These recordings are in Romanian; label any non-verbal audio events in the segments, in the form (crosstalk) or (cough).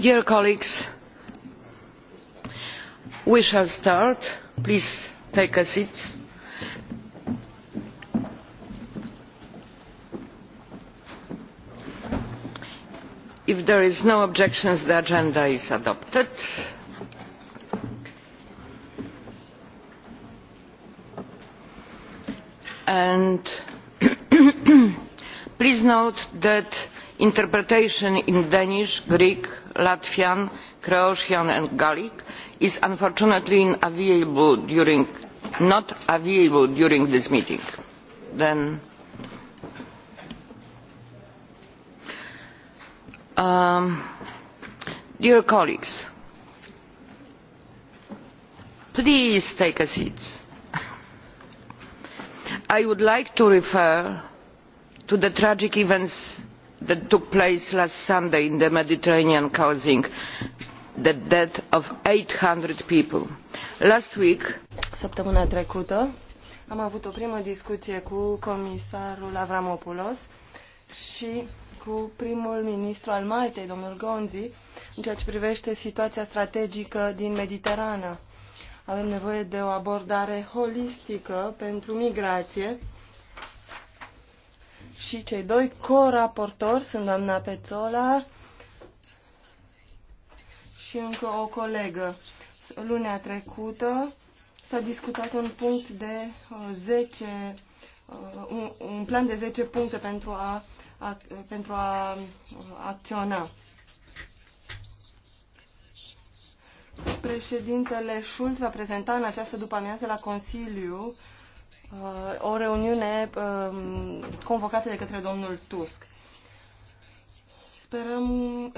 dear colleagues we shall start please take a seat. if there is no objection the agenda is adopted. and (clears throat) please note that interpretation in danish greek latvian croatian and gaelic is unfortunately not available during this meeting. Then, um, dear colleagues please take a seat. (laughs) i would like to refer to the tragic events that took place last sunday in the mediterranean causing the death of eight hundred people. last week săptămâna trecută am avut o primă discuție cu comisarul Avramopoulos și cu primul ministru al Maltei, domnul Gonzi, în ceea ce privește situația strategică din Mediterană. Avem nevoie de o abordare holistică pentru migrație și cei doi co-raportori sunt doamna Pețola și încă o colegă. Lunea trecută s-a discutat un punct de 10, uh, uh, un, un plan de 10 puncte pentru a, a, pentru a uh, acționa. Președintele Schulz va prezenta în această după amiază la Consiliu uh, Uh, o reuniune um, convocată de către domnul Tusk. Sperăm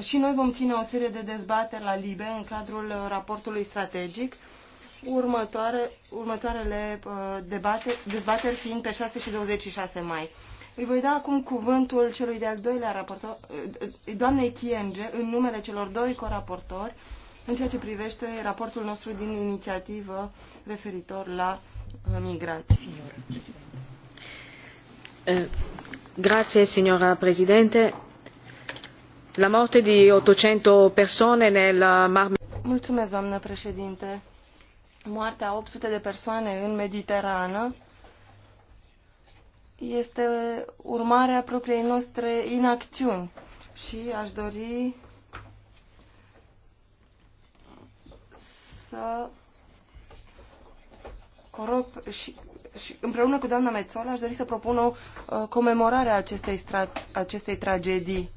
și noi vom ține o serie de dezbateri la LIBE în cadrul raportului strategic, următoare, următoarele uh, debate, dezbateri fiind pe 6 și 26 mai. Îi voi da acum cuvântul celui de-al doilea raportor, uh, doamnei Chienge, în numele celor doi coraportori, în ceea ce privește raportul nostru din inițiativă referitor la Eh, signora Presidente. La morte di 800 persone nel Mar Mulțumesc, doamnă președinte. Moartea de persoane în Mediterană este urmarea propriei noastre inacțiuni și aș dori să Corop și, și împreună cu doamna Mețola aș dori să propun o uh, comemorare a acestei, acestei tragedii.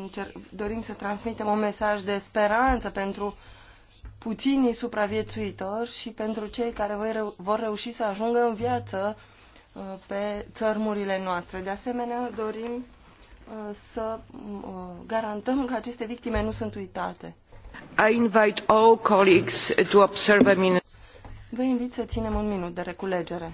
Încer dorim să transmitem un mesaj de speranță pentru puținii supraviețuitori și pentru cei care vor, vor reuși să ajungă în viață uh, pe țărmurile noastre. De asemenea, dorim uh, să uh, garantăm că aceste victime nu sunt uitate. I invite all colleagues to observe a minute. Vă invit să ținem un minut de reculegere.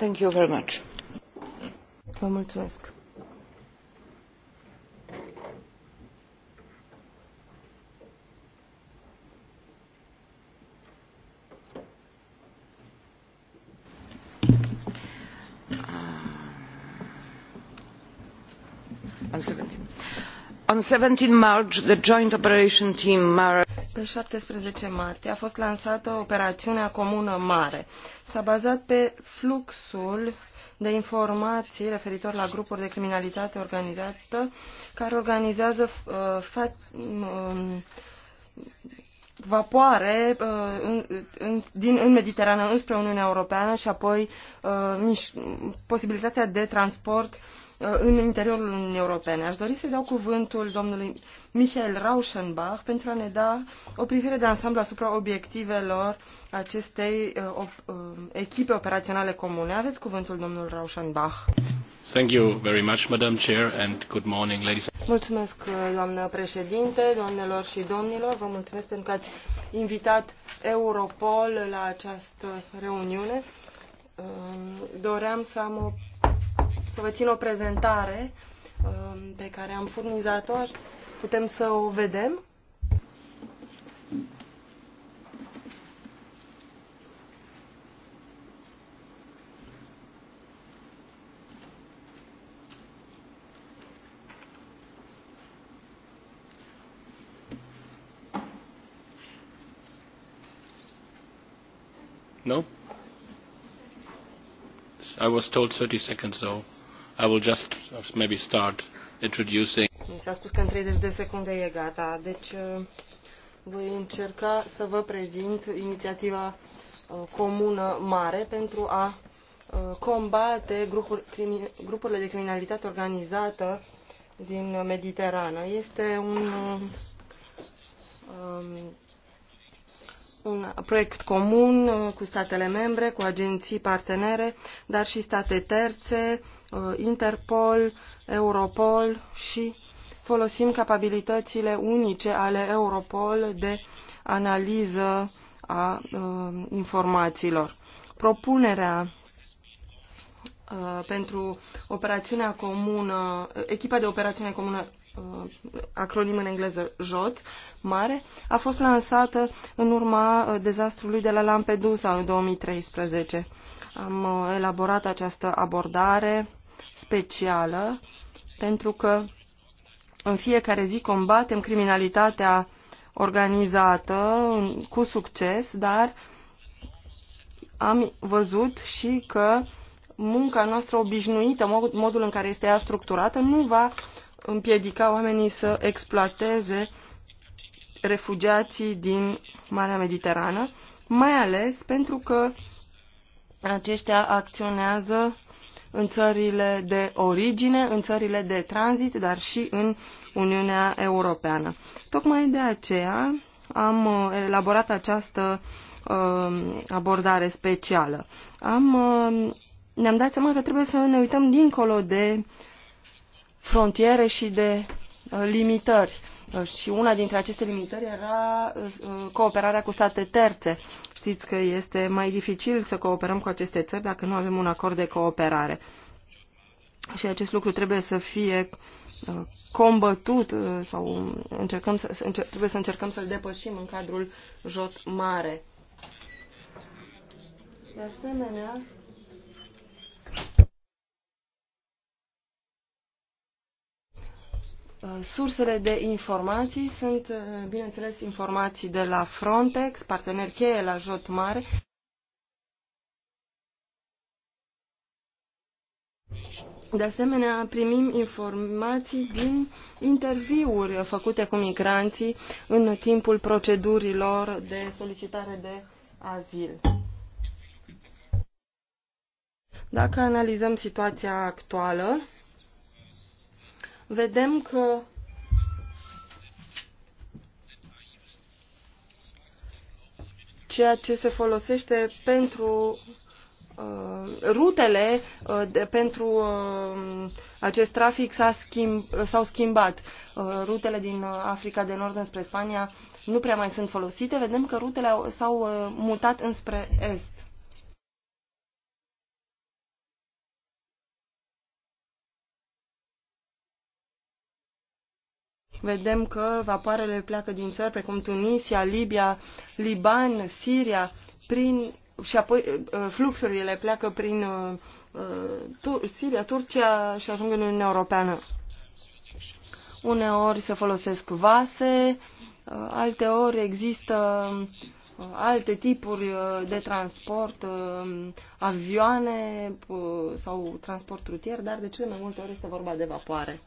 Thank you very much. Vă mulțumesc. on seventeen march the joint operation team Mara. Pe 17 martie a fost lansată operațiunea comună mare. S-a bazat pe fluxul de informații referitor la grupuri de criminalitate organizată care organizează uh, um, vapoare uh, în, în, din, în Mediterană înspre Uniunea Europeană și apoi uh, miș- posibilitatea de transport Uh, în interiorul Uniunii Europene. Aș dori să-i dau cuvântul domnului Michael Rauschenbach pentru a ne da o privire de ansamblu asupra obiectivelor acestei uh, uh, echipe operaționale comune. Aveți cuvântul, domnul Rauschenbach. Thank you very much, Madam Chair, and good morning, ladies. Mulțumesc, doamnă președinte, doamnelor și domnilor. Vă mulțumesc pentru că ați invitat Europol la această reuniune. Doream să am o să vă țin o prezentare um, pe care am furnizat-o. Putem să o vedem? No? I was told 30 seconds though. I will just maybe start introducing. Mi s-a spus că în 30 de secunde e gata, deci uh, voi încerca să vă prezint inițiativa uh, comună mare pentru a uh, combate grupurile de criminalitate organizată din Mediterană. Este un, um, un proiect comun cu statele membre, cu agenții partenere, dar și state terțe, Uh, Interpol, Europol și folosim capabilitățile unice ale Europol de analiză a uh, informațiilor. Propunerea uh, pentru operațiunea comună, echipa de operațiune comună acronim în engleză JOT, mare, a fost lansată în urma dezastrului de la Lampedusa în 2013. Am elaborat această abordare specială, pentru că în fiecare zi combatem criminalitatea organizată cu succes, dar am văzut și că munca noastră obișnuită, modul în care este ea structurată, nu va împiedica oamenii să exploateze refugiații din Marea Mediterană, mai ales pentru că aceștia acționează în țările de origine, în țările de tranzit, dar și în Uniunea Europeană. Tocmai de aceea am uh, elaborat această uh, abordare specială. Am, uh, ne-am dat seama că trebuie să ne uităm dincolo de frontiere și de limitări. Și una dintre aceste limitări era uh, cooperarea cu state terțe. Știți că este mai dificil să cooperăm cu aceste țări dacă nu avem un acord de cooperare. Și acest lucru trebuie să fie uh, combătut uh, sau încercăm să, trebuie să încercăm să-l depășim în cadrul jot mare. De asemenea, Uh, sursele de informații sunt, uh, bineînțeles, informații de la Frontex, partener cheie la Jot Mare. De asemenea, primim informații din interviuri făcute cu migranții în timpul procedurilor de solicitare de azil. Dacă analizăm situația actuală, vedem că ceea ce se folosește pentru uh, rutele uh, de, pentru uh, acest trafic s-au schimb, schimbat. Uh, rutele din uh, Africa de Nord înspre Spania nu prea mai sunt folosite. Vedem că rutele s-au uh, mutat înspre est. Vedem că vapoarele pleacă din țări precum Tunisia, Libia, Liban, Siria, prin, și apoi uh, uh, fluxurile pleacă prin uh, Tur Siria, Turcia și ajung în Uniunea Europeană. Uneori se folosesc vase, alteori există alte tipuri de transport, avioane sau transport rutier, dar de cele mai multe ori este vorba de vapoare.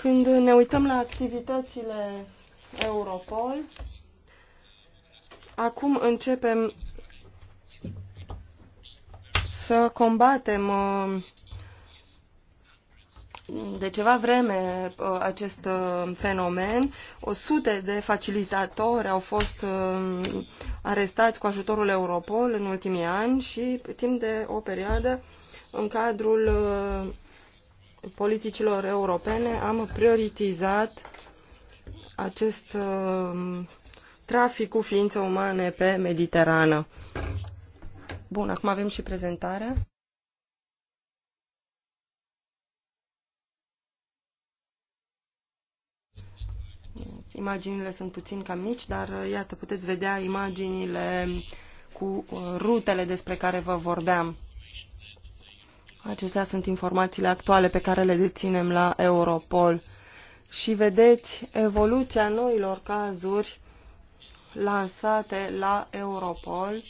Când ne uităm la activitățile Europol, acum începem să combatem uh, de ceva vreme uh, acest uh, fenomen. O sute de facilitatori au fost arestați cu ajutorul Europol în ultimii ani și timp de o perioadă în cadrul politicilor europene am prioritizat acest um, trafic cu ființe umane pe Mediterană. Bun, acum avem și prezentarea. Imaginile sunt puțin cam mici, dar uh, iată, puteți vedea imaginile cu uh, rutele despre care vă vorbeam. Acestea sunt informațiile actuale pe care le deținem la Europol. Și vedeți evoluția noilor cazuri lansate la Europol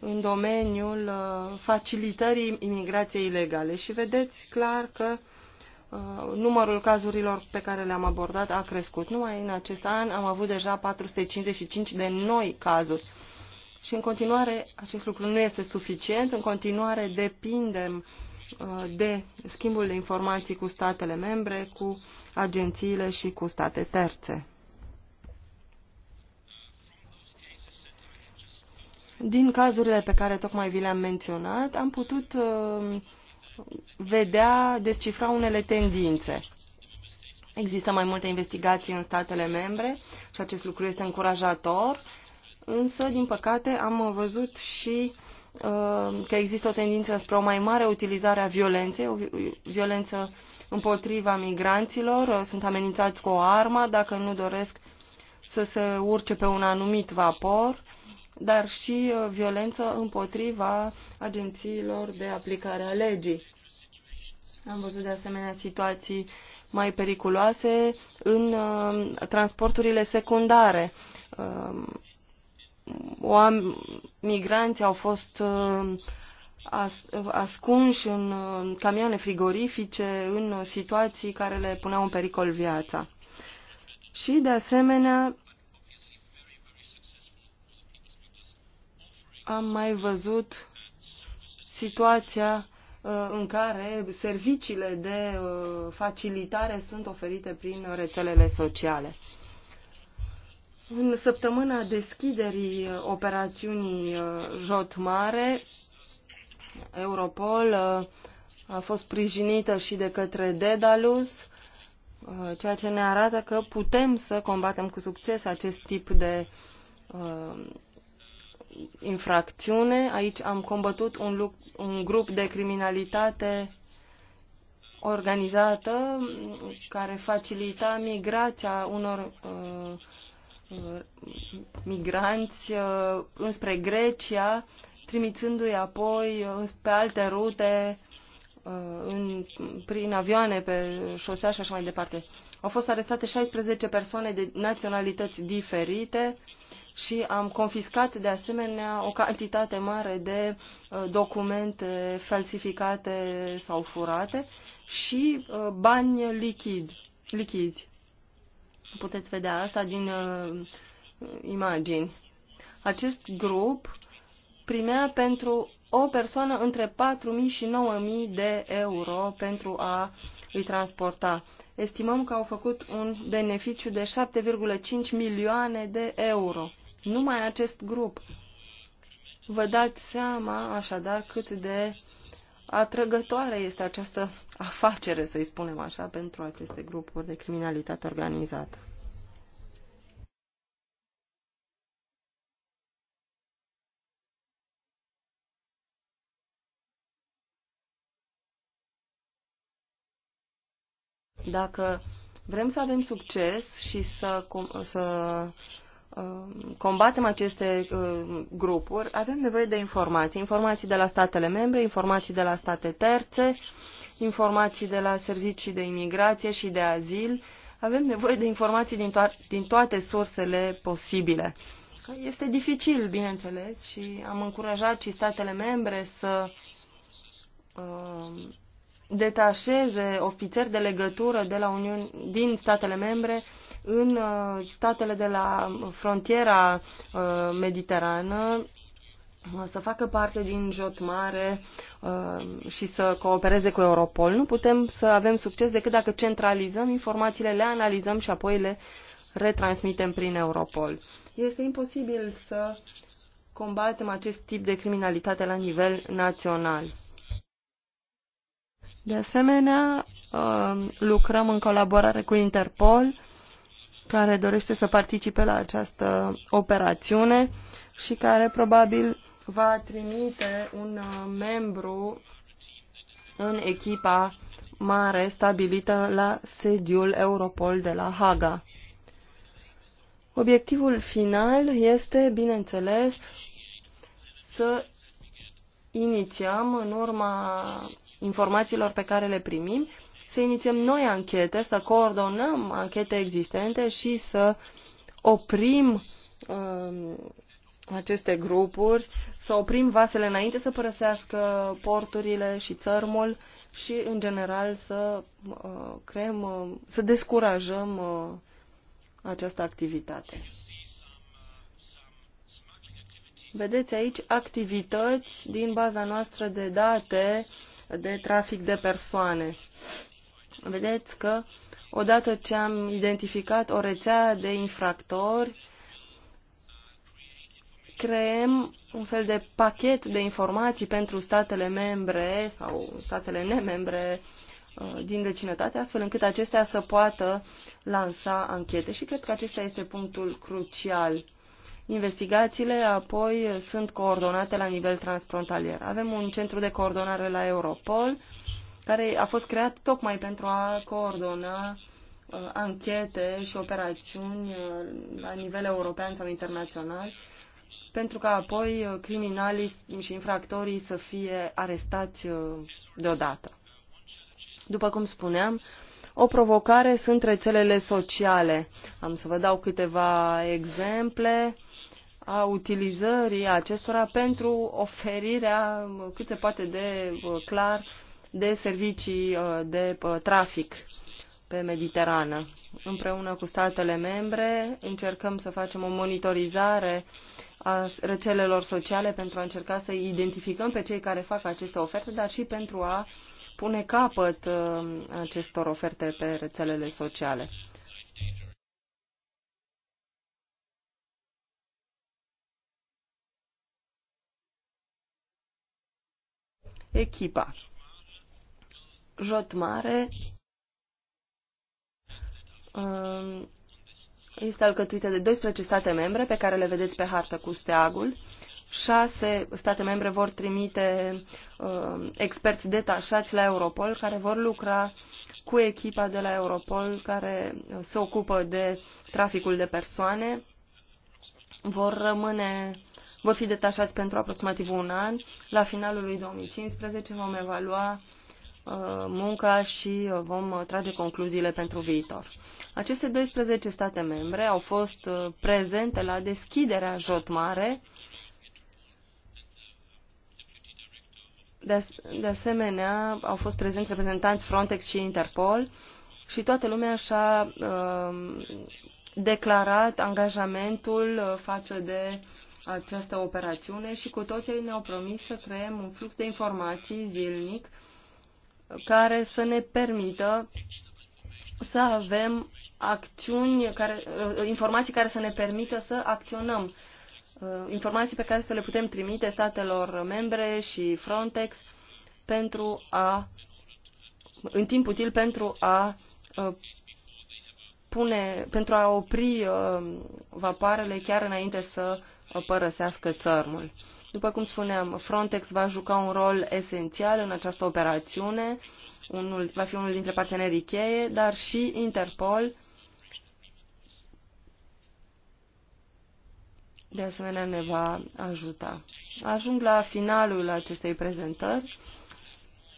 în domeniul uh, facilitării imigrației ilegale. Și vedeți clar că uh, numărul cazurilor pe care le-am abordat a crescut. Numai în acest an am avut deja 455 de noi cazuri și în continuare acest lucru nu este suficient, în continuare depindem uh, de schimbul de informații cu statele membre, cu agențiile și cu state terțe. Din cazurile pe care tocmai vi le-am menționat, am putut uh, vedea, descifra unele tendințe. Există mai multe investigații în statele membre și acest lucru este încurajator însă, din păcate, am văzut și uh, că există o tendință spre o mai mare utilizare a violenței, o violență împotriva migranților, uh, sunt amenințați cu o armă dacă nu doresc să se urce pe un anumit vapor, dar și uh, violență împotriva agențiilor de aplicare a legii. Am văzut de asemenea situații mai periculoase în transporturile secundare migranții au fost uh, ascunși în camioane frigorifice, în situații care le puneau în pericol viața. Și, de asemenea, am mai văzut situația uh, în care serviciile de uh, facilitare sunt oferite prin rețelele sociale. În săptămâna deschiderii uh, operațiunii uh, Jot Mare, Europol uh, a fost sprijinită și de către Dedalus, ceea ce ne arată că putem să combatem cu succes acest tip de uh, infracțiune. Aici am combătut un, lucru, un grup de criminalitate organizată care facilita migrația unor uh, migranți uh, înspre Grecia, trimițându-i apoi uh, pe alte rute uh, în, prin avioane, pe șosea și așa mai departe. Au fost arestate 16 persoane de naționalități diferite și am confiscat de asemenea o cantitate mare de documente falsificate sau furate și bani lichid, lichizi. Puteți vedea asta din uh, imagini. Acest grup primea pentru o persoană între 4.000 și 9.000 de euro pentru a îi transporta. Estimăm că au făcut un beneficiu de 7,5 milioane de euro. Numai acest grup. Vă dați seama, așadar, cât de atrăgătoare este această afacere, să-i spunem așa, pentru aceste grupuri de criminalitate organizată. Dacă vrem să avem succes și să, să Uh, combatem aceste uh, grupuri, avem nevoie de informații. Informații de la statele membre, informații de la state terțe, informații de la servicii de imigrație și de azil. Avem nevoie de informații din, to- din toate sursele posibile. Este dificil, bineînțeles, și am încurajat și statele membre să uh, detașeze ofițeri de legătură de la Uniuni, din statele membre în uh, statele de la frontiera uh, mediterană uh, să facă parte din jot mare și să coopereze cu Europol. Nu putem să avem succes decât dacă centralizăm informațiile, le analizăm și apoi le retransmitem prin Europol. Este imposibil să combatem acest tip de criminalitate la nivel național. De asemenea, lucrăm în colaborare cu Interpol care dorește să participe la această operațiune și care probabil va trimite un uh, membru în echipa mare stabilită la sediul Europol de la Haga. Obiectivul final este, bineînțeles, să inițiem în urma informațiilor pe care le primim să inițiem noi anchete, să coordonăm anchete existente și să oprim uh, aceste grupuri, să oprim vasele înainte să părăsească porturile și țărmul și, în general, să uh, creăm, uh, să descurajăm uh, această activitate. Vedeți aici activități din baza noastră de date de trafic de persoane vedeți că odată ce am identificat o rețea de infractori, creăm un fel de pachet de informații pentru statele membre sau statele nemembre uh, din vecinătate, astfel încât acestea să poată lansa anchete. Și cred că acesta este punctul crucial. Investigațiile apoi sunt coordonate la nivel transfrontalier. Avem un centru de coordonare la Europol, care a fost creat tocmai pentru a coordona uh, anchete și operațiuni uh, la nivel european sau internațional, pentru ca apoi uh, criminalii și infractorii să fie arestați deodată. După cum spuneam, o provocare sunt rețelele sociale. Am să vă dau câteva exemple a utilizării acestora pentru oferirea cât se poate de clar de servicii uh, de uh, trafic pe Mediterană. Împreună cu statele membre încercăm să facem o monitorizare a rețelelor sociale pentru a încerca să identificăm pe cei care fac aceste oferte, dar și pentru a pune capăt uh, acestor oferte pe rețelele sociale. Echipa mare um, este alcătuită de 12 state membre pe care le vedeți pe hartă cu steagul. Șase state membre vor trimite uh, experți detașați la Europol care vor lucra cu echipa de la Europol care uh, se ocupă de traficul de persoane. Vor rămâne vor fi detașați pentru aproximativ un an. La finalul lui 2015 vom evalua uh, Uh, munca și uh, vom uh, trage concluziile pentru viitor. Aceste 12 state membre au fost prezente la deschiderea Jotmare. De asemenea, au fost prezenți reprezentanți Frontex și Interpol și toată lumea și-a uh, declarat angajamentul față de această operațiune și cu toții ne-au promis să creăm un flux de informații zilnic care să ne permită să avem acțiuni care, uh, informații care să ne permită să acționăm. Uh, informații pe care să le putem trimite statelor membre și Frontex pentru a, în timp util pentru a uh, pune, pentru a opri vapoarele chiar înainte să părăsească țărmul. După cum spuneam, Frontex va juca un rol esențial în această operațiune, unul, va fi unul dintre partenerii cheie, dar și Interpol, de asemenea ne va ajuta. Ajung la finalul acestei prezentări.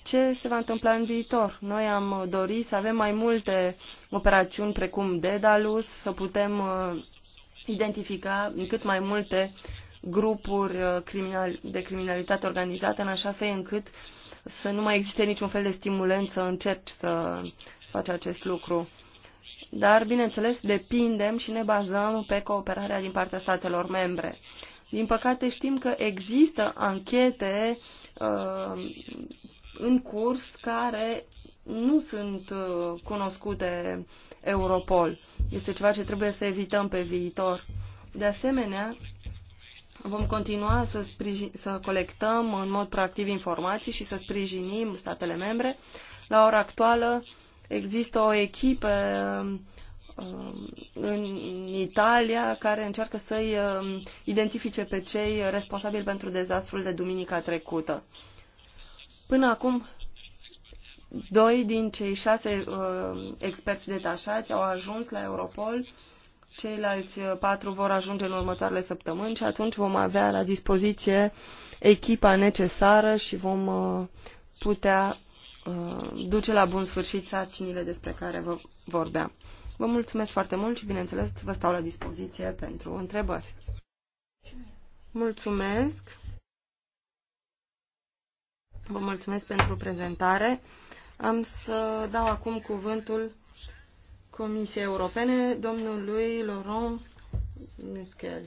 Ce se va întâmpla în viitor? Noi am dorit să avem mai multe operațiuni precum Dedalus, să putem uh, identifica cât mai multe grupuri uh, criminal, de criminalitate organizată în așa fel încât să nu mai existe niciun fel de stimulent să încerci să faci acest lucru. Dar, bineînțeles, depindem și ne bazăm pe cooperarea din partea statelor membre. Din păcate știm că există anchete uh, în curs care nu sunt uh, cunoscute Europol. Este ceva ce trebuie să evităm pe viitor. De asemenea, Vom continua să, sprijin, să colectăm în mod proactiv informații și să sprijinim statele membre. La ora actuală există o echipă um, în Italia care încearcă să-i um, identifice pe cei responsabili pentru dezastrul de duminica trecută. Până acum, doi din cei șase uh, experți detașați au ajuns la Europol Ceilalți uh, patru vor ajunge în următoarele săptămâni și atunci vom avea la dispoziție echipa necesară și vom uh, putea uh, duce la bun sfârșit sarcinile despre care vă vorbeam. Vă mulțumesc foarte mult și, bineînțeles, vă stau la dispoziție pentru întrebări. Mulțumesc! Vă mulțumesc pentru prezentare. Am să dau acum cuvântul Comisiei Europene, domnului Laurent Muskel,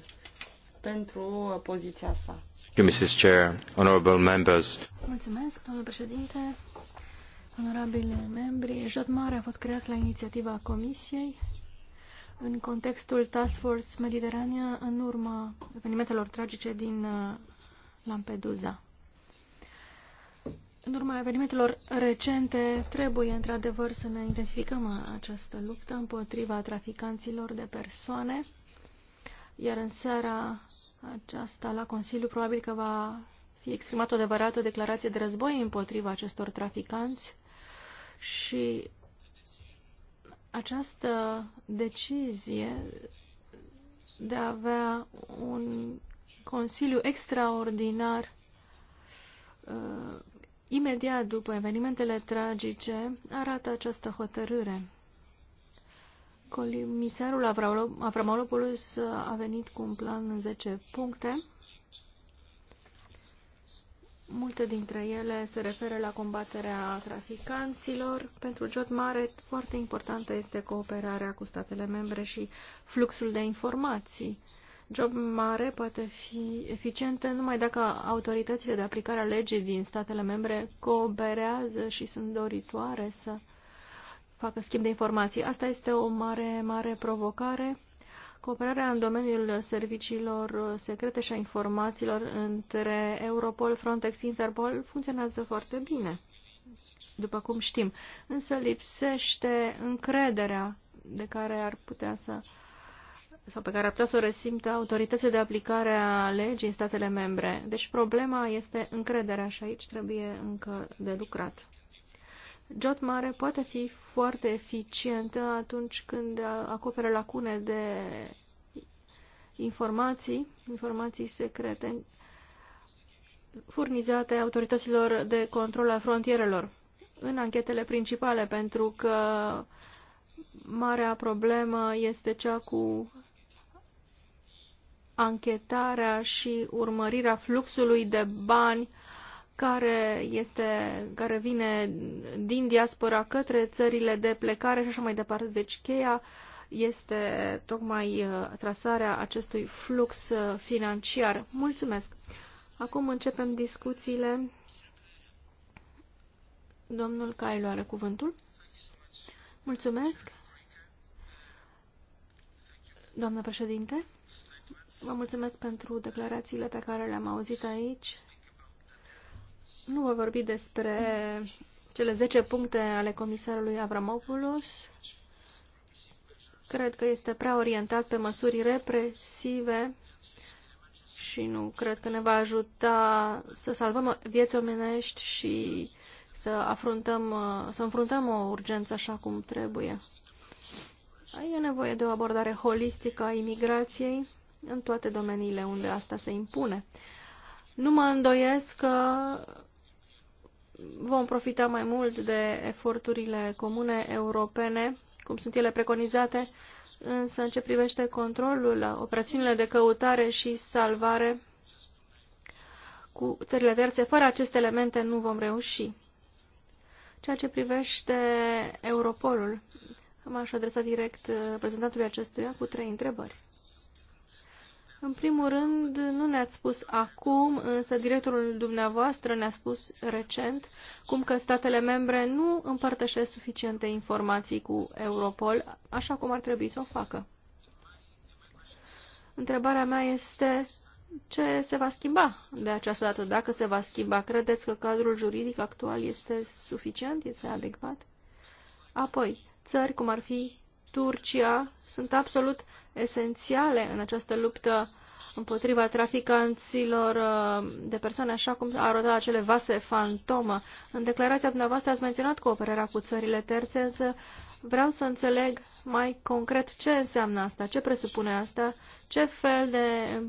pentru poziția sa. Mrs. Chair, honorable members. Mulțumesc, domnul președinte, onorabile membri. Jot Mare a fost creat la inițiativa Comisiei în contextul Task Force Mediterania în urma evenimentelor tragice din uh, Lampedusa. În urma evenimentelor recente, trebuie într-adevăr să ne intensificăm această luptă împotriva traficanților de persoane, iar în seara aceasta la Consiliu probabil că va fi exprimată o adevărată declarație de război împotriva acestor traficanți și această decizie de a avea un Consiliu extraordinar uh, Imediat după evenimentele tragice arată această hotărâre. Comisarul Avramolopoulos a venit cu un plan în 10 puncte. Multe dintre ele se referă la combaterea traficanților. Pentru Jot Mare, foarte importantă este cooperarea cu statele membre și fluxul de informații job mare poate fi eficientă numai dacă autoritățile de aplicare a legii din statele membre cooperează și sunt doritoare să facă schimb de informații. Asta este o mare, mare provocare. Cooperarea în domeniul serviciilor secrete și a informațiilor între Europol, Frontex, Interpol funcționează foarte bine, după cum știm. Însă lipsește încrederea de care ar putea să uh, sau pe care ar putea să o resimtă autoritățile de aplicare a legii în statele membre. Deci problema este încrederea și aici trebuie încă de lucrat. Jot mare poate fi foarte eficientă atunci când acoperă lacune de informații, informații secrete furnizate autorităților de control al frontierelor în anchetele principale, pentru că marea problemă este cea cu anchetarea și urmărirea fluxului de bani care, este, care vine din diaspora către țările de plecare și așa mai departe. Deci cheia este tocmai uh, trasarea acestui flux uh, financiar. Mulțumesc! Acum începem discuțiile. Domnul Cailu are cuvântul. Mulțumesc! Doamnă președinte, Vă mulțumesc pentru declarațiile pe care le-am auzit aici. Nu vă vorbi despre cele 10 puncte ale comisarului Avramopoulos. Cred că este prea orientat pe măsuri represive și nu cred că ne va ajuta să salvăm vieți omenești și să, afruntăm, să înfruntăm o urgență așa cum trebuie. E nevoie de o abordare holistică a imigrației în toate domeniile unde asta se impune. Nu mă îndoiesc că vom profita mai mult de eforturile comune europene, cum sunt ele preconizate, însă în ce privește controlul, operațiunile de căutare și salvare cu țările terțe, fără aceste elemente nu vom reuși. Ceea ce privește Europolul, m-aș adresa direct uh, reprezentantului acestuia cu trei întrebări. În primul rând, nu ne-ați spus acum, însă directorul dumneavoastră ne-a spus recent cum că statele membre nu împărtășesc suficiente informații cu Europol, așa cum ar trebui să o facă. Întrebarea mea este ce se va schimba de această dată, dacă se va schimba. Credeți că cadrul juridic actual este suficient, este adecvat? Apoi, țări cum ar fi Turcia sunt absolut esențiale în această luptă împotriva traficanților uh, de persoane, așa cum a arătat acele vase fantomă. În declarația dumneavoastră ați menționat cooperarea cu țările terțe, însă vreau să înțeleg mai concret ce înseamnă asta, ce presupune asta, ce fel de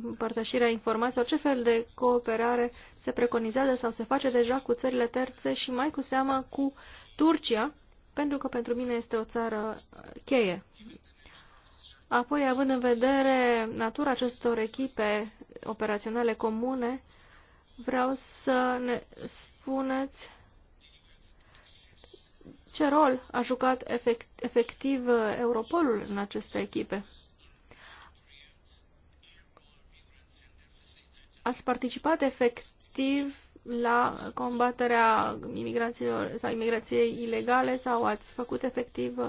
împărtășire a informațiilor, ce fel de cooperare se preconizează sau se face deja cu țările terțe și mai cu seamă cu Turcia, pentru că pentru mine este o țară cheie. Apoi, având în vedere natura acestor echipe operaționale comune, vreau să ne spuneți ce rol a jucat efect, efectiv Europolul în aceste echipe. Ați participat efectiv la combaterea imigrațiilor sau imigrației ilegale sau ați făcut efectiv uh,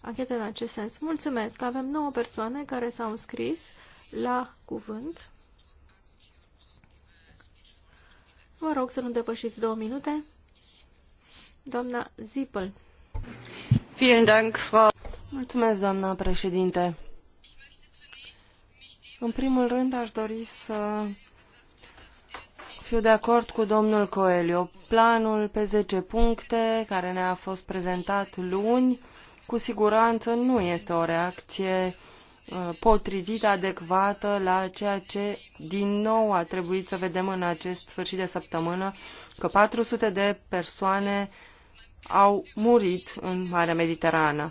anchete în acest sens. Mulțumesc! Avem 9 persoane care s-au înscris la cuvânt. Vă rog să nu depășiți două minute. Doamna Zipel. Mulțumesc, doamna președinte. În primul rând, aș dori să fiu de acord cu domnul Coelho. Planul pe 10 puncte care ne-a fost prezentat luni, cu siguranță nu este o reacție uh, potrivită, adecvată la ceea ce din nou a trebuit să vedem în acest sfârșit de săptămână, că 400 de persoane au murit în Marea Mediterană.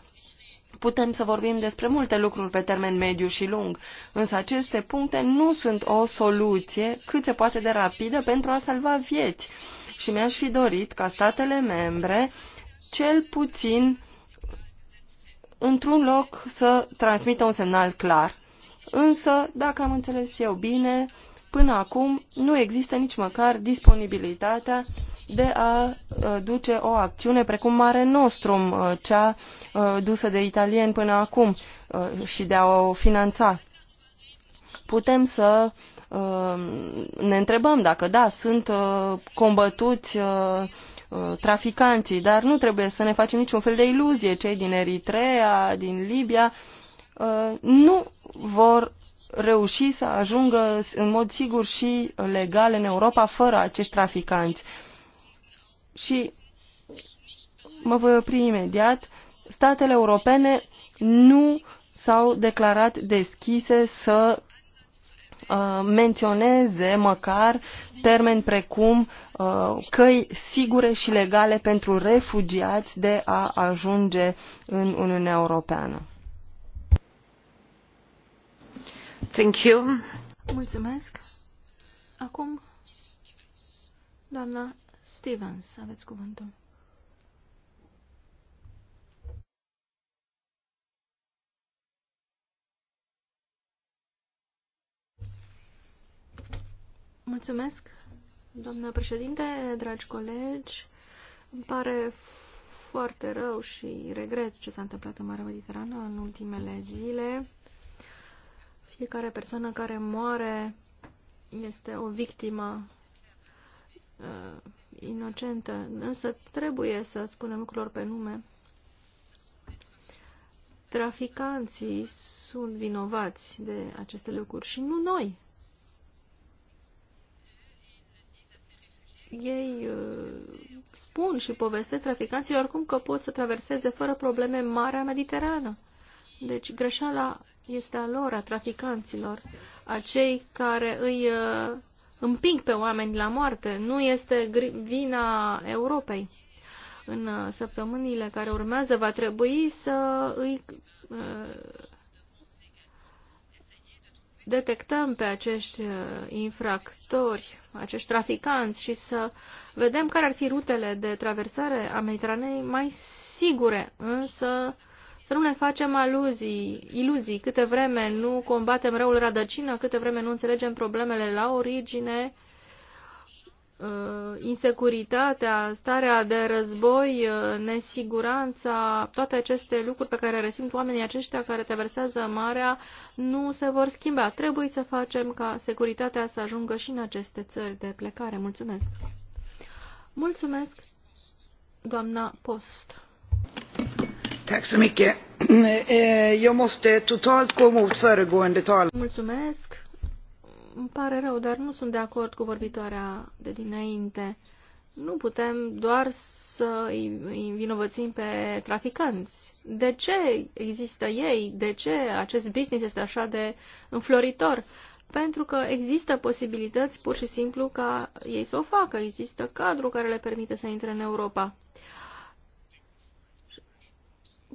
Putem să vorbim despre multe lucruri pe termen mediu și lung, însă aceste puncte nu sunt o soluție cât se poate de rapidă pentru a salva vieți. Și mi-aș fi dorit ca statele membre cel puțin într-un loc să transmită un semnal clar. Însă, dacă am înțeles eu bine, până acum nu există nici măcar disponibilitatea de a uh, duce o acțiune precum Mare Nostrum, uh, cea uh, dusă de italieni până acum, și de a o finanța. Putem să ne întrebăm dacă, da, sunt combătuți traficanții, dar nu trebuie să ne facem niciun fel de iluzie. Cei din Eritrea, din Libia, nu vor reuși să ajungă în mod sigur și legal în Europa fără acești traficanți. Și mă voi opri imediat. Statele europene nu s-au declarat deschise să uh, menționeze măcar termeni precum uh, căi sigure și legale pentru refugiați de a ajunge în Uniunea Europeană. Thank you. Mulțumesc. Acum, doamna Stevens, aveți cuvântul. Mulțumesc, doamnă președinte, dragi colegi. Îmi pare foarte rău și regret ce s-a întâmplat în Marea Mediterană în ultimele zile. Fiecare persoană care moare este o victimă uh, inocentă, însă trebuie să spunem lucrurilor pe nume. Traficanții sunt vinovați de aceste lucruri și nu noi. Ei uh, spun și povestesc traficanților cum că pot să traverseze fără probleme Marea Mediterană. Deci greșeala este a lor, a traficanților, a cei care îi uh, împing pe oameni la moarte. Nu este vina Europei. În uh, săptămânile care urmează va trebui să îi uh, detectăm pe acești uh, infractori, acești traficanți și să vedem care ar fi rutele de traversare a Mediteranei mai sigure, însă să nu ne facem aluzii, iluzii, câte vreme nu combatem răul rădăcină, câte vreme nu înțelegem problemele la origine, uh, insecuritatea, starea de război, uh, nesiguranța, toate aceste lucruri pe care resimt oamenii aceștia care traversează marea nu se vor schimba. Trebuie să facem ca securitatea să ajungă și în aceste țări de plecare. Mulțumesc! Mulțumesc, doamna Post! Eu eh, eh, totalt Mulțumesc. Îmi pare rău, dar nu sunt de acord cu vorbitoarea de dinainte. Nu putem doar să îi vinovățim pe traficanți. De ce există ei? De ce acest business este așa de înfloritor? Pentru că există posibilități pur și simplu ca ei să o facă. Există cadru care le permite să intre în Europa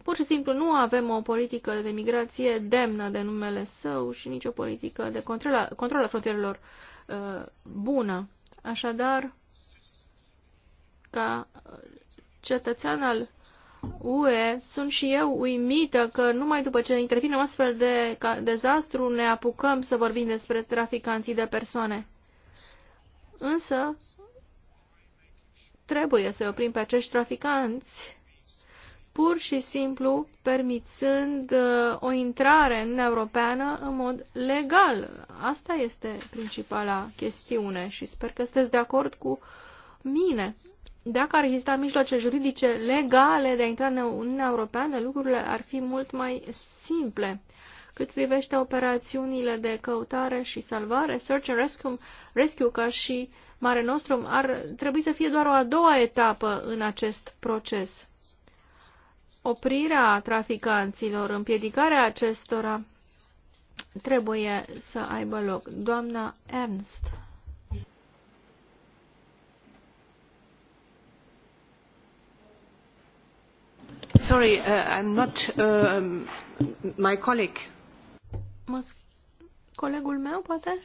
pur și simplu nu avem o politică de migrație demnă de numele său și nici o politică de control, control a frontierelor uh, bună. Așadar, ca cetățean al UE, sunt și eu uimită că numai după ce intervine un astfel de dezastru ne apucăm să vorbim despre traficanții de persoane. Însă, trebuie să oprim pe acești traficanți pur și simplu permițând uh, o intrare în Europeană în mod legal. Asta este principala chestiune și sper că sunteți de acord cu mine. Dacă ar exista mijloace juridice legale de a intra în Uniunea Europeană, lucrurile ar fi mult mai simple. Cât privește operațiunile de căutare și salvare, Search and Rescue, rescue ca și Mare Nostrum, ar trebui să fie doar o a doua etapă în acest proces oprirea traficanților, împiedicarea acestora trebuie să aibă loc. Doamna Ernst. Sorry, uh, I'm not uh, my colleague. Mas, colegul meu, poate?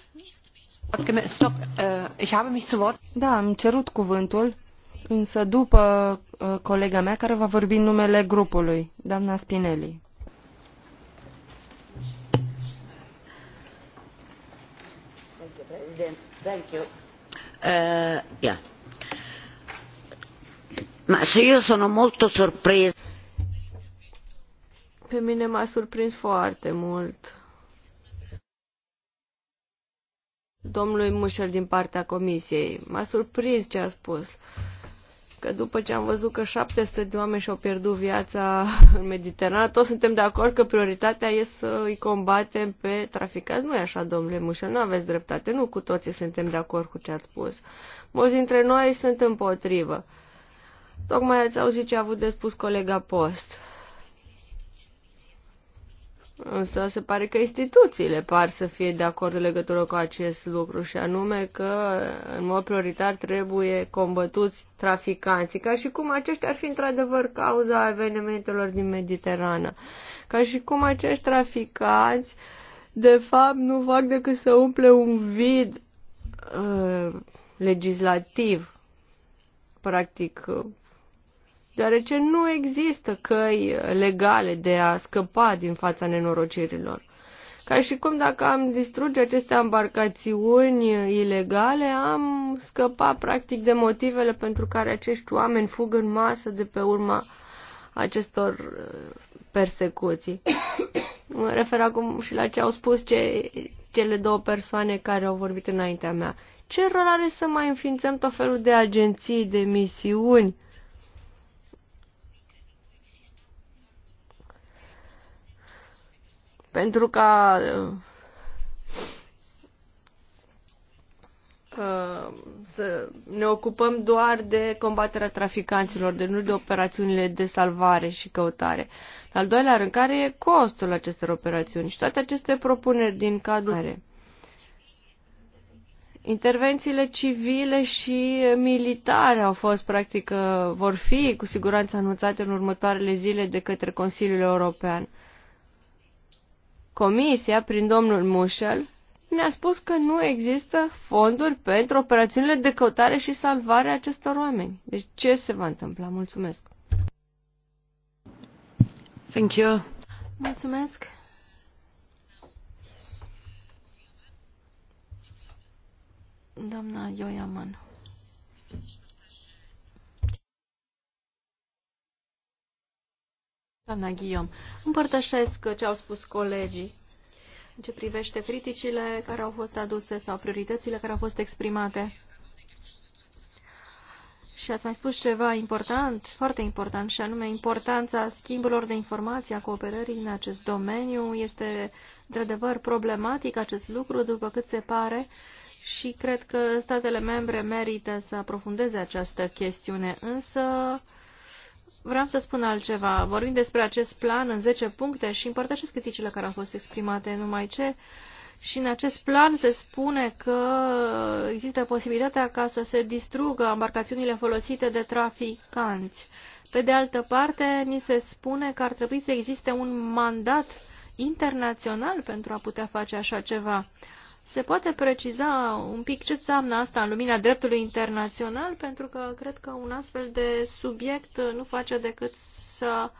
Stop. Uh, ich habe mich zu Wort. Da, am cerut cuvântul însă după uh, colega mea care va vorbi în numele grupului, doamna Spinelli. Uh, ma se io sono molto sorpresa. Pe mine m-a surprins foarte mult. Domnului Mușel din partea comisiei. M-a surprins ce a spus. Uh, că după ce am văzut că 700 de oameni și-au pierdut viața (laughs) în Mediterana, toți suntem de acord că prioritatea e să îi combatem pe traficați. Nu e așa, domnule Mușel, nu aveți dreptate, nu cu toții suntem de acord cu ce ați spus. Mulți dintre noi sunt împotrivă. Tocmai ați auzit ce a avut de spus colega Post. Însă se pare că instituțiile par să fie de acord în legătură cu acest lucru și anume că în mod prioritar trebuie combătuți traficanții, ca și cum aceștia ar fi într-adevăr cauza evenimentelor din Mediterană, ca și cum acești traficanți de fapt nu fac decât să umple un vid uh, legislativ, practic deoarece nu există căi legale de a scăpa din fața nenorocirilor. Ca și cum dacă am distruge aceste embarcațiuni ilegale, am scăpat practic de motivele pentru care acești oameni fug în masă de pe urma acestor uh, persecuții. Mă refer acum și la ce au spus ce, cele două persoane care au vorbit înaintea mea. Ce rol are să mai înființăm tot felul de agenții, de misiuni, pentru ca uh, uh, să ne ocupăm doar de combaterea traficanților, de nu de operațiunile de salvare și căutare. al doilea rând, care e costul acestor operațiuni și toate aceste propuneri din cadrul Intervențiile civile și militare au fost, practic, uh, vor fi cu siguranță anunțate în următoarele zile de către Consiliul European. Comisia, prin domnul Mușel, ne-a spus că nu există fonduri pentru operațiunile de căutare și salvare a acestor oameni. Deci ce se va întâmpla? Mulțumesc! Thank you. Mulțumesc! Doamna Ioia Manu. Doamna Ghiom, împărtășesc ce au spus colegii în ce privește criticile care au fost aduse sau prioritățile care au fost exprimate. Și ați mai spus ceva important, foarte important, și anume importanța schimburilor de informații, a cooperării în acest domeniu. Este, într-adevăr, problematic acest lucru, după cât se pare, și cred că statele membre merită să aprofundeze această chestiune. Însă, vreau să spun altceva. Vorbim despre acest plan în 10 puncte și împărtășesc criticile care au fost exprimate, numai ce și în acest plan se spune că există posibilitatea ca să se distrugă embarcațiunile folosite de traficanți. Pe de altă parte, ni se spune că ar trebui să existe un mandat internațional pentru a putea face așa ceva se poate preciza un pic ce înseamnă asta în lumina dreptului internațional, pentru că cred că un astfel de subiect nu face decât să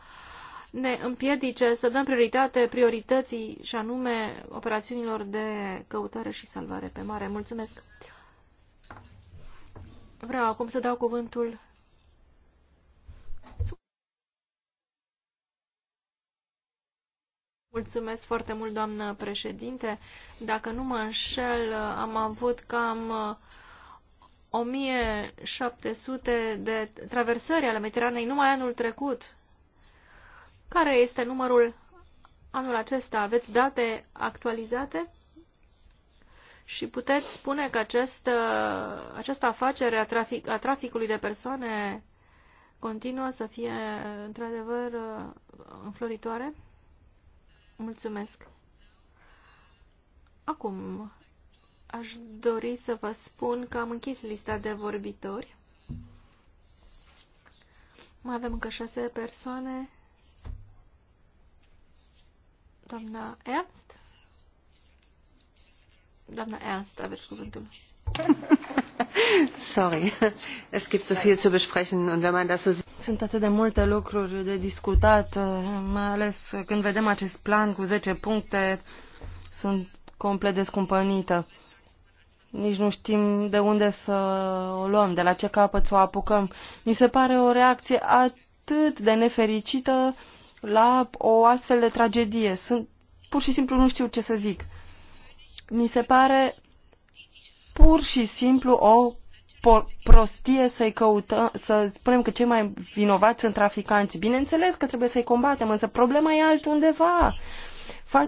ne împiedice să dăm prioritate priorității și anume operațiunilor de căutare și salvare pe mare. Mulțumesc! Vreau acum să dau cuvântul Mulțumesc foarte mult, doamnă președinte. Dacă nu mă înșel, am avut cam 1700 uh, de traversări ale Mediteranei numai anul trecut. Care este numărul anul acesta? Aveți date actualizate? Și puteți spune că această, uh, această afacere a, trafic, a traficului de persoane continuă să fie într-adevăr uh, înfloritoare? Mulțumesc. Acum, aș dori să vă spun că am închis lista de vorbitori. Mai avem încă șase persoane. Doamna Ernst? Doamna Ernst, aveți cuvântul. (laughs) Sorry, es gibt so viel zu besprechen und wenn man das so sieht. Sunt atât de multe lucruri de discutat, uh, mai ales când vedem acest plan cu 10 puncte, sunt complet descumpănită. Nici nu știm de unde să o luăm, de la ce capăt să o apucăm. Mi se pare o reacție atât de nefericită la o astfel de tragedie. Sunt, pur și simplu nu știu ce să zic. Mi se pare pur și simplu o prostie să-i căutăm, să spunem că cei mai vinovați sunt traficanți. Bineînțeles că trebuie să-i combatem, însă problema e altundeva.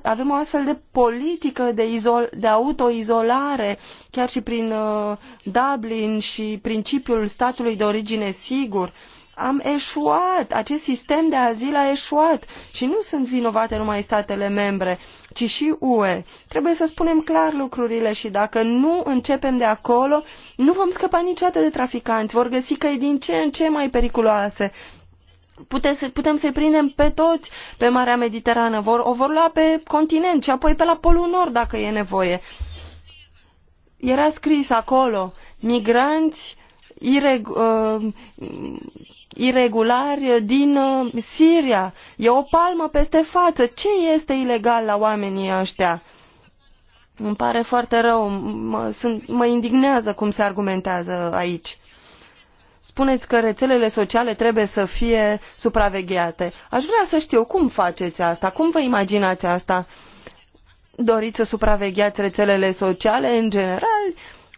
Avem o astfel de politică de, izol, de autoizolare, chiar și prin uh, Dublin și principiul statului de origine sigur. Am eșuat, acest sistem de azil a eșuat și nu sunt vinovate numai statele membre ci și UE. Trebuie să spunem clar lucrurile și dacă nu începem de acolo, nu vom scăpa niciodată de traficanți. Vor găsi căi din ce în ce mai periculoase. Putem, putem să-i prindem pe toți pe Marea Mediterană. Vor, o vor lua pe continent și apoi pe la Polul Nord dacă e nevoie. Era scris acolo, migranți ireg, uh, iregulari din uh, Siria. E o palmă peste față. Ce este ilegal la oamenii ăștia? Îmi pare foarte rău. Mă, sunt, mă indignează cum se argumentează aici. Spuneți că rețelele sociale trebuie să fie supravegheate. Aș vrea să știu cum faceți asta, cum vă imaginați asta. Doriți să supravegheați rețelele sociale în general?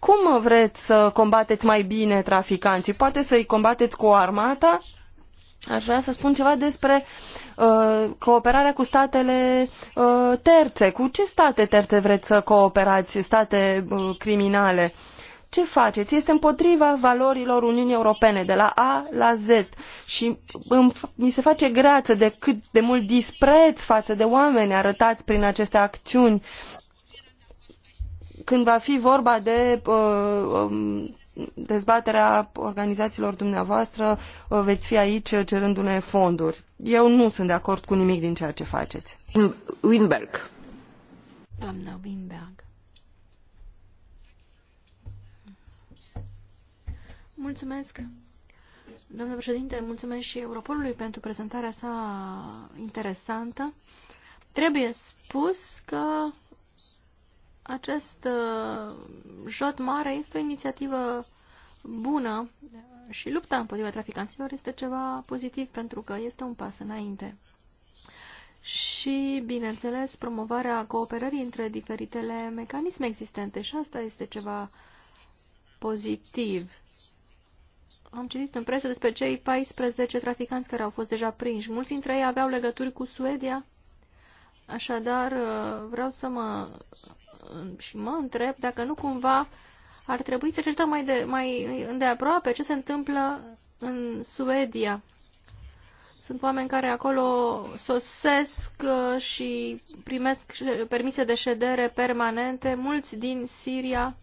Cum vreți să combateți mai bine traficanții? Poate să-i combateți cu armata? Aș vrea să spun ceva despre uh, cooperarea cu statele uh, terțe. Cu ce state terțe vreți să cooperați? State uh, criminale? Ce faceți? Este împotriva valorilor Uniunii Europene, de la A la Z. Și mi se face greață de cât de mult dispreț față de oameni arătați prin aceste acțiuni când va fi vorba de uh, um, dezbaterea organizațiilor dumneavoastră, uh, veți fi aici cerându-ne fonduri. Eu nu sunt de acord cu nimic din ceea ce faceți. Winberg. Doamna Winberg. Mulțumesc. Domnule președinte, mulțumesc și Europolului pentru prezentarea sa interesantă. Trebuie spus că acest uh, jot mare este o inițiativă bună și lupta împotriva traficanților este ceva pozitiv pentru că este un pas înainte. Și, bineînțeles, promovarea cooperării între diferitele mecanisme existente și asta este ceva pozitiv. Am citit în presă despre cei 14 traficanți care au fost deja prinși. Mulți dintre ei aveau legături cu Suedia. Așadar, uh, vreau să mă și mă întreb dacă nu cumva ar trebui să cercetăm mai, de, mai îndeaproape ce se întâmplă în Suedia. Sunt oameni care acolo sosesc uh, și primesc permise de ședere permanente, mulți din Siria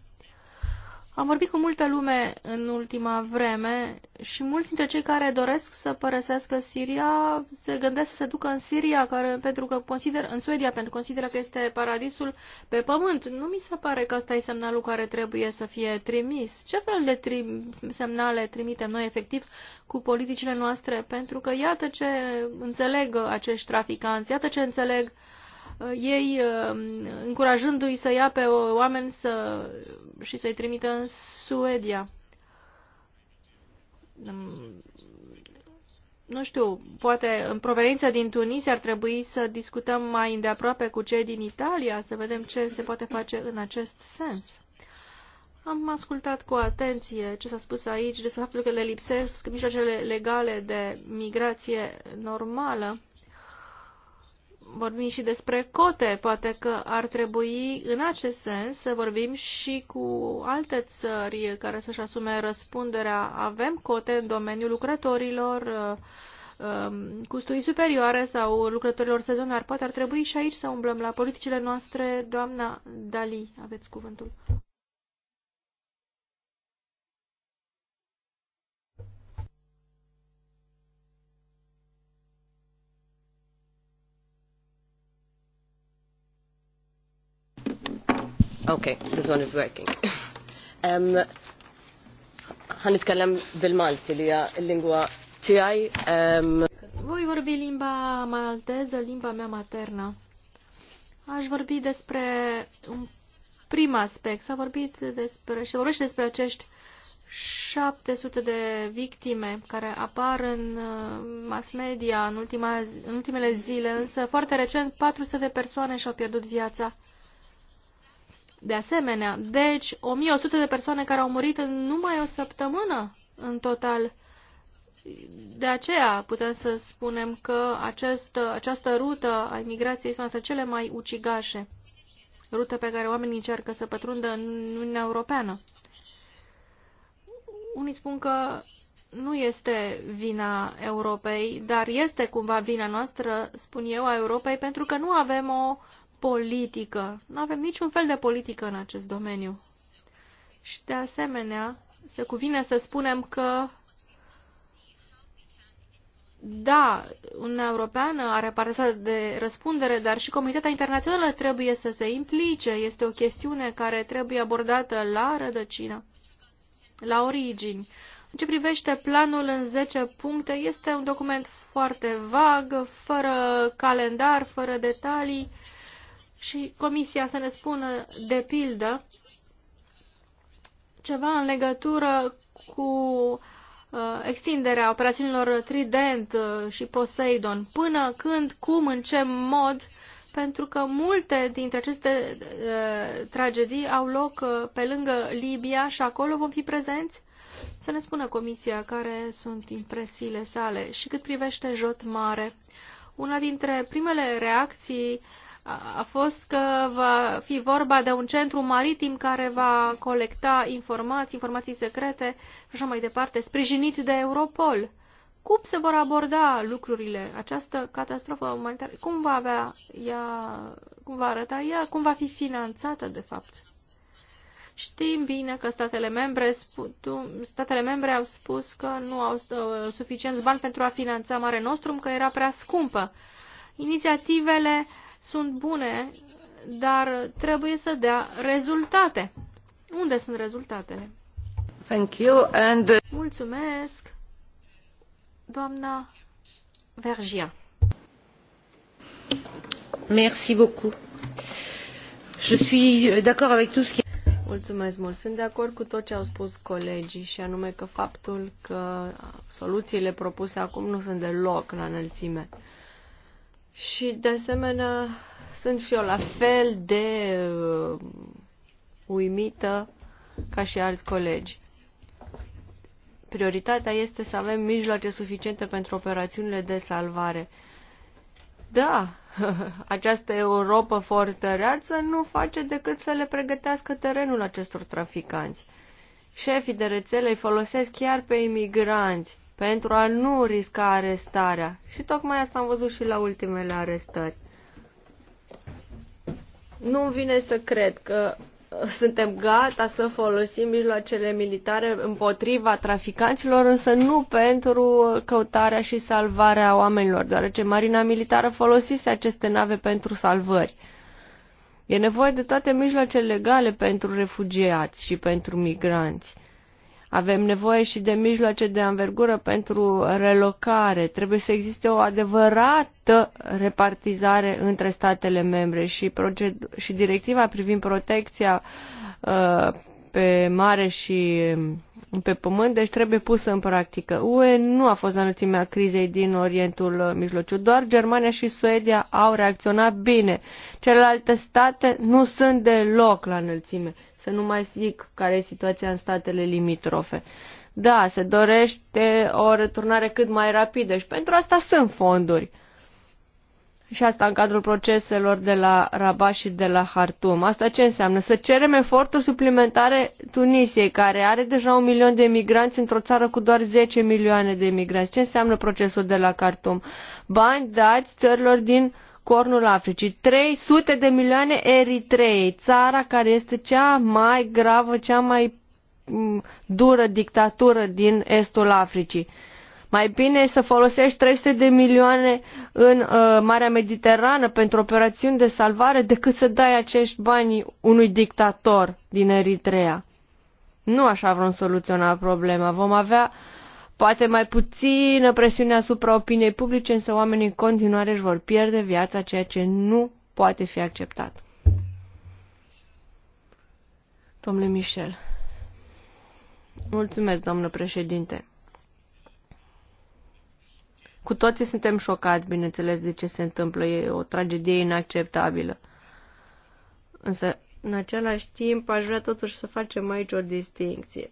am vorbit cu multă lume în ultima vreme și mulți dintre cei care doresc să părăsească Siria se gândesc să se ducă în Siria care, pentru că consider, în Suedia pentru că consideră că este paradisul pe pământ. Nu mi se pare că asta e semnalul care trebuie să fie trimis. Ce fel de tri- semnale trimitem noi efectiv cu politicile noastre? Pentru că iată ce înțeleg acești traficanți, iată ce înțeleg uh, Uh, ei uh, încurajându-i să ia pe oameni să, și să-i trimită în Suedia. Mm, nu știu, poate în proveniența din Tunisia ar trebui să discutăm mai îndeaproape cu cei din Italia, să vedem ce se poate face în acest sens. Am ascultat cu atenție ce s-a spus aici despre faptul că le lipsesc mijloacele legale de migrație normală vorbim și despre cote. Poate că ar trebui în acest sens să vorbim și cu alte țări care să-și asume răspunderea. Avem cote în domeniul lucrătorilor uh, um, cu studii superioare sau lucrătorilor sezonari. Poate ar trebui și aici să umblăm la politicile noastre. Doamna Dali, aveți cuvântul. اوكي this one is working um, bil-Malti li hija l-lingwa tiegħi um... Voi vorbi limba malteză, limba mea maternă. Aș vorbi despre un prim aspect. S-a vorbit despre și vorbește despre acești 700 de victime care apar în uh, mass media în, ultima, în ultimele zile, însă foarte recent 400 de persoane și-au pierdut viața. De asemenea, deci 1100 de persoane care au murit în numai o săptămână în total. De aceea putem să spunem că acest, această rută a imigrației sunt dintre cele mai ucigașe, rută pe care oamenii încearcă să pătrundă în Uniunea Europeană. Unii spun că nu este vina Europei, dar este cumva vina noastră, spun eu, a Europei, pentru că nu avem o uh, politică. Nu avem niciun fel de politică în acest domeniu. Și de asemenea, se cuvine să spunem că da, Uniunea Europeană are partea de răspundere, dar și comunitatea internațională trebuie să se implice. Este o chestiune care trebuie abordată la rădăcină, la origini. În ce privește planul în 10 puncte, este un document foarte vag, fără calendar, fără detalii și Comisia să ne spună, de pildă, ceva în legătură cu uh, extinderea operațiunilor Trident uh, și Poseidon. Până când, cum, în ce mod, pentru că multe dintre aceste uh, tragedii au loc uh, pe lângă Libia și acolo vom fi prezenți? Să ne spună Comisia care sunt impresiile sale și cât privește Jot Mare. Una dintre primele reacții uh, a fost că va fi vorba de un centru maritim care va colecta informații, informații secrete și așa mai departe, sprijinit de Europol. Cum se vor aborda lucrurile, această catastrofă umanitară? Cum va avea ea, cum va arăta ea, cum va fi finanțată, de fapt? Știm bine că statele membre, statele membre au spus că nu au ă, suficienți bani pentru a finanța Mare Nostrum, că era prea scumpă. Inițiativele uh, sunt bune, dar trebuie să dea rezultate. Unde sunt rezultatele? Thank you and... Uh, Mulțumesc, doamna Vergia. Merci beaucoup. Je suis euh, d'accord avec tout ce qui... Mulțumesc mult. Sunt de acord cu tot ce au spus colegii și anume că faptul că soluțiile propuse acum nu sunt deloc la înălțime. Și de asemenea sunt și eu la fel de uh, uimită ca și alți colegi. Prioritatea este să avem mijloace suficiente pentru operațiunile de salvare. Da, (laughs) această Europa fortăreață nu face decât să le pregătească terenul acestor traficanți. Șefii de rețele îi folosesc chiar pe imigranți pentru a nu risca arestarea. Și tocmai asta am văzut și la ultimele arestări. Nu vine să cred că uh, suntem gata să folosim mijloacele militare împotriva traficanților, însă nu pentru căutarea și salvarea oamenilor, deoarece Marina Militară folosise aceste nave pentru salvări. E nevoie de toate mijloacele legale pentru refugiați și pentru migranți. Avem nevoie și de mijloace de anvergură pentru relocare. Trebuie să existe o adevărată repartizare între statele membre și, și directiva privind protecția uh, pe mare și pe pământ, deci trebuie pusă în practică. UE nu a fost la înălțimea crizei din Orientul Mijlociu, doar Germania și Suedia au reacționat bine. Celelalte state nu sunt deloc la înălțime să nu mai zic care e situația în statele limitrofe. Da, se dorește o returnare cât mai rapidă și pentru asta sunt fonduri. Și asta în cadrul proceselor de la Rabat și de la Hartum. Asta ce înseamnă? Să cerem eforturi suplimentare Tunisiei, care are deja un milion de emigranți într-o țară cu doar 10 milioane de emigranți. Ce înseamnă procesul de la Hartum? Bani dați țărilor din uh, Cornul Africii. 300 de milioane Eritrei, țara care este cea mai gravă, cea mai mm, dură dictatură din estul Africii. Mai bine să folosești 300 de milioane în uh, Marea Mediterană pentru operațiuni de salvare decât să dai acești bani unui dictator din Eritrea. Nu așa vom soluționa problema. Vom avea uh, poate mai puțină presiune asupra opiniei publice, însă oamenii în continuare își vor pierde viața, ceea ce nu poate fi acceptat. Domnule Michel. Mulțumesc, domnule președinte. Cu toții suntem șocați, bineînțeles, de ce se întâmplă. E o tragedie inacceptabilă. Însă, în același timp, aș vrea totuși să facem aici o distinție.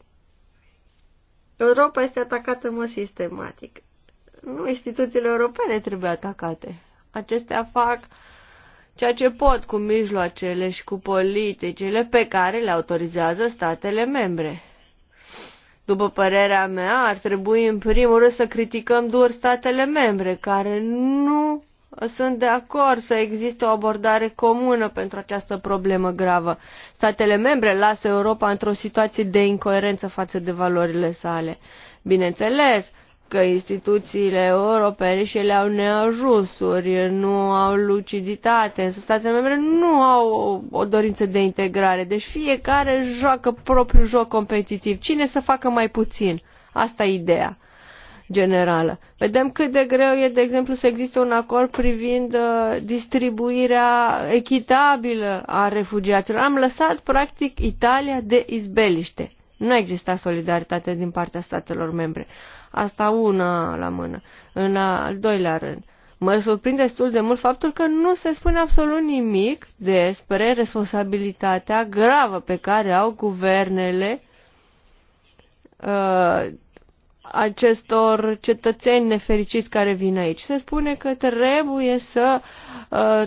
Europa este atacată în mod sistematic. Nu instituțiile europene trebuie atacate. Acestea fac ceea ce pot cu mijloacele și cu politicile pe care le autorizează statele membre. După părerea mea, ar trebui în primul rând să criticăm dur statele membre care nu sunt de acord să existe o abordare comună pentru această problemă gravă. Statele membre lasă Europa într-o situație de incoerență față de valorile sale. Bineînțeles că instituțiile europene și ele au neajunsuri, nu au luciditate, însă statele membre nu au o dorință de integrare. Deci fiecare joacă propriul joc competitiv. Cine să facă mai puțin? Asta e ideea generală. Vedem cât de greu e, de exemplu, să existe un acord privind uh, distribuirea echitabilă a refugiaților. Am lăsat, practic, Italia de izbeliște. Nu exista solidaritate din partea statelor membre. Asta una la mână. În al doilea rând, mă surprinde destul de mult faptul că nu se spune absolut nimic despre responsabilitatea gravă pe care au guvernele uh, acestor cetățeni nefericiți care vin aici. Se spune că trebuie să uh,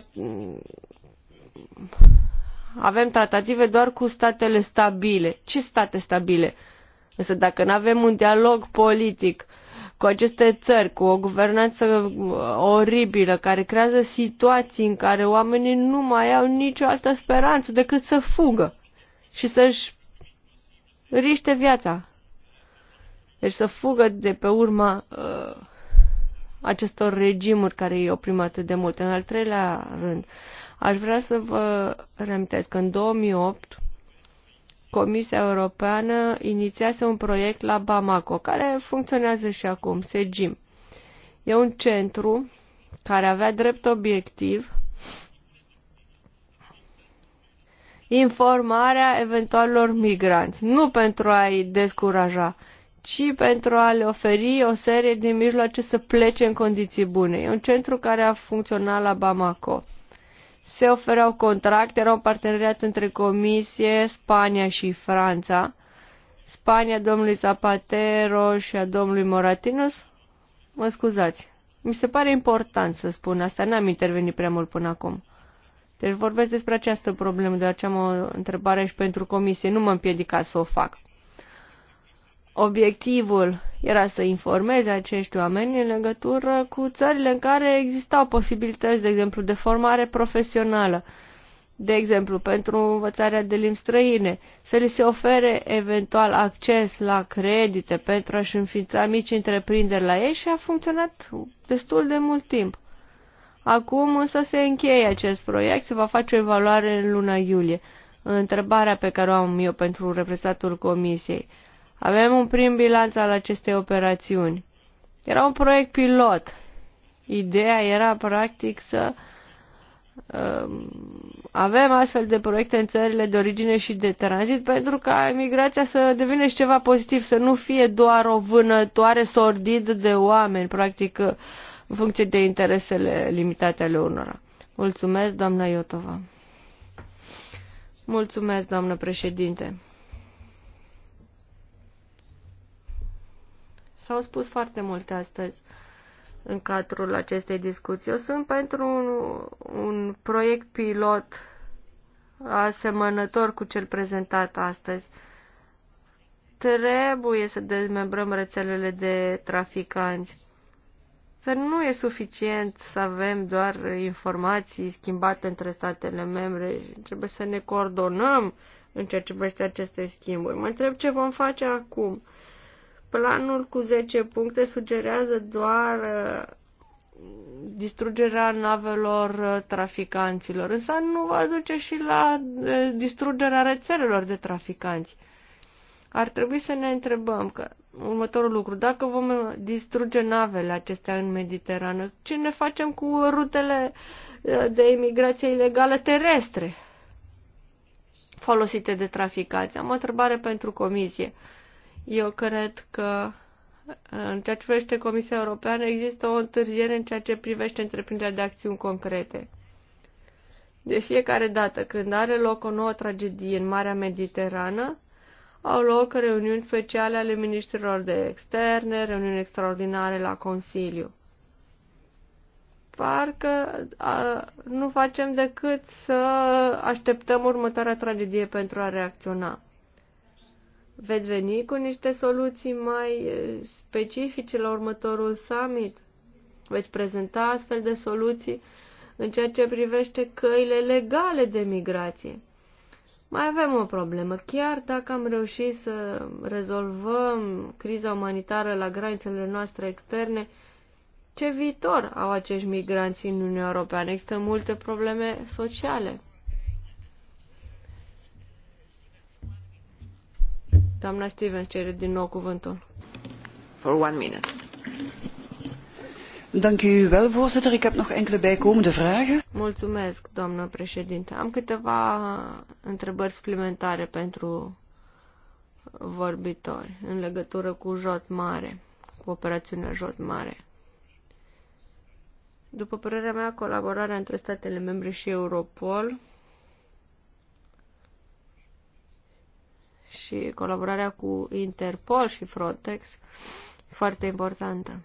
avem tratative doar cu statele stabile. Ce state stabile? Însă dacă nu avem un dialog politic cu aceste țări, cu o guvernanță uh, oribilă care creează situații în care oamenii nu mai au nicio altă speranță decât să fugă și să-și riște viața deci să fugă de pe urma uh, acestor regimuri care îi oprim atât de mult. În al treilea rând, aș vrea să vă reamintesc că în 2008 Comisia Europeană inițiase un proiect la Bamako, care funcționează și acum, SEGIM. E un centru care avea drept obiectiv informarea eventualilor migranți, nu pentru a-i descuraja, ci pentru a le oferi o serie de mijloace să plece în condiții bune. E un centru care a funcționat la Bamako. Se ofereau contracte, era un parteneriat între Comisie, Spania și Franța. Spania domnului Zapatero și a domnului Moratinus? Mă scuzați. Mi se pare important să spun asta, n-am intervenit prea mult până acum. Deci vorbesc despre această problemă, aceea am o întrebare și pentru comisie. Nu mă împiedica să o fac. Obiectivul era să informeze acești oameni în legătură cu țările în care existau posibilități, de exemplu, de formare profesională, de exemplu, pentru învățarea de limbi străine, să li se ofere eventual acces la credite pentru a-și înființa mici întreprinderi la ei și a funcționat destul de mult timp. Acum însă se încheie acest proiect, se va face o evaluare în luna iulie. Întrebarea pe care o am eu pentru reprezentatul comisiei. Avem un prim bilanț al acestei operațiuni. Era un proiect pilot. Ideea era practic să uh, avem astfel de proiecte în țările de origine și de tranzit pentru ca emigrația să devină și ceva pozitiv, să nu fie doar o vânătoare sordid de oameni, practic uh, în funcție de interesele limitate ale unora. Mulțumesc, doamna Iotova. Mulțumesc, doamnă președinte. S-au spus foarte multe astăzi în cadrul acestei discuții. Eu sunt pentru un, un proiect pilot asemănător cu cel prezentat astăzi. Trebuie să dezmembrăm rețelele de traficanți. Să nu e suficient să avem doar informații schimbate între statele membre. Trebuie să ne coordonăm în ceea ce privește aceste schimburi. Mă întreb ce vom face acum. Planul cu 10 puncte sugerează doar uh, distrugerea navelor uh, traficanților, însă nu va duce și la uh, distrugerea rețelelor de traficanți. Ar trebui să ne întrebăm că următorul lucru, dacă vom distruge navele acestea în Mediterană, ce ne facem cu rutele de imigrație ilegală terestre folosite de traficanți? Am o întrebare pentru comisie. Uh, eu cred că în ceea ce privește Comisia Europeană există o întârziere în ceea ce privește întreprinderea de acțiuni concrete. De fiecare dată când are loc o nouă tragedie în Marea Mediterană, au loc reuniuni speciale ale ministrilor de externe, reuniuni extraordinare la Consiliu. Parcă a, nu facem decât să așteptăm următoarea tragedie pentru a reacționa. Veți veni cu niște soluții mai specifice la următorul summit? Veți prezenta astfel de soluții în ceea ce privește căile legale de migrație? Mai avem o problemă. Chiar dacă am reușit să rezolvăm criza umanitară la granițele noastre externe, ce viitor au acești migranți în Uniunea Europeană? Există multe probleme sociale. Doamna Stevens cere din nou cuvântul. For one minute. Dank u wel, voorzitter. Ik heb nog enkele bijkomende vragen. Mulțumesc, doamna președinte. Am câteva întrebări suplimentare pentru vorbitori în legătură cu Jot Mare, cu operațiunea Jot Mare. După părerea mea, colaborarea între statele membre și Europol și colaborarea cu Interpol și Frontex foarte importantă.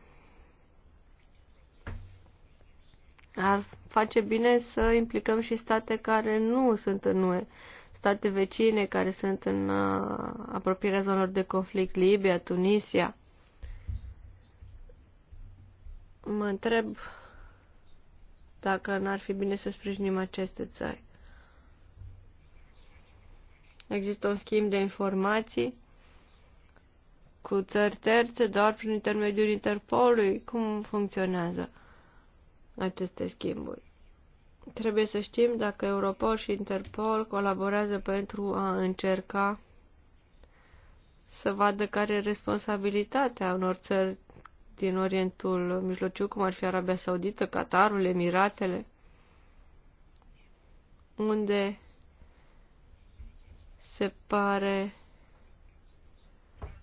Ar face bine să implicăm și state care nu sunt în UE, state vecine care sunt în uh, apropierea zonelor de conflict, Libia, Tunisia. Mă întreb dacă n-ar fi bine să sprijinim aceste țări. Există un schimb de informații cu țări terțe doar prin intermediul Interpolului. Cum funcționează aceste schimburi? Trebuie să știm dacă Europol și Interpol colaborează pentru a încerca să vadă care e responsabilitatea unor țări din Orientul Mijlociu, cum ar fi Arabia Saudită, Qatarul, Emiratele, unde se pare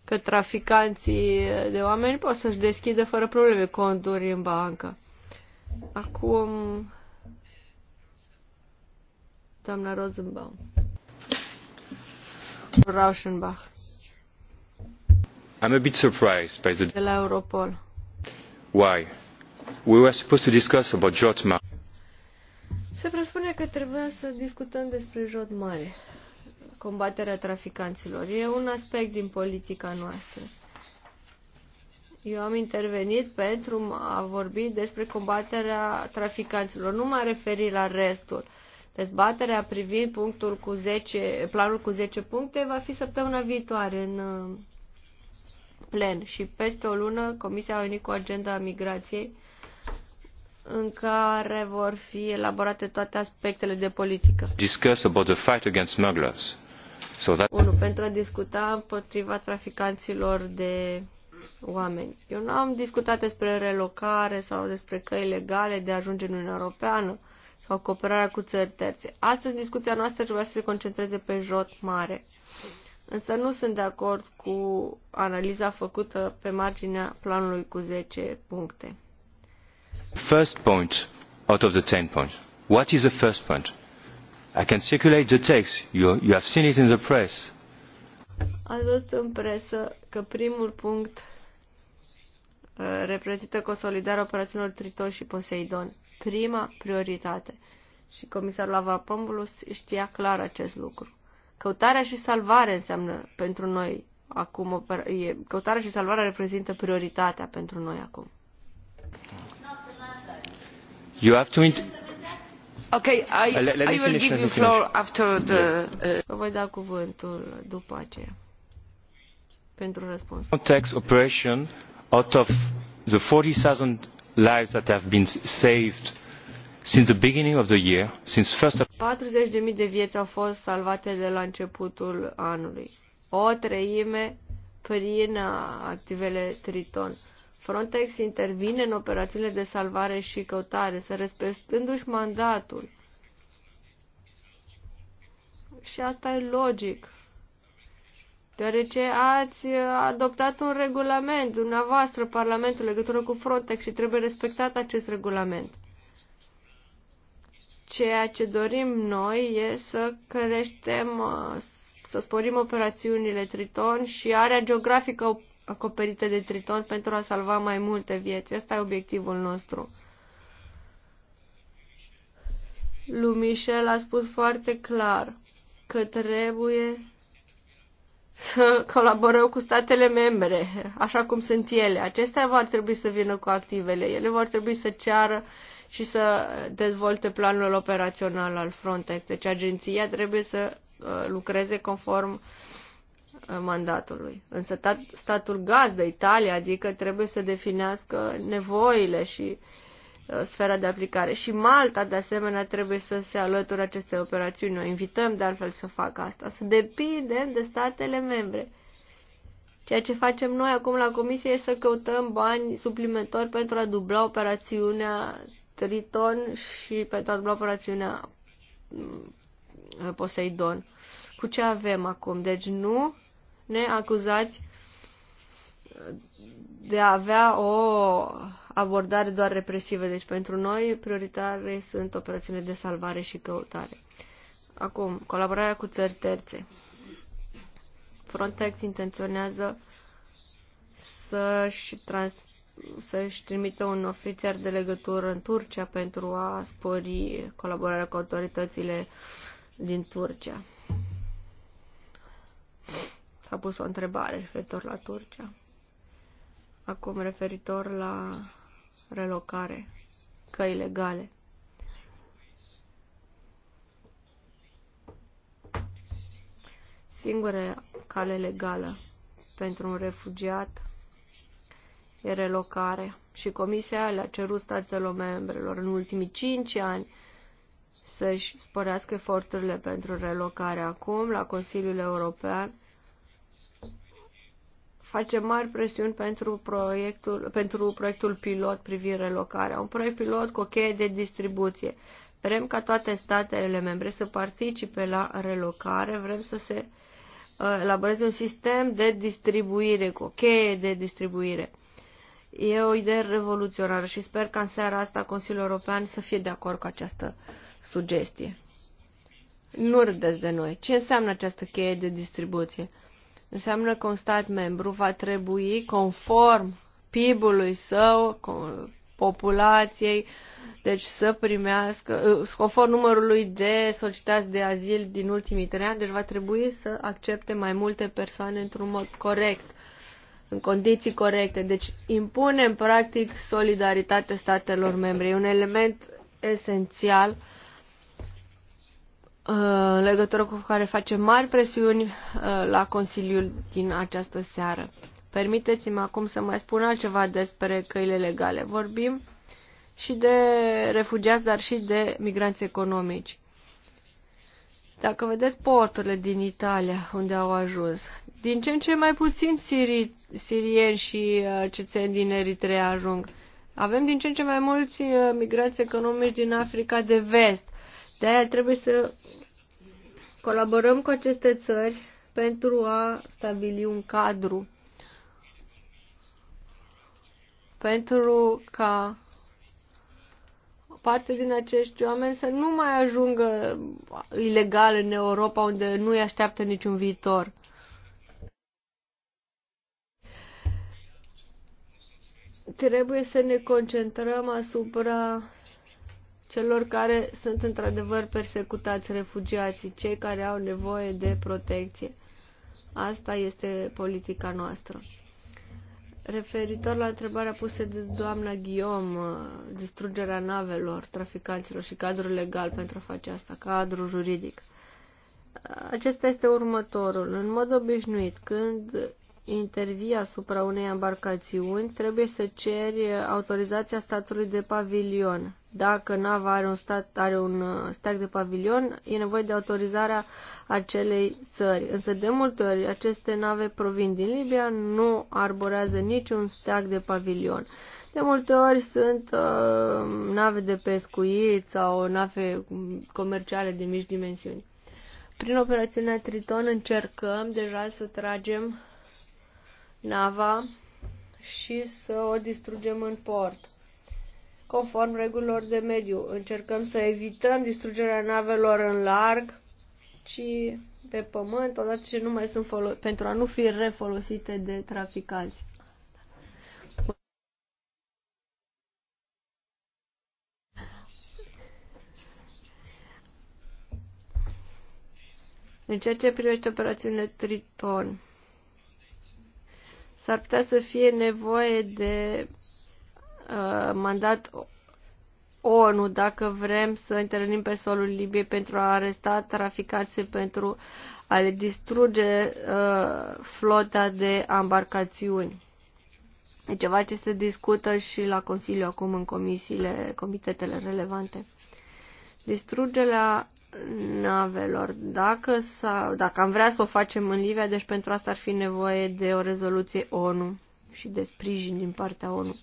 că traficanții de oameni pot să-și deschidă fără probleme conturi în bancă. Acum, doamna Rosenbaum. Rauschenbach. I'm a bit surprised by the... De la Europol. Why? We were supposed to discuss about Jotma. Se presupune că trebuia să discutăm despre Jotmar. Mare combaterea traficanților. E un aspect din politica noastră. Eu am intervenit pentru a vorbi despre combaterea traficanților. Nu m referi referit la restul. Dezbaterea privind punctul cu 10, planul cu 10 puncte va fi săptămâna viitoare în uh, plen și peste o lună Comisia a venit cu agenda migrației în care vor fi elaborate toate aspectele de politică. Discuss about the fight against smugglers So that... 1. Pentru a discuta împotriva traficanților de oameni. Eu nu am discutat despre relocare sau despre căi legale de a ajunge în Uniunea Europeană sau cooperarea cu țări terțe. Astăzi discuția noastră trebuie să se concentreze pe jot mare. Însă nu sunt de acord cu analiza făcută pe marginea planului cu 10 puncte. First point out of the 10 points. What is the first point? I can circulate the text. You, you have seen it in the press. Am văzut în presă că primul punct uh, reprezintă consolidarea operațiunilor Triton și Poseidon. Prima prioritate. Și comisarul Avrapomboulos știa clar acest lucru. Căutarea și salvarea înseamnă pentru noi acum, căutarea și salvarea reprezintă prioritatea pentru noi acum. You have to Okay, Vă voi da cuvântul după aceea pentru răspuns. Frontex operation out of the 40,000 lives that have been saved since the beginning of the year, since first of 40.000 de vieți au fost salvate de la începutul anului. O treime prin activele Triton. Frontex intervine în operațiunile de salvare și căutare, să respectându-și mandatul. Și asta e logic, deoarece ați adoptat un regulament, dumneavoastră, Parlamentul, legătură cu Frontex și trebuie respectat acest regulament. Ceea ce dorim noi e să creștem, să sporim operațiunile Triton și area geografică acoperite de triton pentru a salva mai multe vieți. Asta e obiectivul nostru. Lui Michel a spus foarte clar că trebuie să colaborăm cu statele membre, așa cum sunt ele. Acestea vor trebui să vină cu activele. Ele vor trebui să ceară și să dezvolte planul operațional al Frontex. Deci agenția trebuie să uh, lucreze conform uh, Uh, mandatului. Însă statul gazdă, Italia, adică trebuie să definească nevoile și uh, sfera de aplicare. Și Malta, de asemenea, trebuie să se alăture aceste operațiuni. Noi invităm, de altfel, să facă asta. Să depindem de statele membre. Ceea ce facem noi acum la comisie este să căutăm bani suplimentari pentru a dubla operațiunea Triton și pentru a dubla operațiunea mm, Poseidon. Cu ce avem acum? Deci nu ne acuzați de a avea o abordare doar represivă. Deci pentru noi prioritare sunt operațiunile de salvare și căutare. Acum, colaborarea cu țări terțe. Frontex intenționează să-și, trans- să-și trimită un ofițer de legătură în Turcia pentru a spori colaborarea cu autoritățile din Turcia a pus o întrebare referitor la Turcia. Acum referitor la relocare, căi legale. Singura cale legală pentru un refugiat e relocare Și Comisia le-a cerut statelor membrelor în ultimii cinci ani să-și sporească eforturile pentru relocare acum la Consiliul European face mari presiuni pentru proiectul, pentru proiectul pilot privind relocarea. Un proiect pilot cu o cheie de distribuție. Vrem ca toate statele membre să participe la relocare, vrem să se uh, elaboreze un sistem de distribuire, cu o cheie de distribuire. E o idee revoluționară și sper că în seara asta Consiliul European să fie de acord cu această sugestie. Nu râdeți de noi. Ce înseamnă această cheie de distribuție? înseamnă că un stat membru va trebui, conform PIB-ului său, populației, deci să primească, uh, conform numărului de solicitați de azil din ultimii trei ani, deci va trebui să accepte mai multe persoane într-un mod corect, în condiții corecte. Deci impunem practic solidaritate statelor membre. E un element esențial uh, Uh, în legătură cu care facem mari presiuni uh, la Consiliul din această seară. Permiteți-mi acum să mai spun altceva despre căile legale. Vorbim și de refugiați, dar și de migranți economici. Dacă vedeți porturile din Italia, unde au ajuns, din ce în ce mai puțin siri, sirieni și uh, cetățeni din Eritrea ajung. Avem din ce în ce mai mulți migranți economici din Africa de vest de-aia trebuie să colaborăm cu aceste țări pentru a stabili un cadru pentru ca parte din acești oameni să nu mai ajungă ilegal în Europa unde nu îi așteaptă niciun viitor. Trebuie să ne concentrăm asupra celor care sunt într-adevăr persecutați, refugiații, cei care au nevoie de protecție. Asta este politica noastră. Referitor la întrebarea pusă de doamna Ghiom, distrugerea navelor, traficanților și cadrul legal pentru a face asta, cadrul juridic. Acesta este următorul. În mod obișnuit, când intervii asupra unei embarcațiuni, trebuie să ceri autorizația statului de pavilion. Dacă nava are un, stat, are un uh, stac de pavilion, e nevoie de autorizarea acelei țări. Însă, de multe ori, aceste nave provin din Libia, nu arborează niciun stac de pavilion. De multe ori sunt uh, nave de pescuit sau nave comerciale de mici dimensiuni. Prin operațiunea Triton încercăm deja să tragem nava și să o distrugem în port. Conform regulilor de mediu, încercăm să evităm distrugerea navelor în larg, ci pe pământ, odată ce nu mai sunt folo- pentru a nu fi refolosite de traficanți. În ceea ce privește operațiunile Triton, s-ar putea să fie nevoie de uh, mandat ONU dacă vrem să intervenim pe solul Libiei pentru a aresta traficații, pentru a le distruge uh, flota de embarcațiuni. E ceva ce se discută și la Consiliu acum în comisiile, comitetele relevante. Distrugerea navelor. Dacă, sau, dacă am vrea să o facem în Livia, deci pentru asta ar fi nevoie de o rezoluție ONU și de sprijin din partea ONU.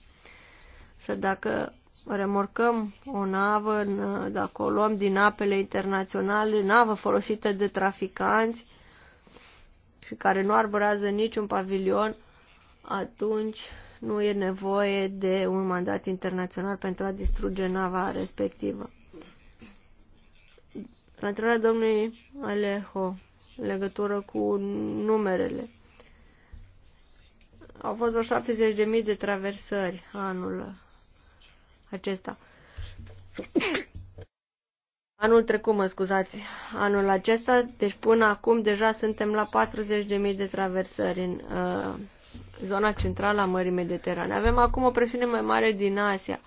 Să dacă remorcăm o navă, dacă o luăm din apele internaționale, navă folosită de traficanți și care nu arborează niciun pavilion, atunci nu e nevoie de un mandat internațional pentru a distruge nava respectivă. La întrebarea domnului Alejo, în legătură cu numerele. Au fost o 70.000 de traversări anul acesta. (coughs) Anul trecut, mă scuzați, anul acesta, deci până acum deja suntem la 40.000 de traversări în uh, zona centrală a Mării Mediterane. Avem acum o presiune mai mare din Asia.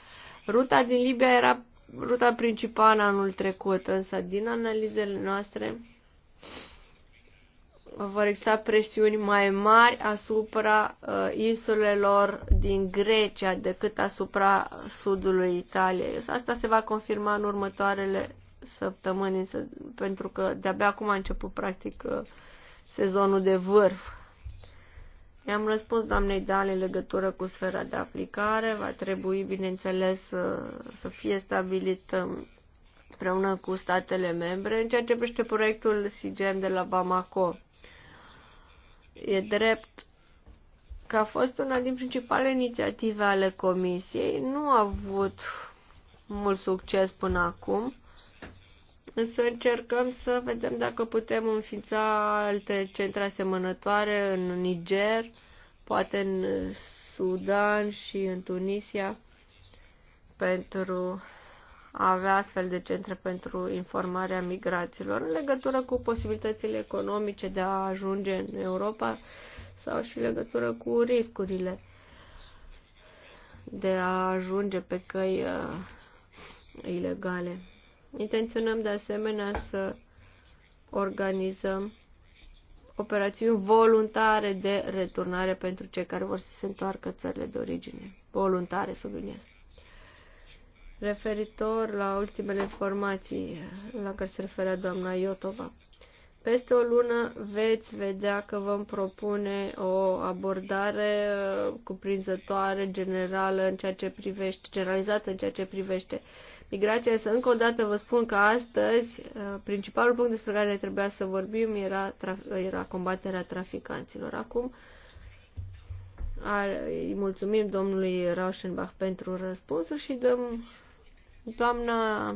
Ruta din Libia era ruta principală anul trecut, însă din analizele noastre vor exista presiuni mai mari asupra uh, insulelor din Grecia decât asupra sudului Italiei. Asta se va confirma în următoarele săptămâni, însă, pentru că de-abia acum a început practic uh, sezonul de vârf I-am răspuns doamnei Dale în legătură cu sfera de aplicare. Va trebui, bineînțeles, să, să fie stabilită um, împreună cu statele membre în ceea ce privește proiectul SIGEM de la Bamako. E drept că a fost una din principalele inițiative ale Comisiei. Nu a avut mult succes până acum. Însă încercăm să vedem dacă putem înființa alte centre asemănătoare în Niger, poate în Sudan și în Tunisia, pentru a avea astfel de centre pentru informarea migrațiilor în legătură cu posibilitățile economice de a ajunge în Europa sau și în legătură cu riscurile de a ajunge pe căi uh, ilegale. Intenționăm de asemenea să organizăm operațiuni voluntare de returnare pentru cei care vor să se întoarcă țările de origine. Voluntare, subliniez. Referitor la ultimele informații la care se referea doamna Iotova. Peste o lună veți vedea că vom propune o abordare uh, cuprinzătoare, generală, în ceea ce privește, generalizată în ceea ce privește uh, migrația, să încă o dată vă spun că astăzi uh, principalul punct despre care trebuia să vorbim era, era combaterea traficanților. Acum îi mulțumim domnului Rauschenbach pentru răspunsul și dăm doamna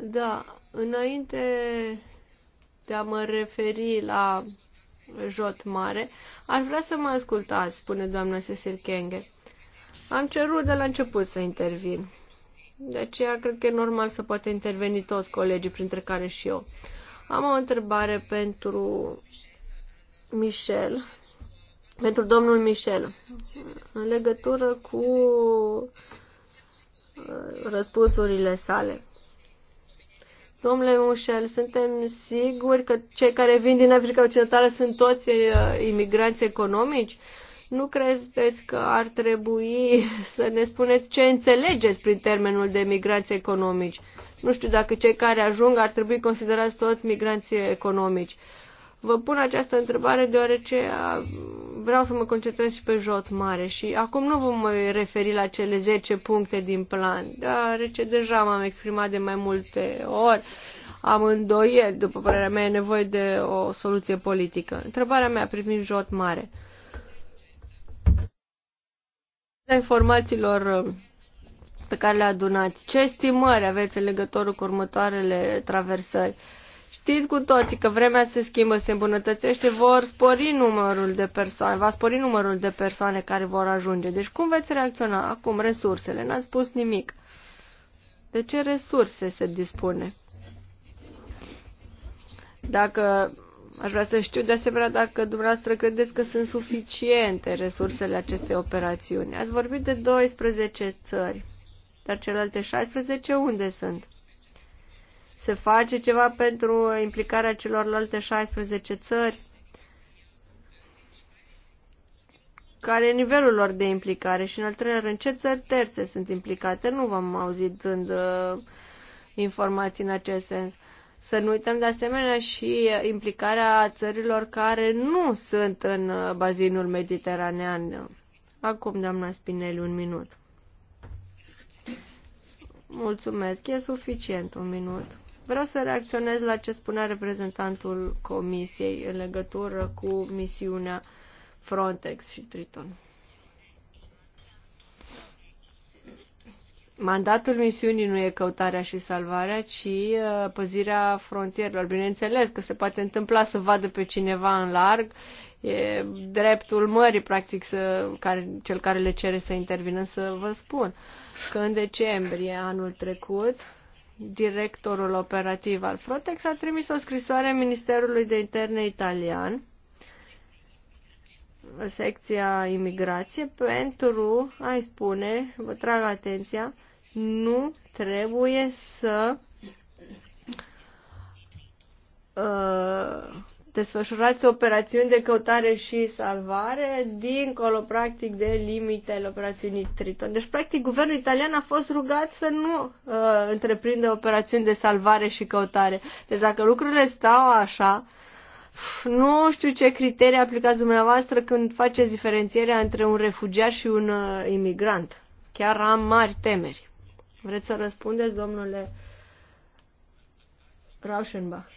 da, înainte de a mă referi la Jot Mare, aș vrea să mă ascultați, spune doamna Cecil Kenge. Am cerut de la început să intervin. De aceea cred că e normal să poată interveni toți colegii, printre care și eu. Am o întrebare pentru Michel, pentru domnul Michel, în legătură cu uh, răspunsurile sale. Domnule Mușel, suntem siguri că cei care vin din Africa Occidentală sunt toți uh, imigranți economici? Nu credeți că ar trebui să ne spuneți ce înțelegeți prin termenul de migrație economici? Nu știu dacă cei care ajung ar trebui considerați toți migranții economici. Vă pun această întrebare deoarece vreau să mă concentrez și pe Jot Mare și acum nu vă mai referi la cele 10 puncte din plan, deoarece deja m-am exprimat de mai multe ori. Am Amândoi, după părerea mea, e nevoie de o soluție politică. Întrebarea mea privind Jot Mare informațiilor uh, pe care le adunați, ce estimări aveți în legătură cu următoarele traversări? Știți cu toții că vremea se schimbă, se îmbunătățește, vor spori numărul de persoane, va spori numărul de persoane care vor ajunge. Deci cum veți reacționa acum resursele? N-ați spus nimic. De ce resurse se dispune? Dacă Aș vrea să știu de asemenea dacă dumneavoastră credeți că sunt suficiente resursele acestei operațiuni. Ați vorbit de 12 țări, dar celelalte 16 unde sunt? Se face ceva pentru implicarea celorlalte 16 țări? Care e nivelul lor de implicare? Și în al treilea rând, ce țări terțe sunt implicate? Nu v-am auzit dând uh, informații în acest sens. Uh, să nu uităm de asemenea și uh, implicarea țărilor care nu sunt în uh, bazinul mediteranean. Acum, doamna Spinelli, un minut. Mulțumesc, e suficient un minut. Vreau să reacționez la ce spunea reprezentantul Comisiei în legătură cu misiunea Frontex și Triton. Mandatul misiunii nu e căutarea și salvarea, ci uh, păzirea frontierelor. Bineînțeles că se poate întâmpla să vadă pe cineva în larg, e dreptul mării, practic, să, care, cel care le cere să intervină, să vă spun că în decembrie anul trecut, directorul operativ al Frontex a trimis o scrisoare Ministerului de Interne italian, secția imigrație, pentru a-i spune, vă trag atenția, nu trebuie să uh, desfășurați operațiuni de căutare și salvare dincolo, practic, de limitele operațiunii Triton. Deci, practic, guvernul italian a fost rugat să nu uh, întreprinde operațiuni de salvare și căutare. Deci, dacă lucrurile stau așa, nu știu ce criterii aplicați dumneavoastră când faceți diferențierea între un refugiat și un uh, imigrant. Chiar am mari temeri. Vreți să răspundeți, domnule Rauschenbach?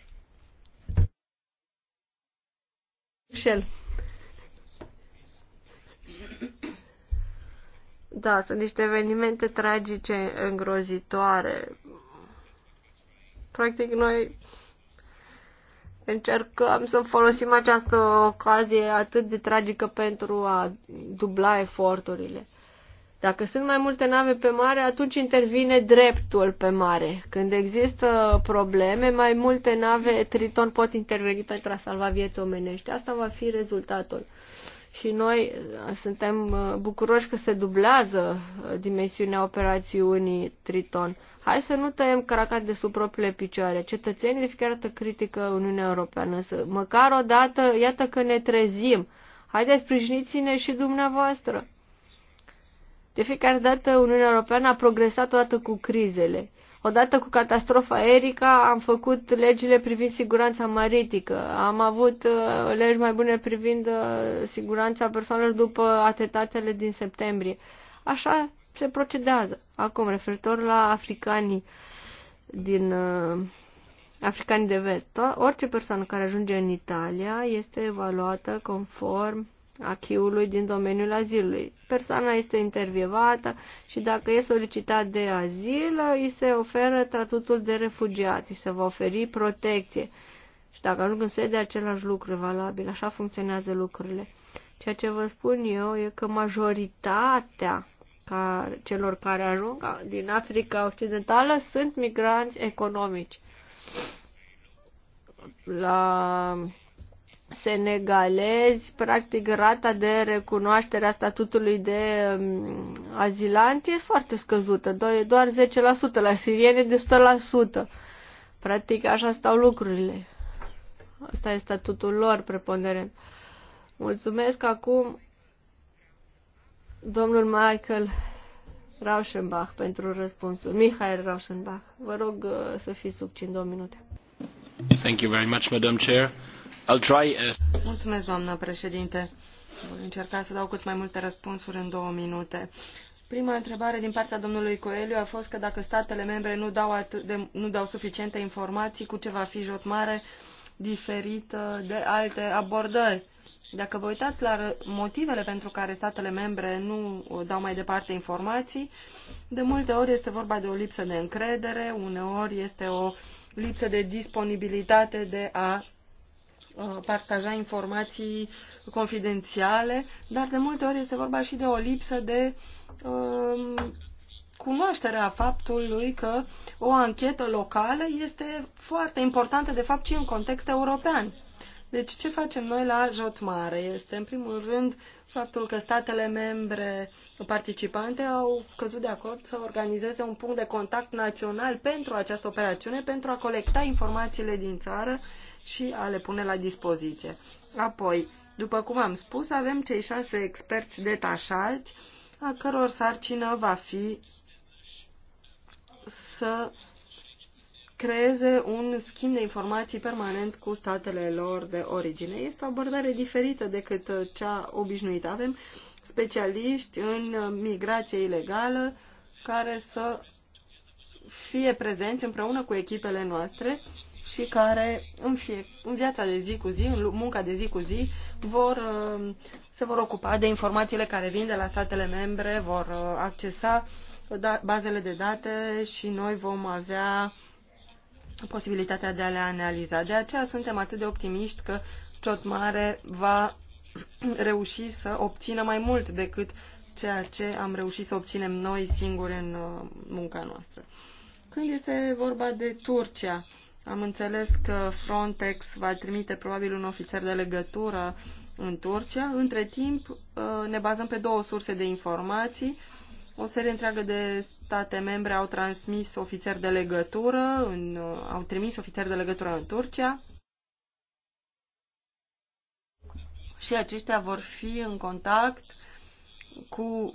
Michel. Da, sunt niște evenimente tragice, îngrozitoare. Practic, noi încercăm să folosim această ocazie atât de tragică pentru a dubla eforturile. Dacă sunt mai multe nave pe mare, atunci intervine dreptul pe mare. Când există probleme, mai multe nave Triton pot interveni pentru a salva vieți omenești. Asta va fi rezultatul. Și noi uh, suntem uh, bucuroși că se dublează uh, dimensiunea operațiunii Triton. Hai să nu tăiem caracat de sub propriile picioare. Cetățenii de fiecare dată critică Uniunea Europeană. Să, măcar o dată, iată că ne trezim. Haideți, sprijiniți-ne și dumneavoastră. De fiecare dată Uniunea Europeană a progresat odată cu crizele. Odată cu catastrofa Erika am făcut legile privind siguranța maritică, am avut uh, legi mai bune privind uh, siguranța persoanelor după atentatele din septembrie. Așa se procedează. Acum, referitor la africanii din uh, africanii de vest, orice persoană care ajunge în Italia este evaluată conform achiului din domeniul azilului. Persoana este intervievată și dacă e solicitat de azil, îi se oferă statutul de refugiat, îi se va oferi protecție. Și dacă ajung în sede, același lucru valabil. Așa funcționează lucrurile. Ceea ce vă spun eu e că majoritatea ca celor care ajung din Africa Occidentală sunt migranți economici. La senegalezi, practic rata de recunoaștere a statutului de um, azilant e foarte scăzută, do- doar 10%, la sirieni de 100%. Practic așa stau lucrurile. Asta e statutul lor preponderent. Mulțumesc acum domnul Michael Rauschenbach pentru răspunsul. Mihail Rauschenbach, vă rog uh, să fiți subțin două minute. Thank you very much, Madam Chair. Uh, Mulțumesc, doamnă președinte. Voi încerca să dau cât mai multe răspunsuri în două minute. Prima întrebare din partea domnului Coelho a fost că dacă statele membre nu dau, atât de, nu dau suficiente informații, cu ce va fi jotmare diferită uh, de alte abordări. Dacă vă uitați la motivele pentru care statele membre nu uh, dau mai departe informații, de multe ori este vorba de o lipsă de încredere, uneori este o lipsă de disponibilitate de a Uh, partaja informații confidențiale, dar de multe ori este vorba și de o lipsă de um, cunoașterea faptului că o anchetă locală este foarte importantă, de fapt, și în context european. Deci, ce facem noi la Jotmare? Este, în primul rând, faptul că statele membre participante au căzut de acord să organizeze un punct de contact național pentru această operațiune, pentru a colecta informațiile din țară și a le pune la dispoziție. Apoi, după cum am spus, avem cei șase experți detașați, a căror sarcină va fi să creeze un schimb de informații permanent cu statele lor de origine. Este o abordare diferită decât cea obișnuită. Avem specialiști în migrație ilegală care să fie prezenți împreună cu echipele noastre și care în, fie, în viața de zi cu zi, în munca de zi cu zi, vor, uh, se vor ocupa de informațiile care vin de la statele membre, vor uh, accesa da, bazele de date și noi vom avea posibilitatea de a le analiza. De aceea suntem atât de optimiști că Ciot Mare va (clears throat) reuși să obțină mai mult decât ceea ce am reușit să obținem noi singuri în uh, munca noastră. Când este vorba de Turcia, am înțeles că Frontex va trimite probabil un ofițer de legătură în Turcia. Între timp, uh, ne bazăm pe două surse de informații. O serie întreagă de state membre au transmis ofițeri de legătură, în, uh, au trimis ofițeri de legătură în Turcia. Și aceștia vor fi în contact cu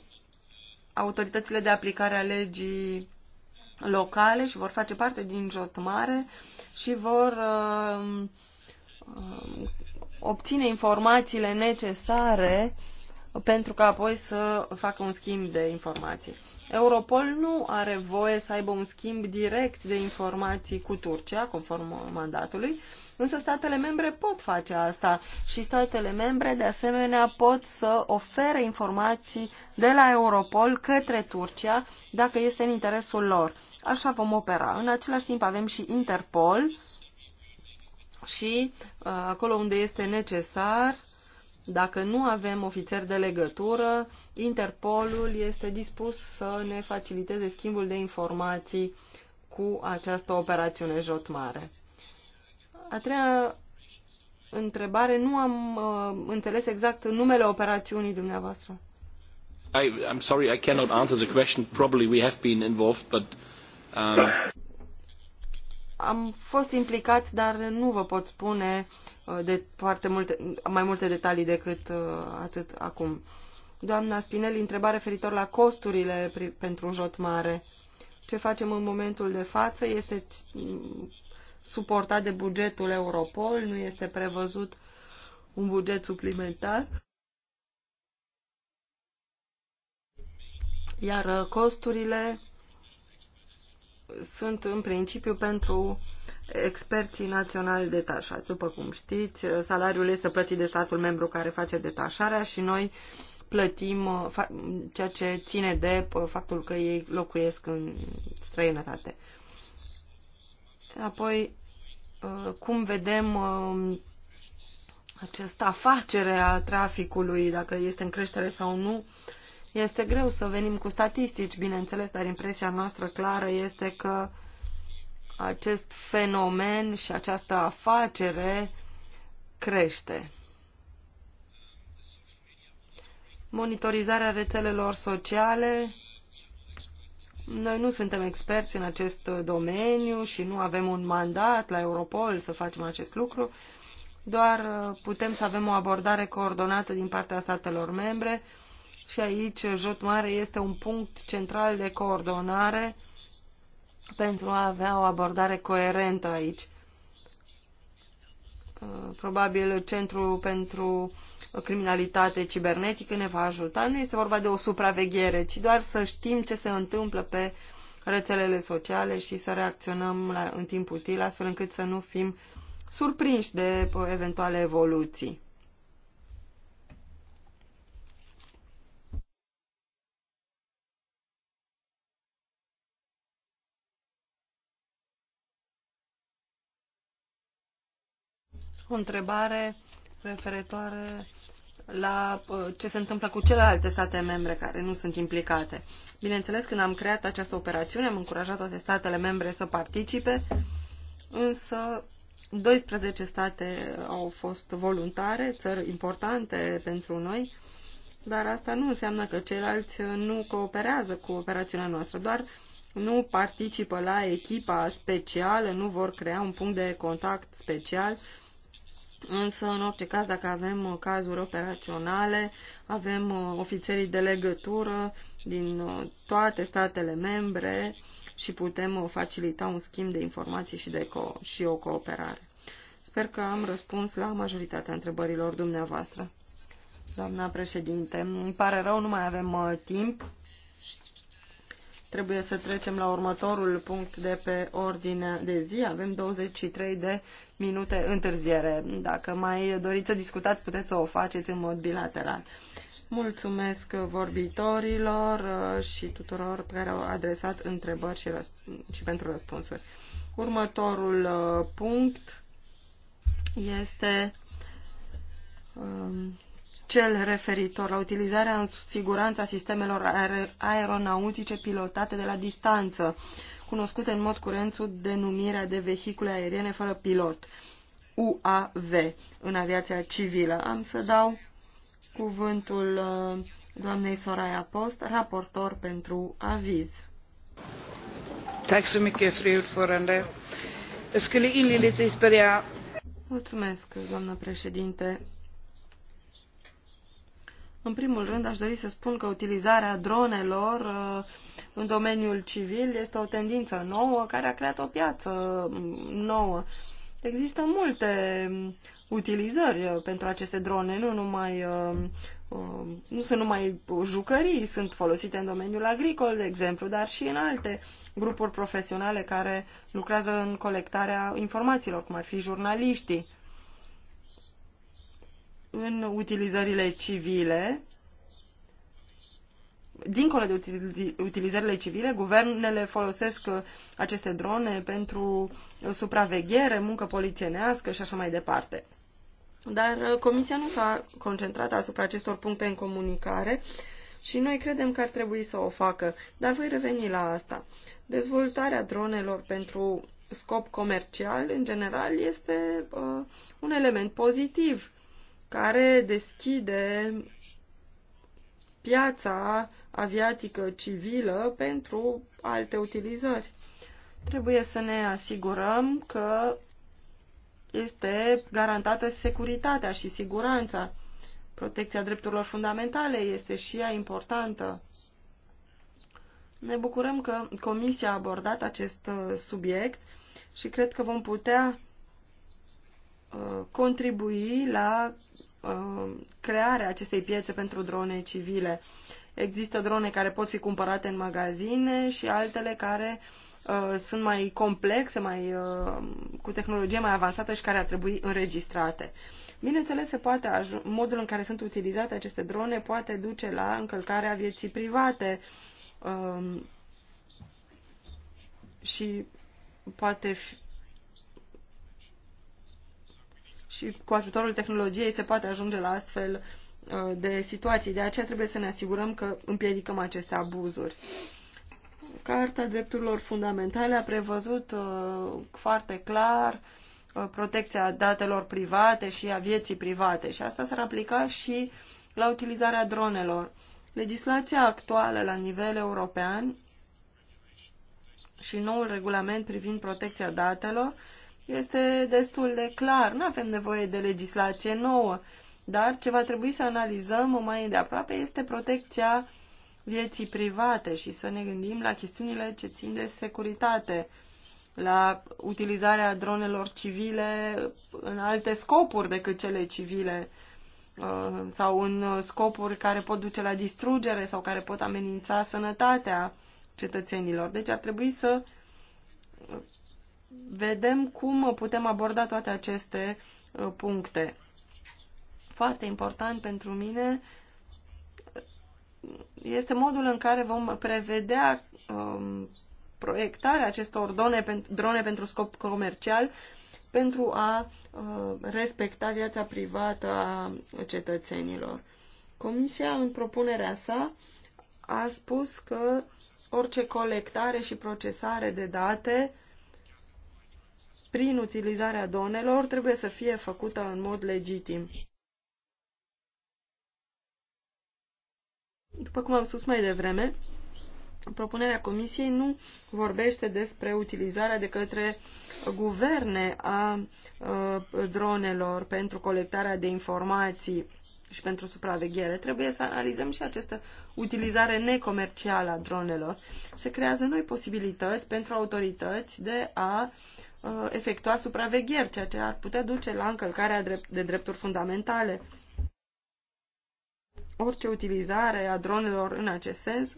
autoritățile de aplicare a legii locale și vor face parte din Jotmare. mare și vor uh, um, obține informațiile necesare pentru ca apoi să facă un schimb de informații. Europol nu are voie să aibă un schimb direct de informații cu Turcia, conform mandatului, însă statele membre pot face asta și statele membre, de asemenea, pot să ofere informații de la Europol către Turcia dacă este în interesul lor. Așa vom opera. În același timp avem și Interpol și uh, acolo unde este necesar, dacă nu avem ofițeri de legătură, Interpolul este dispus să ne faciliteze schimbul de informații cu această operațiune jotmare. A treia întrebare, nu am uh, înțeles exact numele operațiunii dumneavoastră. I, I'm sorry, I cannot answer the question. Probably we have been involved, but Um... Am fost implicat, dar nu vă pot spune uh, de foarte multe, mai multe detalii decât uh, atât acum. Doamna Spinelli, întrebare referitor la costurile pentru un jot mare. Ce facem în momentul de față este mm, suportat de bugetul Europol, nu este prevăzut un buget suplimentar. Iar uh, costurile sunt în principiu pentru experții naționali detașați. După cum știți, salariul este plătit de statul membru care face detașarea și noi plătim uh, ceea ce ține de uh, faptul că ei locuiesc în străinătate. Apoi, uh, cum vedem um, această afacere a traficului, dacă este în creștere sau nu, este greu să venim cu statistici, bineînțeles, dar impresia noastră clară este că acest fenomen și această afacere crește. Monitorizarea rețelelor sociale. Noi nu suntem experți în acest domeniu și nu avem un mandat la Europol să facem acest lucru, doar putem să avem o abordare coordonată din partea statelor membre și aici Jotmare este un punct central de coordonare pentru a avea o abordare coerentă aici. Uh, probabil Centrul pentru Criminalitate Cibernetică ne va ajuta. Nu este vorba de o supraveghere, ci doar să știm ce se întâmplă pe rețelele sociale și să reacționăm la, în timp util, astfel încât să nu fim surprinși de eventuale evoluții. o întrebare referitoare la uh, ce se întâmplă cu celelalte state membre care nu sunt implicate. Bineînțeles, când am creat această operațiune, am încurajat toate statele membre să participe, însă 12 state au fost voluntare, țări importante pentru noi, dar asta nu înseamnă că ceilalți nu cooperează cu operațiunea noastră, doar nu participă la echipa specială, nu vor crea un punct de contact special Însă, în orice caz, dacă avem uh, cazuri operaționale, avem uh, ofițerii de legătură din uh, toate statele membre și putem facilita un schimb de informații și, de co- și o cooperare. Sper că am răspuns la majoritatea întrebărilor dumneavoastră. Doamna președinte, îmi pare rău, nu mai avem timp. Trebuie să trecem la următorul punct de pe ordine de zi. Avem 23 de minute întârziere. Dacă mai doriți să discutați, puteți să o faceți în mod bilateral. Mulțumesc vorbitorilor uh, și tuturor care au adresat întrebări și, și pentru răspunsuri. Următorul uh, punct este um, cel referitor la utilizarea în siguranță a sistemelor aer aeronautice pilotate de la distanță, cunoscute în mod curent sub denumirea de vehicule aeriene fără pilot, UAV, în aviația civilă. Am să dau cuvântul uh, doamnei Soraya Post, raportor pentru aviz. Mulțumesc, doamnă președinte. În primul rând, aș dori să spun că utilizarea dronelor uh, în domeniul civil este o tendință nouă care a creat o piață mm, nouă. Există multe mm, utilizări uh, pentru aceste drone, nu numai uh, nu sunt numai jucării, sunt folosite în domeniul agricol, de exemplu, dar și în alte grupuri profesionale care lucrează în colectarea informațiilor, cum ar fi jurnaliștii în utilizările civile, dincolo de utilizările civile, guvernele folosesc uh, aceste drone pentru supraveghere, muncă polițienească și așa mai departe. Dar uh, Comisia nu s-a concentrat asupra acestor puncte în comunicare și noi credem că ar trebui să o facă, dar voi reveni la asta. Dezvoltarea dronelor pentru scop comercial, în general, este uh, un element pozitiv care deschide piața aviatică civilă pentru alte utilizări. Trebuie să ne asigurăm că este garantată securitatea și siguranța. Protecția drepturilor fundamentale este și ea importantă. Ne bucurăm că Comisia a abordat acest uh, subiect și cred că vom putea Uh, contribui la uh, crearea acestei piețe pentru drone civile. Există drone care pot fi cumpărate în magazine și altele care uh, sunt mai complexe, mai, cu tehnologie mai avansată și care ar trebui înregistrate. Bineînțeles, se poate modul în care sunt utilizate aceste drone poate duce la încălcarea vieții private um, și poate și cu ajutorul tehnologiei se poate ajunge la astfel uh, de situații. De aceea trebuie să ne asigurăm că împiedicăm aceste abuzuri. Carta Drepturilor Fundamentale a prevăzut uh, foarte clar uh, protecția datelor private și a vieții private și asta s-ar aplica și la utilizarea dronelor. Legislația actuală la nivel european și noul regulament privind protecția datelor uh, este destul de clar. Nu avem nevoie de legislație nouă, dar ce va trebui să analizăm mai îndeaproape este protecția vieții private și să ne gândim la chestiunile ce țin de securitate, la utilizarea dronelor civile în alte scopuri decât cele civile uh, sau în scopuri care pot duce la distrugere sau care pot amenința sănătatea cetățenilor. Deci ar trebui să vedem cum putem aborda toate aceste uh, puncte. Foarte important pentru mine uh, este modul în care vom prevedea um, proiectarea acestor drone, drone pentru scop comercial pentru a uh, respecta viața privată a cetățenilor. Comisia, în propunerea sa, a spus că orice colectare și procesare de date prin utilizarea donelor trebuie să fie făcută în mod legitim. După cum am spus mai devreme, propunerea Comisiei nu vorbește despre utilizarea de către guverne a dronelor pentru colectarea de informații și pentru supraveghere. Trebuie să analizăm și această utilizare necomercială a dronelor. Se creează noi posibilități pentru autorități de a efectua supravegheri, ceea ce ar putea duce la încălcarea de drepturi fundamentale. Orice utilizare a dronelor în acest sens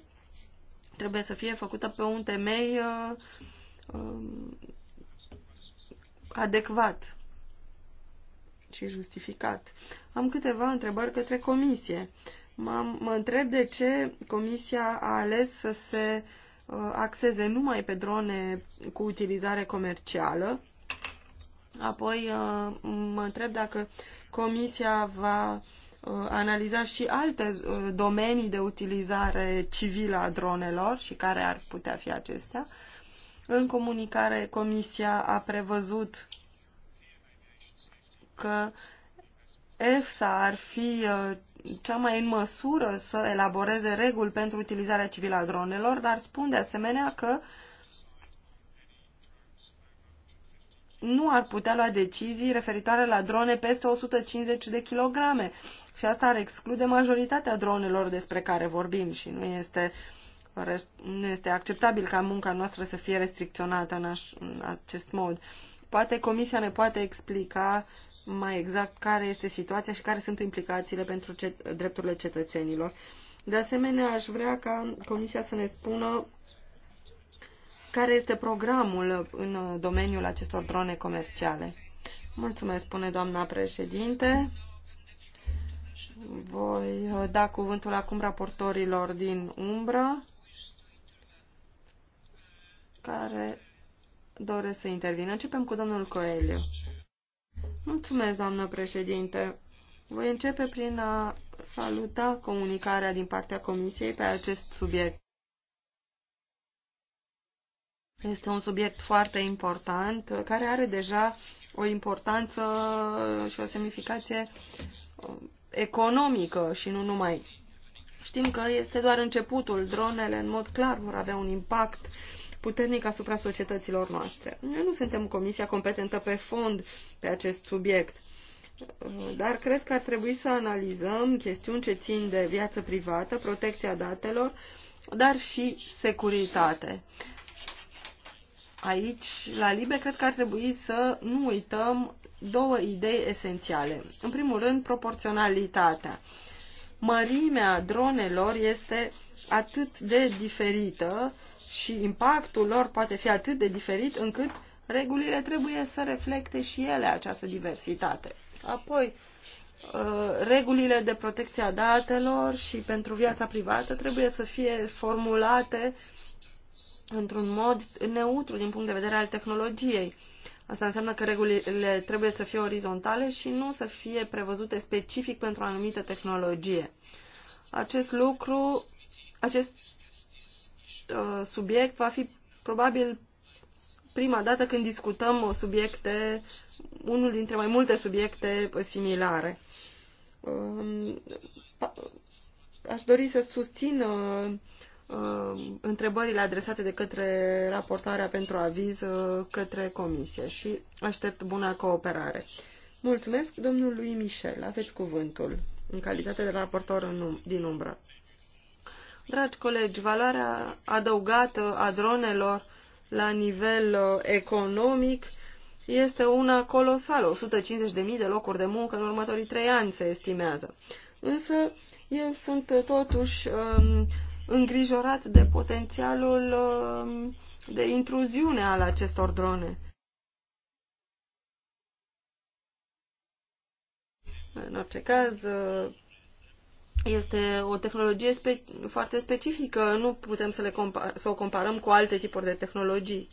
trebuie să fie făcută pe un temei uh, um, adecvat și justificat. Am câteva întrebări către comisie. Mă, mă întreb de ce comisia a ales să se uh, axeze numai pe drone cu utilizare comercială. Apoi uh, mă întreb dacă comisia va Uh, analiza și alte uh, domenii de utilizare civilă a dronelor și care ar putea fi acestea. În comunicare, Comisia a prevăzut că EFSA ar fi uh, cea mai în măsură să elaboreze reguli pentru utilizarea civilă a dronelor, dar spun de asemenea că nu ar putea lua decizii referitoare la drone peste 150 de kilograme și asta ar exclude majoritatea dronelor despre care vorbim și nu este, nu este acceptabil ca munca noastră să fie restricționată în, aș, în acest mod. Poate Comisia ne poate explica mai exact care este situația și care sunt implicațiile pentru cet drepturile cetățenilor. De asemenea, aș vrea ca Comisia să ne spună care este programul în domeniul acestor drone comerciale. Mulțumesc, spune doamna președinte. Voi uh, da cuvântul acum raportorilor din umbră care doresc să intervină. Începem cu domnul Coeliu. Mulțumesc, doamnă președinte. Voi începe prin a saluta comunicarea din partea Comisiei pe acest subiect. Este un subiect foarte important, uh, care are deja o importanță și o semnificație uh, economică și nu numai. Știm că este doar începutul. Dronele, în mod clar, vor avea un impact puternic asupra societăților noastre. Noi nu suntem comisia competentă pe fond pe acest subiect, dar cred că ar trebui să analizăm chestiuni ce țin de viață privată, protecția datelor, dar și securitate. Aici, la Libe, cred că ar trebui să nu uităm două idei esențiale. În primul rând, proporționalitatea. Mărimea dronelor este atât de diferită și impactul lor poate fi atât de diferit încât regulile trebuie să reflecte și ele această diversitate. Apoi, uh, regulile de protecție a datelor și pentru viața privată trebuie să fie formulate într-un mod neutru din punct de vedere al tehnologiei Asta înseamnă că regulile trebuie să fie orizontale și nu să fie prevăzute specific pentru o anumită tehnologie. Acest lucru, acest uh, subiect va fi probabil prima dată când discutăm subiecte, unul dintre mai multe subiecte similare. Uh, aș dori să susțin uh, Uh, întrebările adresate de către raportarea pentru aviz uh, către comisie și aștept buna cooperare. Mulțumesc domnului Michel, aveți cuvântul în calitate de raportor în, um- din umbră. Dragi colegi, valoarea adăugată a dronelor la nivel uh, economic este una colosală, 150.000 de locuri de muncă în următorii trei ani se estimează. Însă eu sunt totuși um, îngrijorat de potențialul um, de intruziune al acestor drone. În orice caz, uh, este o tehnologie spe foarte specifică, nu putem să, le să o comparăm cu alte tipuri de tehnologii.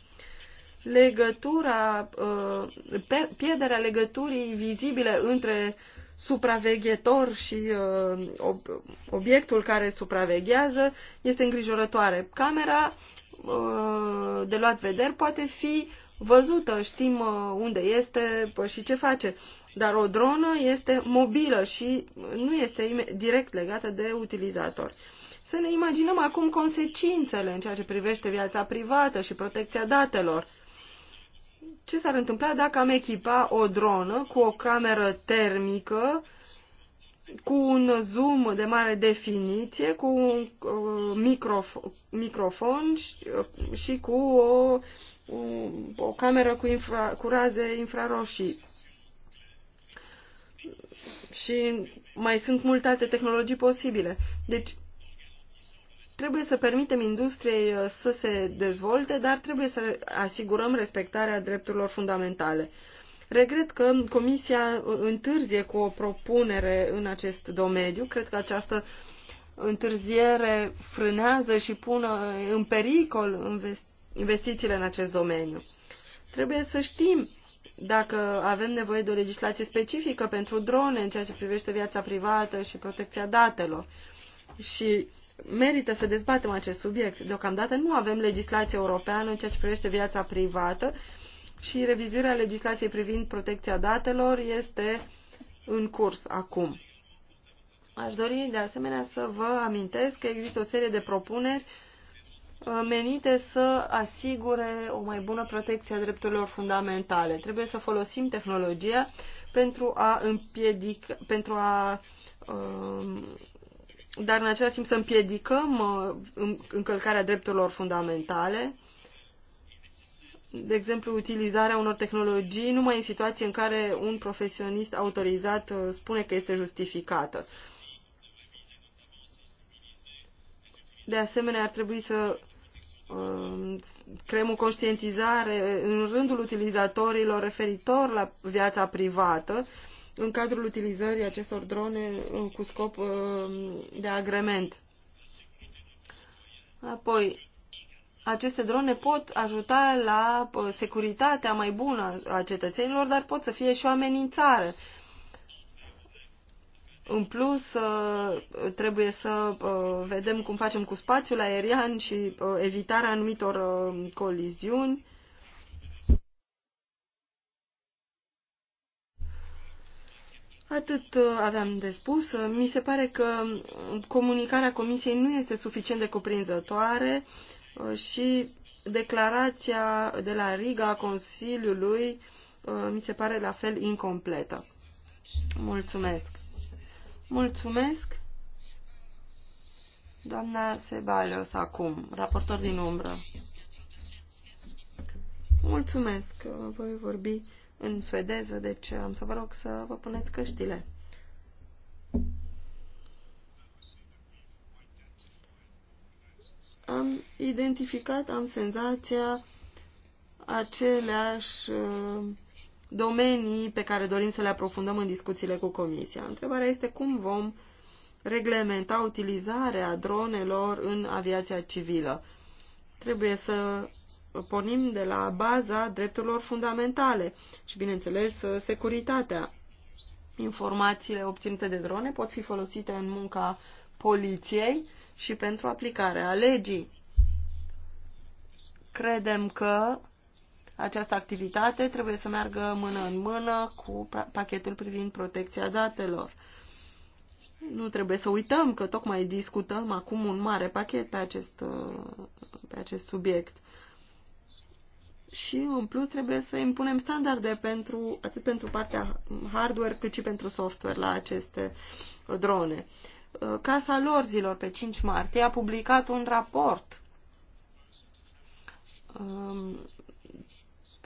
Legătura, uh, pierderea legăturii vizibile între supraveghetor și uh, obiectul care supraveghează este îngrijorătoare. Camera uh, de luat vederi poate fi văzută, știm uh, unde este și ce face, dar o dronă este mobilă și nu este direct legată de utilizator. Să ne imaginăm acum consecințele în ceea ce privește viața privată și protecția datelor ce s-ar întâmpla dacă am echipa o dronă cu o cameră termică, cu un zoom de mare definiție, cu un uh, microfon, microfon și, uh, și cu o, o, o cameră cu, infra, cu raze infraroșii. Și mai sunt multe alte tehnologii posibile. Deci, Trebuie să permitem industriei uh, să se dezvolte, dar trebuie să asigurăm respectarea drepturilor fundamentale. Regret că Comisia uh, întârzie cu o propunere în acest domeniu. Cred că această întârziere frânează și pune uh, în pericol investițiile în acest domeniu. Trebuie să știm dacă avem nevoie de o legislație specifică pentru drone în ceea ce privește viața privată și protecția datelor. Și merită să dezbatem acest subiect. Deocamdată nu avem legislație europeană în ceea ce privește viața privată și revizuirea legislației privind protecția datelor este în curs acum. Aș dori de asemenea să vă amintesc că există o serie de propuneri uh, menite să asigure o mai bună protecție a drepturilor fundamentale. Trebuie să folosim tehnologia pentru a împiedica, pentru a uh, dar în același timp să împiedicăm uh, încălcarea drepturilor fundamentale, de exemplu, utilizarea unor tehnologii numai în situații în care un profesionist autorizat uh, spune că este justificată. De asemenea, ar trebui să uh, creăm o conștientizare în rândul utilizatorilor referitor la viața privată în cadrul utilizării acestor drone uh, cu scop uh, de agrement. Apoi, aceste drone pot ajuta la uh, securitatea mai bună a cetățenilor, dar pot să fie și o amenințare. În plus, trebuie să vedem cum facem cu spațiul aerian și evitarea anumitor coliziuni. Atât uh, aveam de spus. Uh, mi se pare că uh, comunicarea Comisiei nu este suficient de cuprinzătoare și declarația de la Riga a Consiliului mi se pare la fel incompletă. Mulțumesc. Mulțumesc. Doamna Sebalios acum, raportor din umbră. Mulțumesc. Voi vorbi în suedeză, deci am să vă rog să vă puneți căștile. Am identificat, am senzația, aceleași uh, domenii pe care dorim să le aprofundăm în discuțiile cu Comisia. Întrebarea este cum vom reglementa utilizarea dronelor în aviația civilă. Trebuie să pornim de la baza drepturilor fundamentale și, bineînțeles, securitatea. Informațiile obținute de drone pot fi folosite în munca poliției și pentru aplicarea legii. Credem că această activitate trebuie să meargă mână în mână cu pachetul privind protecția datelor. Nu trebuie să uităm că tocmai discutăm acum un mare pachet pe acest, pe acest subiect și în plus trebuie să impunem standarde pentru, atât pentru partea hardware cât și pentru software la aceste uh, drone. Uh, Casa Lorzilor pe 5 martie a publicat un raport um,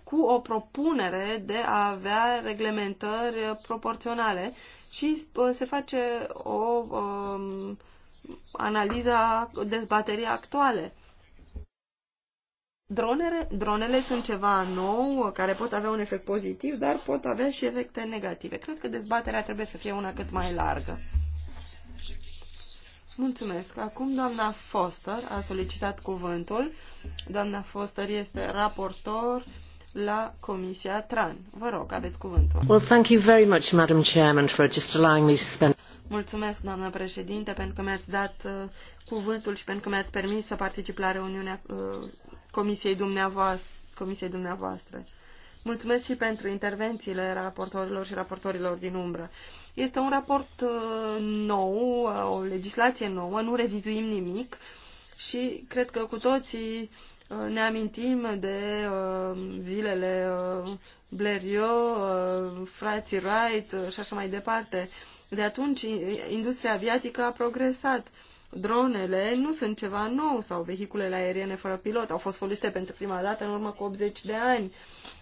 cu o propunere de a avea reglementări proporționale și uh, se face o um, analiza dezbaterii actuale Dronele, dronele sunt ceva nou, care pot avea un efect pozitiv, dar pot avea și efecte negative. Cred că dezbaterea trebuie să fie una cât mai largă. Mulțumesc. Acum doamna Foster a solicitat cuvântul. Doamna Foster este raportor la Comisia TRAN. Vă rog, aveți cuvântul. Well, thank you very much, Madam Chairman, for just allowing me to spend... Mulțumesc, doamnă președinte, pentru că mi-ați dat uh, cuvântul și pentru că mi-ați permis să particip la reuniunea uh, comisiei dumneavoastră. Comisiei dumneavoastră. Mulțumesc și pentru intervențiile raportorilor și raportorilor din umbră. Este un raport uh, nou, uh, o legislație nouă, nu revizuim nimic și cred că cu toții uh, ne amintim de zilele Blériot, frații Wright și așa mai departe. De atunci, industria aviatică a progresat Dronele nu sunt ceva nou sau vehiculele aeriene fără pilot. Au fost folosite pentru prima dată în urmă cu 80 de ani.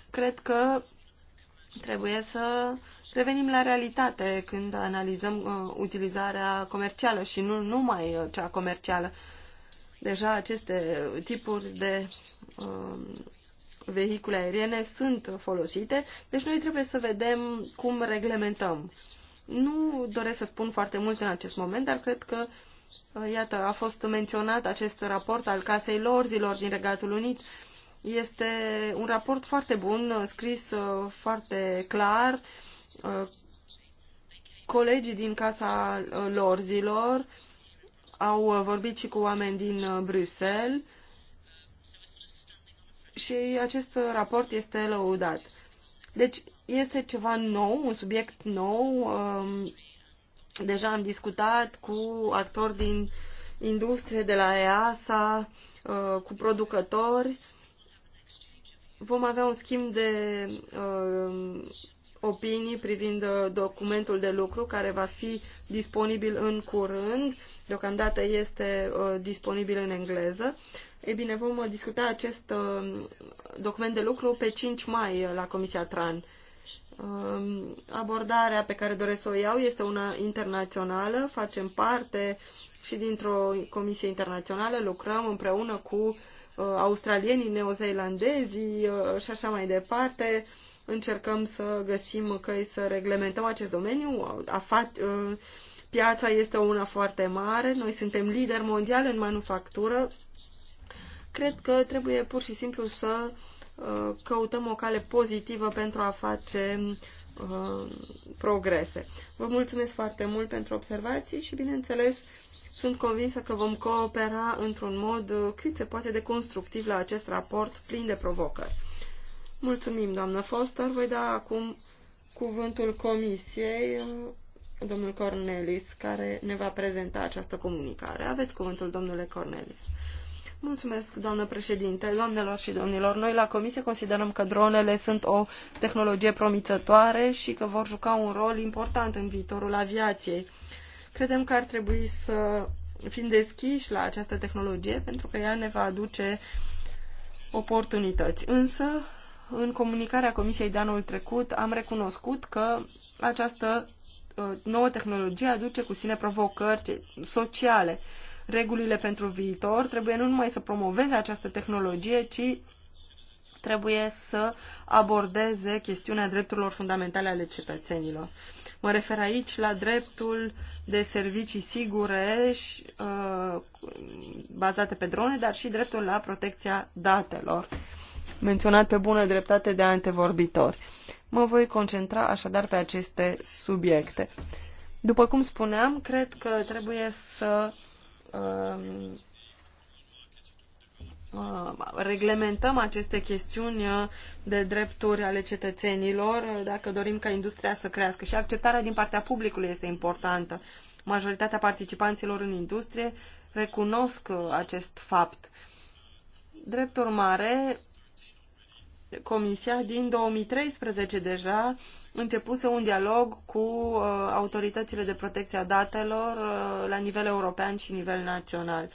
Cred că trebuie să revenim la realitate când analizăm uh, utilizarea comercială și nu numai uh, cea comercială. Deja aceste tipuri de uh, vehicule aeriene sunt folosite, deci noi trebuie să vedem cum reglementăm. Nu doresc să spun foarte mult în acest moment, dar cred că uh, Iată, a fost menționat acest raport al Casei Lorzilor din Regatul Unit. Este un raport foarte bun, scris uh, foarte clar. Uh, colegii din Casa uh, Lorzilor au vorbit și cu oameni din Bruxelles și acest raport este lăudat. Deci este ceva nou, un subiect nou, um, Deja am discutat cu actori din industrie de la EASA, uh, cu producători. Vom avea un schimb de uh, opinii privind uh, documentul de lucru care va fi disponibil în curând. Deocamdată este disponibil în engleză. Ei bine, vom discuta acest document de lucru pe 5 mai la Comisia TRAN. Um, abordarea pe care doresc să o iau este una internațională, facem parte și dintr-o comisie internațională, lucrăm împreună cu uh, australienii, neozeilandezii uh, și așa mai departe. Încercăm să găsim căi să reglementăm acest domeniu. Uh, piața este una foarte mare, noi suntem lideri mondiali în manufactură. Cred că trebuie pur și simplu să uh, Uh, căutăm o cale pozitivă pentru a face uh, progrese. Vă mulțumesc foarte mult pentru observații și, bineînțeles, sunt convinsă că vom coopera într-un mod cât se poate de constructiv la acest raport plin de provocări. Mulțumim, doamnă Foster. Voi da acum cuvântul comisiei, uh, domnul Cornelis, care ne va prezenta această comunicare. Aveți cuvântul, domnule Cornelis. Mulțumesc, doamnă președinte, doamnelor și domnilor. Noi la Comisie considerăm că dronele sunt o tehnologie promițătoare și că vor juca un rol important în viitorul aviației. Credem că ar trebui să fim deschiși la această tehnologie pentru că ea ne va aduce oportunități. Însă, în comunicarea Comisiei de anul trecut, am recunoscut că această uh, nouă tehnologie aduce cu sine provocări sociale regulile pentru viitor trebuie nu numai să promoveze această tehnologie, ci trebuie să abordeze chestiunea drepturilor fundamentale ale cetățenilor. Mă refer aici la dreptul de servicii sigure și, uh, bazate pe drone, dar și dreptul la protecția datelor, menționat pe bună dreptate de antevorbitori. Mă voi concentra așadar pe aceste subiecte. După cum spuneam, cred că trebuie să uh, Um, uh, reglementăm aceste chestiuni uh, de drepturi ale cetățenilor uh, dacă dorim ca industria să crească. Și acceptarea din partea publicului este importantă. Majoritatea participanților în industrie recunosc acest fapt. Drept urmare, Comisia din 2013 deja începuse un dialog cu uh, autoritățile de protecție a datelor uh, la nivel european și nivel național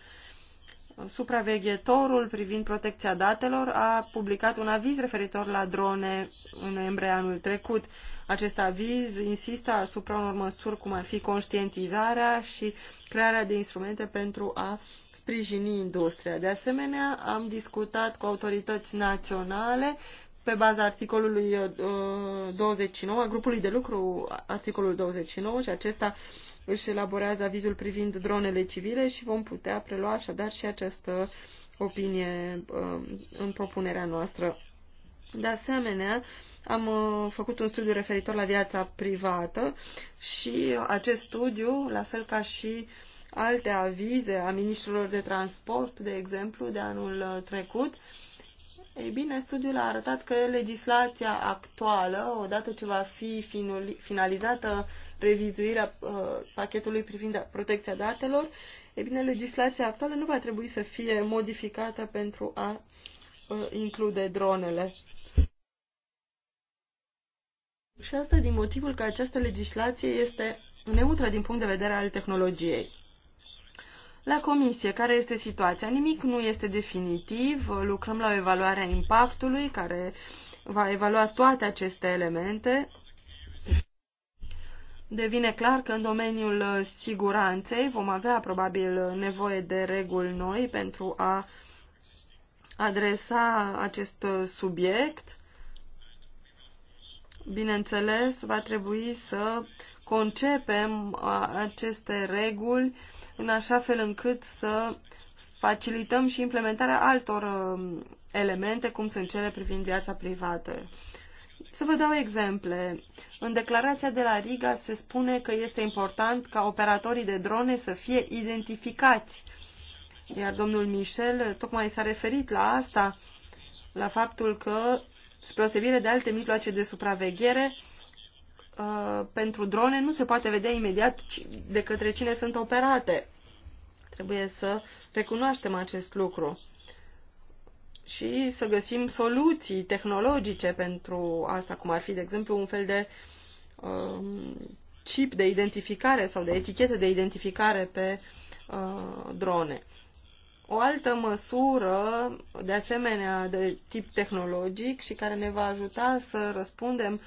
supraveghetorul privind protecția datelor a publicat un aviz referitor la drone în noiembrie anul trecut. Acest aviz insistă asupra unor măsuri cum ar fi conștientizarea și crearea de instrumente pentru a sprijini industria. De asemenea, am discutat cu autorități naționale pe baza articolului 29, uh, a grupului de lucru articolul 29 și acesta își elaborează avizul privind dronele civile și vom putea prelua așadar și această opinie uh, în propunerea noastră. De asemenea, am uh, făcut un studiu referitor la viața privată și acest studiu, la fel ca și alte avize a ministrilor de transport, de exemplu, de anul uh, trecut, ei bine, studiul a arătat că legislația actuală, odată ce va fi finalizată revizuirea uh, pachetului privind da, protecția datelor, e bine, legislația actuală nu va trebui să fie modificată pentru a uh, include dronele. Și asta din motivul că această legislație este neutră din punct de vedere al tehnologiei. La comisie, care este situația? Nimic nu este definitiv, lucrăm la o evaluare a impactului care va evalua toate aceste elemente devine clar că în domeniul uh, siguranței vom avea probabil uh, nevoie de reguli noi pentru a adresa acest uh, subiect. Bineînțeles, va trebui să concepem aceste reguli în așa fel încât să facilităm și implementarea altor elemente, cum sunt cele privind viața privată. Să vă dau exemple. În declarația de la Riga se spune că este important ca operatorii de drone să fie identificați. Iar domnul Michel tocmai s-a referit la asta, la faptul că, spre osebire de alte mijloace de supraveghere, uh, pentru drone nu se poate vedea imediat de către cine sunt operate. Trebuie să recunoaștem acest lucru și să găsim soluții tehnologice pentru asta, cum ar fi, de exemplu, un fel de um, chip de identificare sau de etichete de identificare pe uh, drone. O altă măsură, de asemenea, de tip tehnologic și care ne va ajuta să răspundem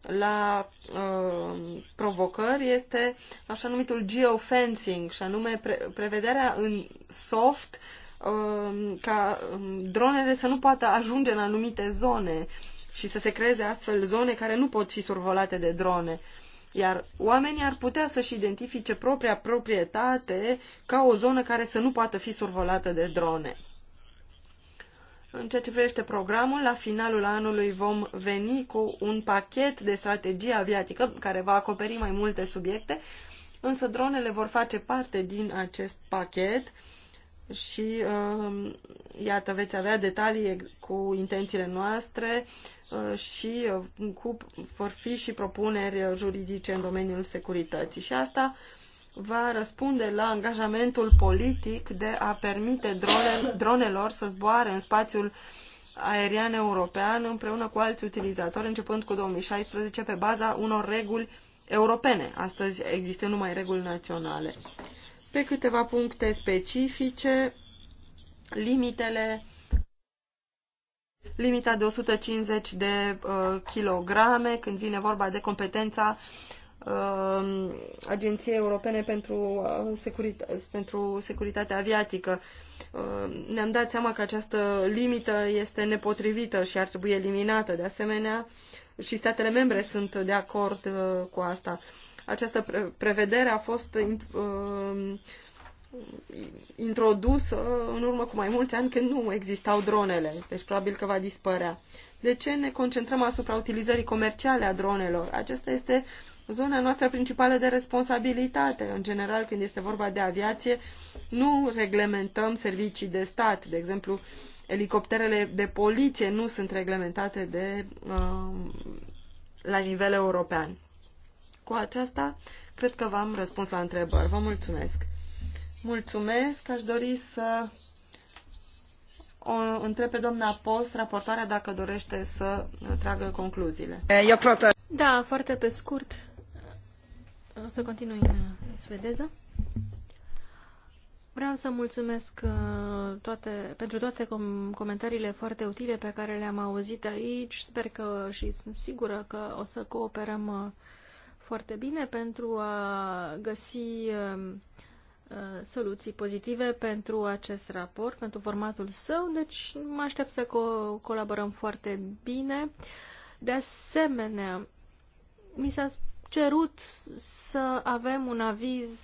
la uh, provocări este așa numitul geofencing, și anume pre- prevederea în soft Um, ca um, dronele să nu poată ajunge în anumite zone și să se creeze astfel zone care nu pot fi survolate de drone. Iar oamenii ar putea să-și identifice propria proprietate ca o zonă care să nu poată fi survolată de drone. În ceea ce privește programul, la finalul anului vom veni cu un pachet de strategie aviatică care va acoperi mai multe subiecte, însă dronele vor face parte din acest pachet și uh, iată, veți avea detalii cu intențiile noastre uh, și uh, cu, vor fi și propuneri juridice în domeniul securității. Și asta va răspunde la angajamentul politic de a permite drone, dronelor să zboare în spațiul aerian european împreună cu alți utilizatori, începând cu 2016, pe baza unor reguli europene, astăzi există numai reguli naționale pe câteva puncte specifice, limitele, limita de 150 de uh, kilograme când vine vorba de competența uh, Agenției Europene pentru, uh, securita pentru Securitatea Aviatică. Uh, ne-am dat seama că această limită este nepotrivită și ar trebui eliminată. De asemenea, și statele membre sunt de acord uh, cu asta. Această prevedere a fost uh, introdusă în urmă cu mai mulți ani când nu existau dronele, deci probabil că va dispărea. De ce ne concentrăm asupra utilizării comerciale a dronelor? Aceasta este zona noastră principală de responsabilitate. În general, când este vorba de aviație, nu reglementăm servicii de stat. De exemplu, elicopterele de poliție nu sunt reglementate de, uh, la nivel european. Cu aceasta, cred că v-am răspuns la întrebări. Vă mulțumesc. Mulțumesc. Aș dori să o întreb pe doamna Post, raportoarea, dacă dorește să tragă concluziile. Eh, da, foarte pe scurt. O să continui în suedeză. Vreau să mulțumesc eh, toate, pentru toate com comentariile foarte utile pe care le-am auzit aici. Sper că și sunt sigură că o să cooperăm uh, foarte bine pentru a găsi um, uh, soluții pozitive pentru acest raport, pentru formatul său, deci mă aștept să co- colaborăm foarte bine. De asemenea, mi s-a cerut să avem un aviz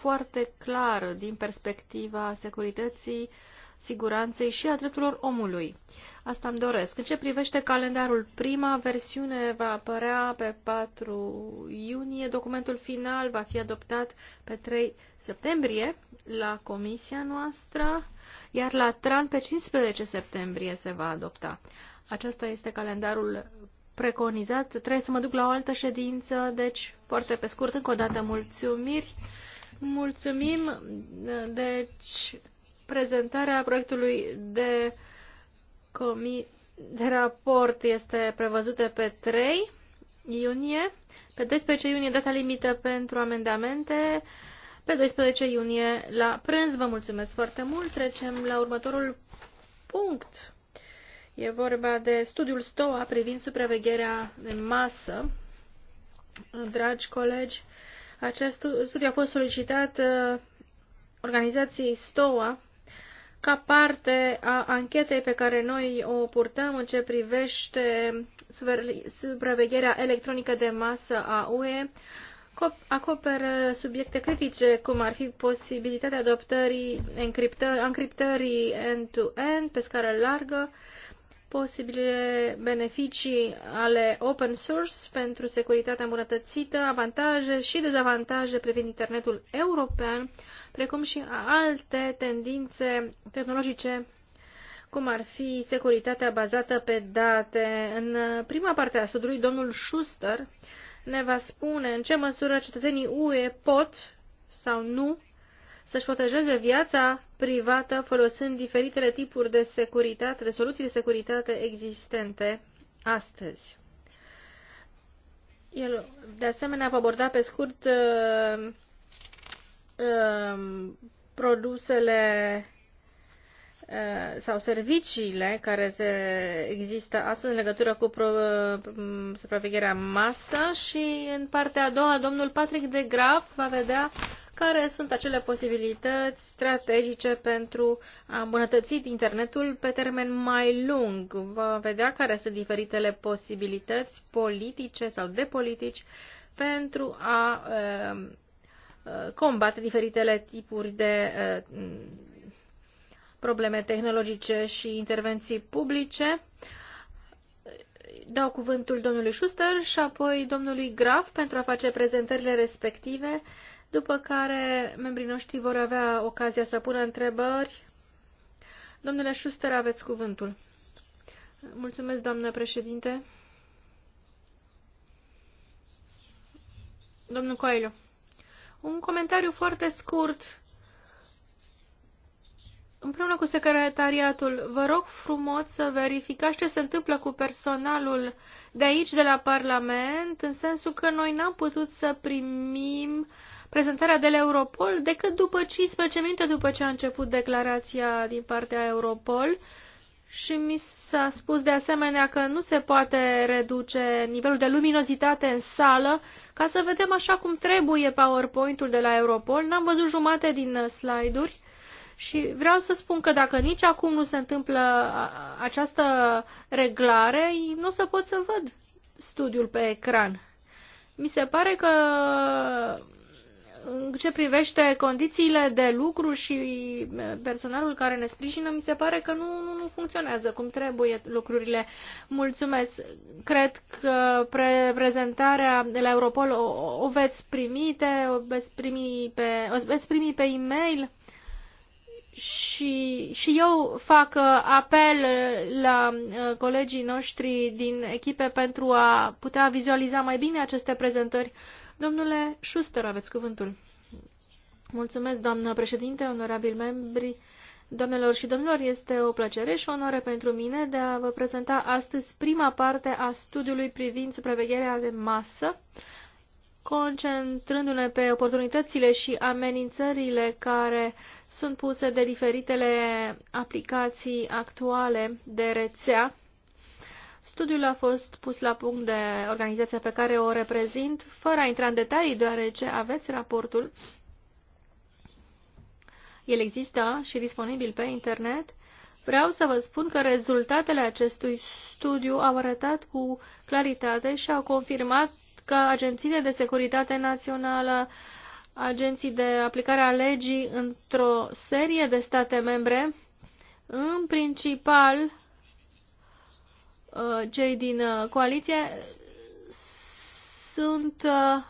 foarte clar din perspectiva securității, siguranței și a drepturilor omului. Uh, Asta îmi doresc. În ce privește calendarul, prima versiune va apărea pe 4 iunie, documentul final va fi adoptat pe 3 septembrie la comisia noastră, iar la TRAN pe 15 septembrie se va adopta. Acesta este calendarul preconizat. Trebuie să mă duc la o altă ședință, deci foarte pe scurt, încă o dată mulțumiri. Mulțumim, deci, prezentarea proiectului de comi de raport este prevăzută pe 3 iunie, pe 12 iunie data limită pentru amendamente, pe 12 iunie la prânz. Vă mulțumesc foarte mult. Trecem la următorul punct. E vorba de studiul STOA privind supravegherea în masă. Dragi colegi, acest studiu a fost solicitat uh, organizației STOA ca parte a anchetei pe care noi o purtăm în ce privește supravegherea electronică de masă a UE, acoperă subiecte critice, cum ar fi posibilitatea adoptării încriptării end-to-end pe scară largă, posibile beneficii ale open source pentru securitatea îmbunătățită, avantaje și dezavantaje privind internetul european, precum și alte tendințe tehnologice, cum ar fi securitatea bazată pe date. În prima parte a studiului, domnul Schuster ne va spune în ce măsură cetățenii UE pot sau nu să-și protejeze viața privată folosind diferitele tipuri de securitate, de soluții de securitate existente astăzi. El, de asemenea, va aborda pe scurt uh, Um, produsele uh, sau serviciile care se există astăzi în legătură cu pro, um, supravegherea masă și în partea a doua domnul Patrick de Graf va vedea care sunt acele posibilități strategice pentru a îmbunătăți internetul pe termen mai lung. Va vedea care sunt diferitele posibilități politice sau de politici pentru a um, Uh, combate diferitele tipuri de uh, probleme tehnologice și intervenții publice. Dau cuvântul domnului Schuster și apoi domnului Graf pentru a face prezentările respective, după care membrii noștri vor avea ocazia să pună întrebări. Domnule Schuster, aveți cuvântul. Mulțumesc, doamnă președinte. Domnul Coelho. Un comentariu foarte scurt. Împreună cu secretariatul, vă rog frumos să verificați ce se întâmplă cu personalul de aici, de la Parlament, în sensul că noi n-am putut să primim prezentarea de la Europol decât după 15 minute după ce a început declarația din partea Europol. Uh, și mi s-a spus de asemenea că nu se poate reduce nivelul de luminozitate în sală ca să vedem așa cum trebuie PowerPoint-ul de la Europol. N-am văzut jumate din uh, slide-uri și vreau să spun că dacă nici acum nu se întâmplă această reglare, nu o să pot să văd studiul pe ecran. Mi se pare că în ce privește condițiile de lucru și eh, personalul care ne sprijină, mi se pare că nu, nu funcționează cum trebuie lucrurile. Mulțumesc. Cred că pre prezentarea de la Europol o, o veți primite, o veți primi pe, o veți primi pe e-mail și, și eu fac eh, apel eh, la colegii noștri din echipe pentru a putea vizualiza mai bine aceste prezentări Domnule Schuster, aveți cuvântul. Mulțumesc, doamnă președinte, onorabili membri, doamnelor și domnilor. Este o plăcere și o onoare pentru mine de a vă prezenta astăzi prima parte a studiului privind supravegherea de masă, concentrându-ne pe oportunitățile și amenințările care sunt puse de diferitele aplicații actuale de rețea Studiul a fost pus la punct de organizația pe care o reprezint, fără a intra în detalii, deoarece aveți raportul. El există și disponibil pe internet. Vreau să vă spun că rezultatele acestui studiu au arătat cu claritate și au confirmat că agențiile de securitate națională, agenții de aplicare a legii într-o serie de state membre, în principal Uh, cei din uh, coaliție sunt uh,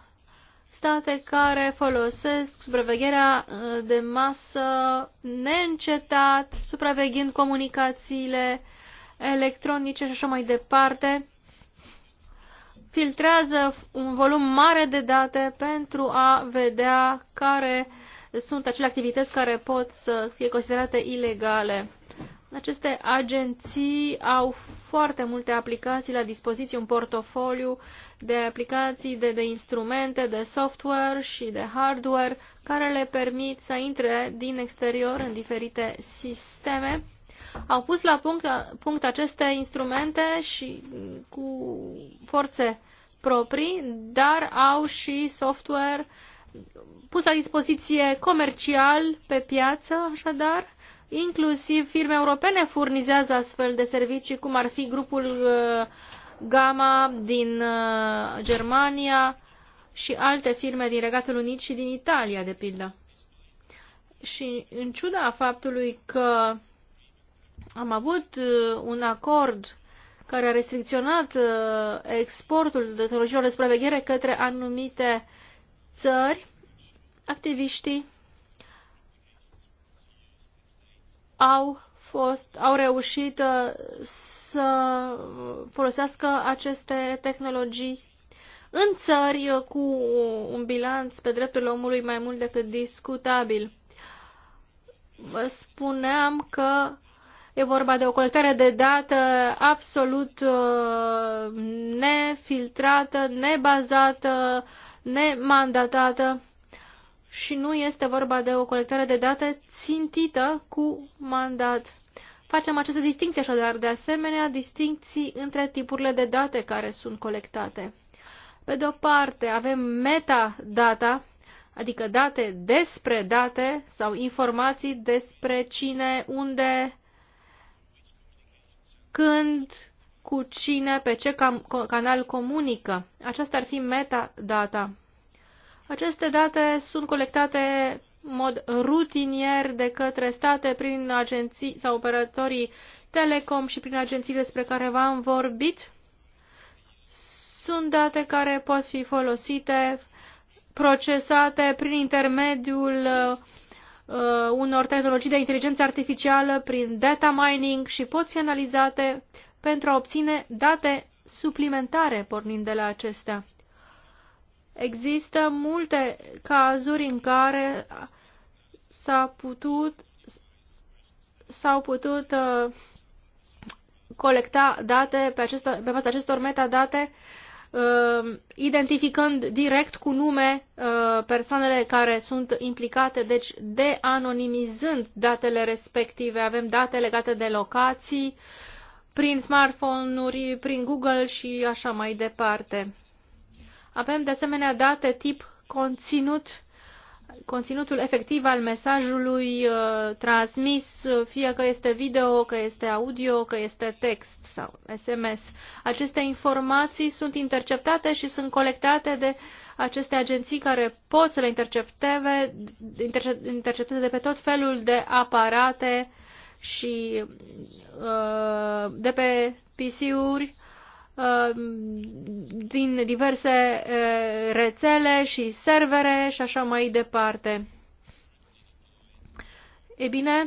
state care folosesc supravegherea de masă neîncetat, supraveghind comunicațiile electronice și așa mai departe, filtrează un volum mare de date pentru a vedea care sunt acele activități care pot să fie considerate ilegale. Aceste agenții au foarte multe aplicații la dispoziție, un portofoliu de aplicații, de, de instrumente, de software și de hardware care le permit să intre din exterior în diferite sisteme. Au pus la punct, punct aceste instrumente și cu forțe proprii, dar au și software pus la dispoziție comercial pe piață, așadar, Inclusiv firme europene furnizează astfel de servicii, cum ar fi grupul uh, Gama din uh, Germania și alte firme din Regatul Unit și din Italia, de pildă. Și în ciuda faptului că am avut uh, un acord care a restricționat exportul de tehnologiilor de supraveghere către anumite țări, activiștii au, fost, au reușit uh, să folosească aceste tehnologii în țări uh, cu un bilanț pe drepturile omului mai mult decât discutabil. Vă spuneam că e vorba de o colectare de dată absolut uh, nefiltrată, nebazată, nemandatată și nu este vorba de o colectare de date țintită cu mandat. Facem această distinție așadar, de asemenea, distinții între tipurile de date care sunt colectate. Pe de o parte, avem metadata, adică date despre date sau informații despre cine, unde, când, cu cine, pe ce canal comunică. Aceasta ar fi metadata. Aceste date sunt colectate în mod rutinier de către state prin agenții sau operatorii telecom și prin agențiile despre care v-am vorbit. Sunt date care pot fi folosite, procesate prin intermediul uh, unor tehnologii de inteligență artificială, prin data mining și pot fi analizate pentru a obține date suplimentare pornind de la acestea. Există multe cazuri în care s-a putut s-au putut uh, colecta date pe, acest, pe baza acestor metadate uh, identificând direct cu nume uh, persoanele care sunt implicate, deci de-anonimizând datele respective. Avem date legate de locații, prin smartphone-uri, prin Google și așa mai departe. Avem de asemenea date tip conținut, conținutul efectiv al mesajului uh, transmis, fie că este video, că este audio, că este text sau SMS. Aceste informații sunt interceptate și sunt colectate de aceste agenții care pot să le intercepteze, intercepteze de pe tot felul de aparate și uh, de pe PC-uri Uh, din diverse uh, rețele și servere și așa mai departe. E bine,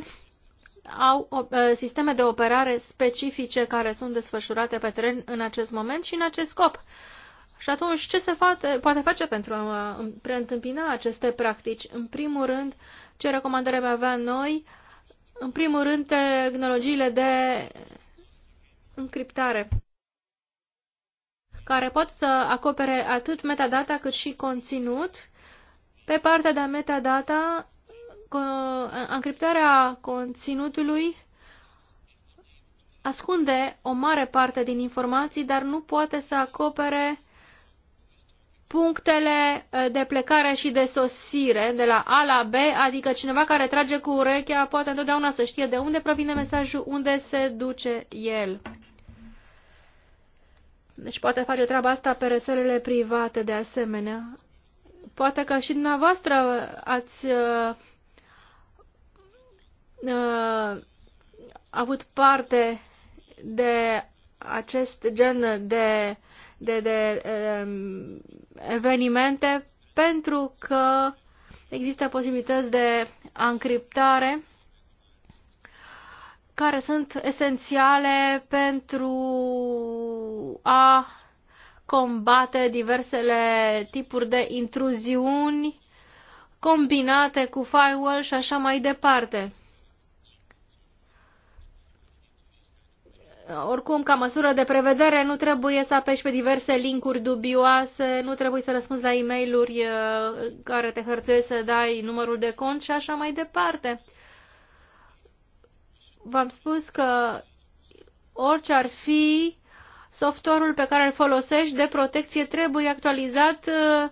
au uh, sisteme de operare specifice care sunt desfășurate pe teren în acest moment și în acest scop. Și atunci, ce se poate face pentru a preîntâmpina aceste practici? În primul rând, ce recomandare mai avea noi? În primul rând, tehnologiile de încriptare care pot să acopere atât metadata cât și conținut. Pe partea de metadata, încriptarea conținutului ascunde o mare parte din informații, dar nu poate să acopere punctele eh, de plecare și de sosire de la A la B, adică cineva care trage cu urechea poate întotdeauna să știe de unde provine mesajul, unde se duce el. Deci poate face treaba asta pe rețelele private de asemenea. Poate că și dumneavoastră ați uh, uh, avut parte de acest gen de, de, de uh, evenimente pentru că există posibilități de încriptare care sunt esențiale pentru a combate diversele tipuri de intruziuni combinate cu firewall și așa mai departe. Oricum, ca măsură de prevedere, nu trebuie să apeși pe diverse linkuri dubioase, nu trebuie să răspunzi la e-mail-uri uh, care te hărțuiesc să dai numărul de cont și așa mai departe v-am spus că orice ar fi softorul pe care îl folosești de protecție trebuie actualizat uh,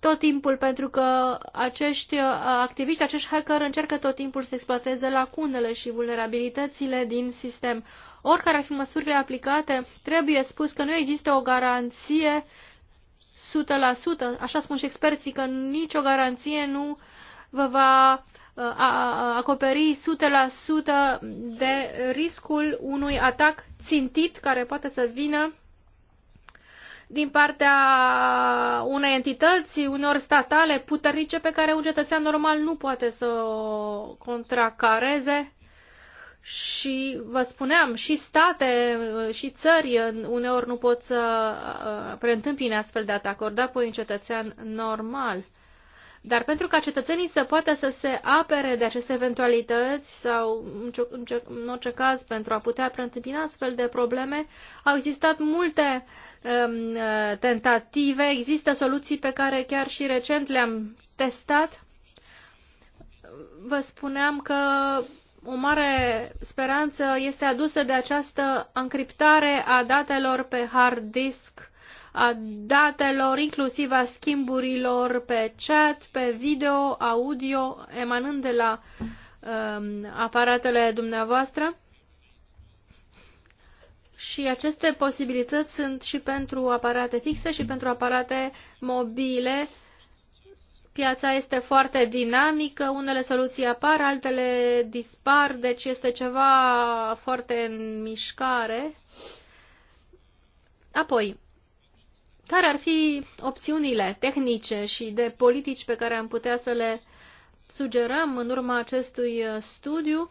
tot timpul, pentru că acești uh, activiști, acești hacker încearcă tot timpul să exploateze lacunele și vulnerabilitățile din sistem. Oricare ar fi măsurile aplicate, trebuie spus că nu există o garanție 100%, așa spun și experții, că nicio garanție nu vă va a acoperi 100% de riscul unui atac țintit care poate să vină din partea unei entități, unor statale puternice pe care un cetățean normal nu poate să o contracareze. Și vă spuneam, și state, și țări uneori nu pot să uh, preîntâmpine astfel de atacuri, dar apoi un cetățean normal. Dar pentru ca cetățenii să poată să se apere de aceste eventualități sau, în orice caz, pentru a putea preîntâmpina astfel de probleme, au existat multe um, uh, tentative, există soluții pe care chiar și recent le-am testat. Vă spuneam că o mare speranță este adusă de această încriptare a datelor pe hard disk a datelor, inclusiv a schimburilor pe chat, pe video, audio, emanând de la um, aparatele dumneavoastră. Și aceste posibilități sunt și pentru aparate fixe și pentru aparate mobile. Piața este foarte dinamică, unele soluții apar, altele dispar, deci este ceva foarte în mișcare. Apoi, care ar fi opțiunile tehnice și de politici pe care am putea să le sugerăm în urma acestui uh, studiu?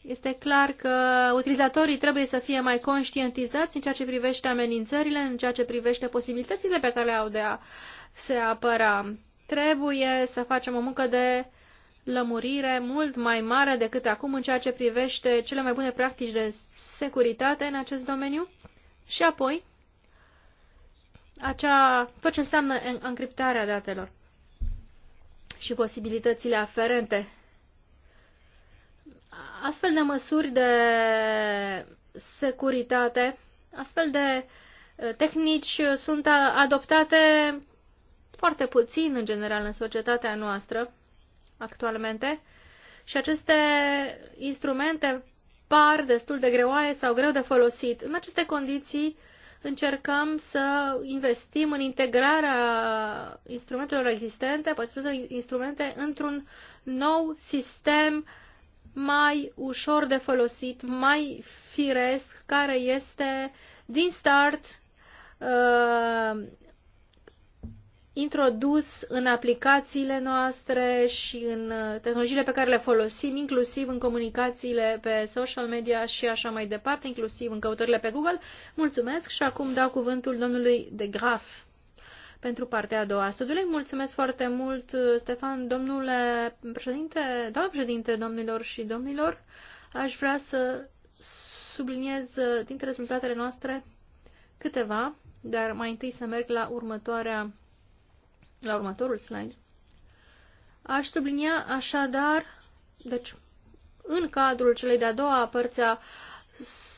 Este clar că utilizatorii trebuie să fie mai conștientizați în ceea ce privește amenințările, în ceea ce privește posibilitățile pe care le au de a se apăra. Trebuie să facem o muncă de lămurire mult mai mare decât acum în ceea ce privește cele mai bune practici de securitate în acest domeniu. Și apoi, acea, tot ce înseamnă încriptarea datelor și posibilitățile aferente. Astfel de măsuri de securitate, astfel de uh, tehnici sunt adoptate foarte puțin în general în societatea noastră actualmente și aceste instrumente par destul de greoaie sau greu de folosit. În aceste condiții, uh, încercăm să investim în integrarea instrumentelor existente, poate instrumente, într-un nou sistem mai ușor de folosit, mai firesc, care este din start uh, introdus în aplicațiile noastre și în uh, tehnologiile pe care le folosim, inclusiv în comunicațiile pe social media și așa mai departe, inclusiv în căutările pe Google. Mulțumesc și acum dau cuvântul domnului de Graf pentru partea a doua. Studiului mulțumesc foarte mult, uh, Stefan, domnule președinte, doamne președinte, domnilor și domnilor. Aș vrea să subliniez uh, dintre rezultatele noastre câteva, dar mai întâi să merg la următoarea la următorul slide, aș sublinia așadar, deci în cadrul celei de-a doua părți a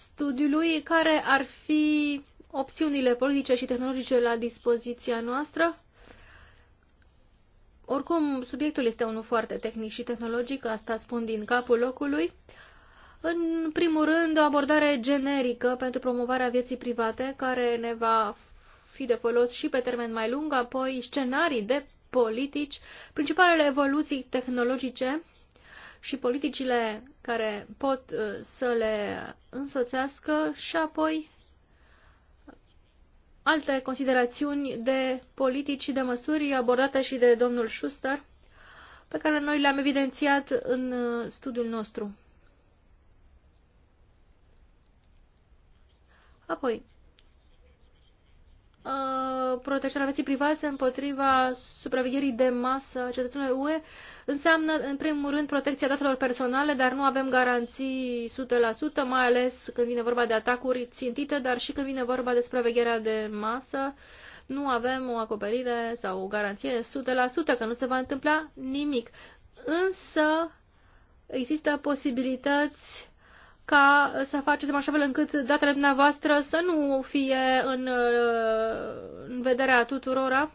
studiului, care ar fi opțiunile politice și tehnologice la dispoziția noastră. Oricum, subiectul este unul foarte tehnic și tehnologic, asta spun din capul locului. În primul rând, o abordare generică pentru promovarea vieții private, care ne va fi de folos și pe termen mai lung, apoi scenarii de politici, principalele evoluții tehnologice și politicile care pot uh, să le însoțească și apoi alte considerațiuni de politici și de măsuri abordate și de domnul Schuster, pe care noi le-am evidențiat în uh, studiul nostru. Apoi, Uh, protejarea vieții private împotriva supravegherii de masă cetățenilor UE înseamnă, în primul rând, protecția datelor personale, dar nu avem garanții 100%, mai ales când vine vorba de atacuri țintite, dar și când vine vorba de supravegherea de masă, nu avem o acoperire sau o garanție 100% că nu se va întâmpla nimic. Însă există posibilități ca să faceți în așa fel încât datele dumneavoastră să nu fie în, uh, în vederea tuturora,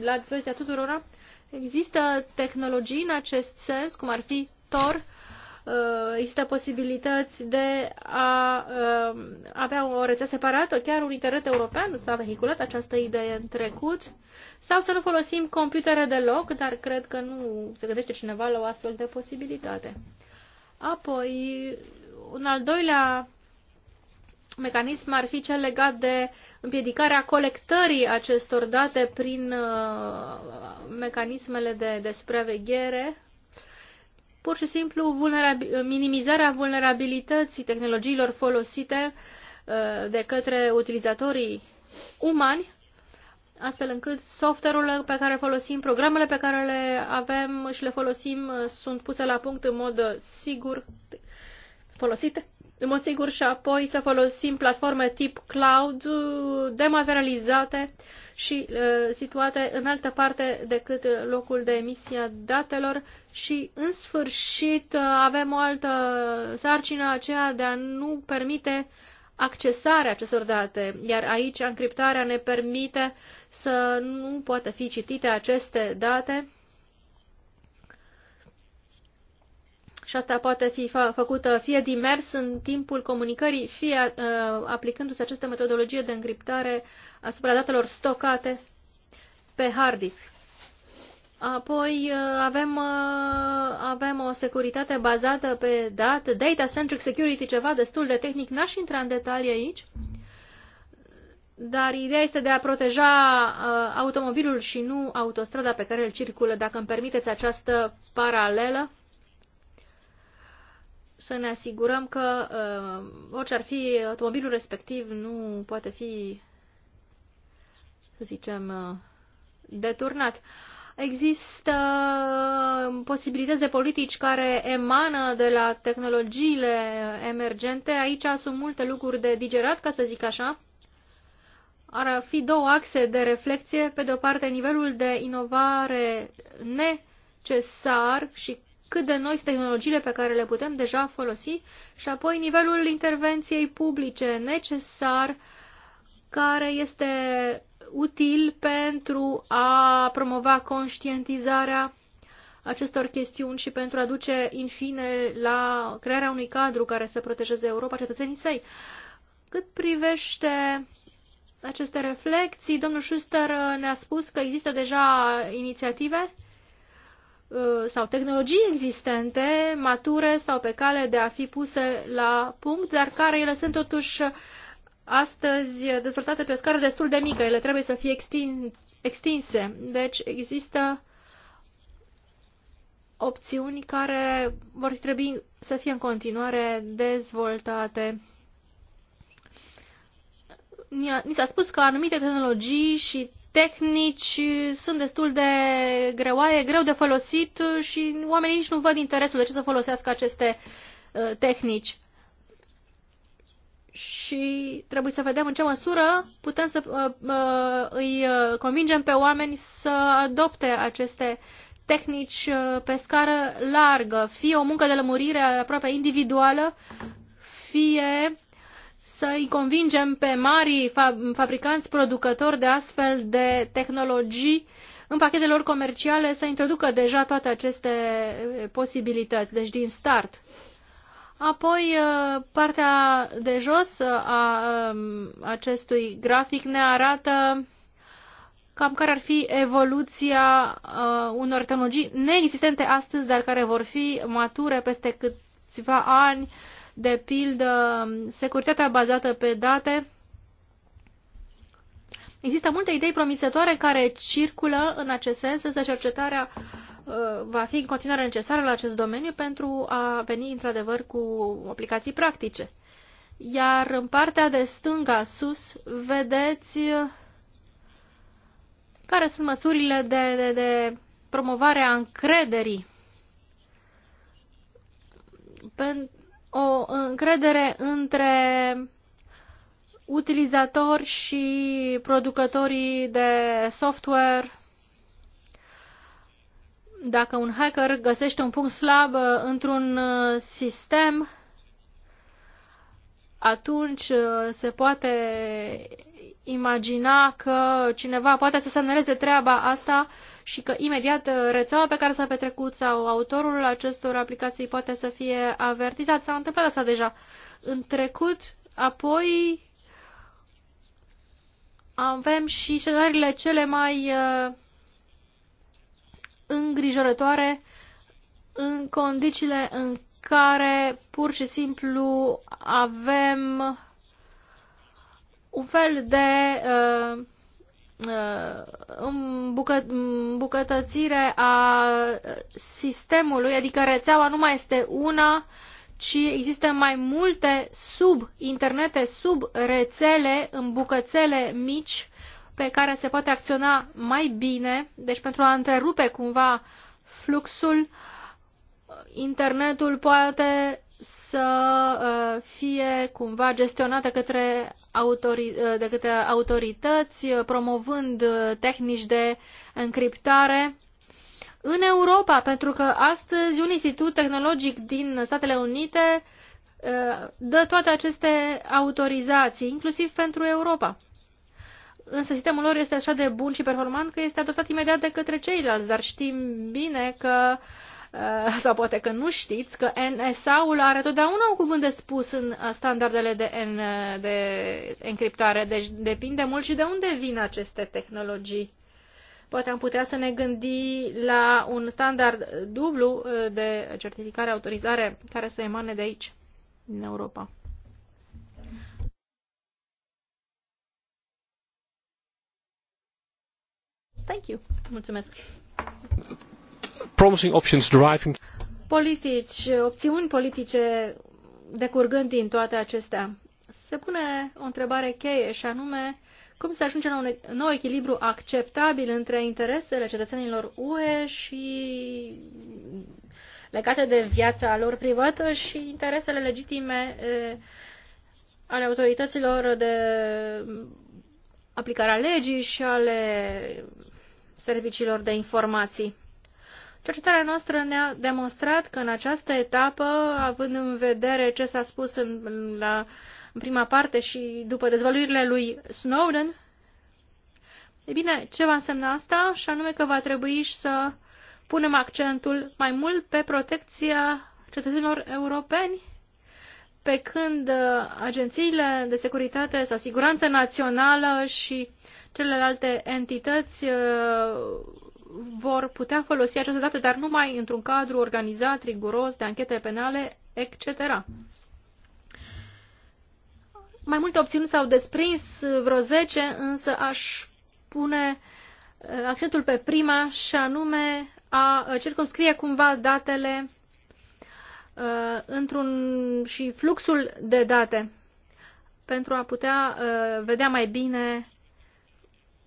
la dispoziția tuturora. Există tehnologii în acest sens, cum ar fi Tor, uh, există posibilități de a uh, avea o rețea separată, chiar un internet european s-a vehiculat această idee în trecut, sau să nu folosim computere deloc, dar cred că nu se gândește cineva la o astfel de posibilitate. Apoi, un al doilea mecanism ar fi cel legat de împiedicarea colectării acestor date prin uh, mecanismele de, de supraveghere, pur și simplu vulnerab- minimizarea vulnerabilității tehnologiilor folosite uh, de către utilizatorii umani astfel încât software-ul pe care îl folosim, programele pe care le avem și le folosim uh, sunt puse la punct în mod uh, sigur, folosite în mod sigur și apoi să folosim platforme tip cloud uh, dematerializate și uh, situate în altă parte decât locul de emisie a datelor și în sfârșit avem o altă sarcină aceea de a nu permite uh, accesarea acestor date, iar aici încriptarea ne permite să nu poată fi citite aceste date și asta poate fi fă făcută fie dimers în timpul comunicării, fie uh, aplicându-se această metodologie de încriptare asupra datelor stocate pe hard disk. Apoi uh, avem, uh, avem o securitate bazată pe date, data-centric security, ceva destul de tehnic. N-aș intra în detalii aici, dar ideea este de a proteja uh, automobilul și nu autostrada pe care îl circulă, dacă îmi permiteți această paralelă să ne asigurăm că uh, orice ar fi automobilul respectiv nu poate fi, să zicem, uh, deturnat. Uh, Există uh, posibilități de politici care emană de la tehnologiile emergente. Aici sunt multe lucruri de digerat, ca să zic așa. Ar fi două axe de reflexie. Pe de o parte, nivelul de inovare necesar și cât de noi tehnologiile pe care le putem deja folosi și apoi nivelul intervenției publice necesar care este util pentru a promova conștientizarea acestor chestiuni și pentru a duce, în fine, la crearea unui cadru care să protejeze Europa, cetățenii săi. Cât privește aceste reflexii, domnul Schuster ne-a spus că există deja inițiative uh, sau tehnologii existente, mature sau pe cale de a fi puse la punct, dar care ele sunt totuși astăzi dezvoltate pe o scară destul de mică. Ele trebuie să fie extin, extinse. Deci există opțiuni care vor trebui să fie în continuare dezvoltate. Ni s-a spus că anumite tehnologii și tehnici sunt destul de greoaie, greu de folosit și oamenii nici nu văd interesul de ce să folosească aceste uh, tehnici și trebuie să vedem în ce măsură putem să uh, uh îi uh, convingem pe oameni să adopte aceste tehnici uh, pe scară largă, fie o muncă de lămurire aproape individuală, fie să îi convingem pe mari fabricanți producători de astfel de tehnologii în pachetele lor comerciale să introducă deja toate aceste posibilități, deci din start. Apoi, uh, partea de jos uh, a um, acestui grafic ne arată cam care ar fi evoluția uh, unor tehnologii neexistente astăzi, dar care vor fi mature peste câțiva ani, de pildă securitatea bazată pe date. Există multe idei promițătoare care circulă în acest sens, însă cercetarea uh, Uh, va fi în continuare necesară la acest domeniu pentru a veni într-adevăr cu aplicații practice. Iar în partea de stânga sus vedeți uh, care sunt măsurile de, de, de promovare a încrederii. O încredere între utilizatori și producătorii de software dacă un hacker găsește un punct slab uh, într-un uh, sistem, atunci uh, se poate imagina că cineva poate să semnaleze treaba asta și că imediat rețeaua pe care s-a petrecut sau autorul acestor aplicații poate să fie avertizat. S-a întâmplat asta deja în trecut. Apoi avem și scenariile cele mai uh, îngrijorătoare în condițiile în care pur și simplu avem un fel de uh, îmbucă, uh, îmbucătățire a sistemului, adică rețeaua nu mai este una, ci există mai multe sub internete, sub rețele, în bucățele mici pe care se poate acționa mai bine, deci pentru a întrerupe cumva fluxul, internetul poate să uh, fie cumva gestionată către autori, uh, de către autorități, uh, promovând tehnici de încriptare în Europa, pentru că astăzi un institut tehnologic din Statele Unite dă toate aceste autorizații, inclusiv pentru Europa. Însă sistemul lor este așa de bun și performant că este adoptat imediat de către ceilalți, dar știm bine că uh, sau poate că nu știți că NSA-ul are totdeauna un cuvânt de spus în standardele de, N, de încriptare, deci depinde mult și de unde vin aceste tehnologii. Poate am putea să ne gândi la un standard dublu uh, de certificare, autorizare care să emane de aici, din Europa. Thank you. Mulțumesc. Promising options deriving... Politici, opțiuni politice decurgând din toate acestea. Se pune o întrebare cheie și anume cum se ajunge la un nou echilibru acceptabil între interesele cetățenilor UE și legate de viața lor privată și interesele legitime ale autorităților de aplicarea legii și ale serviciilor de informații. Cercetarea noastră ne-a demonstrat că în această etapă, având în vedere ce s-a spus în, la, în prima parte și după dezvăluirile lui Snowden, e bine, ce va însemna asta? Și anume că va trebui să punem accentul mai mult pe protecția cetățenilor europeni, pe când uh, agențiile de securitate sau siguranță națională și celelalte entități uh, vor putea folosi această dată, dar numai într-un cadru organizat, riguros, de anchete penale, etc. Mai multe opțiuni s-au desprins, vreo 10, însă aș pune uh, accentul pe prima și anume a uh, circumscrie cumva datele uh, într-un și fluxul de date pentru a putea uh, vedea mai bine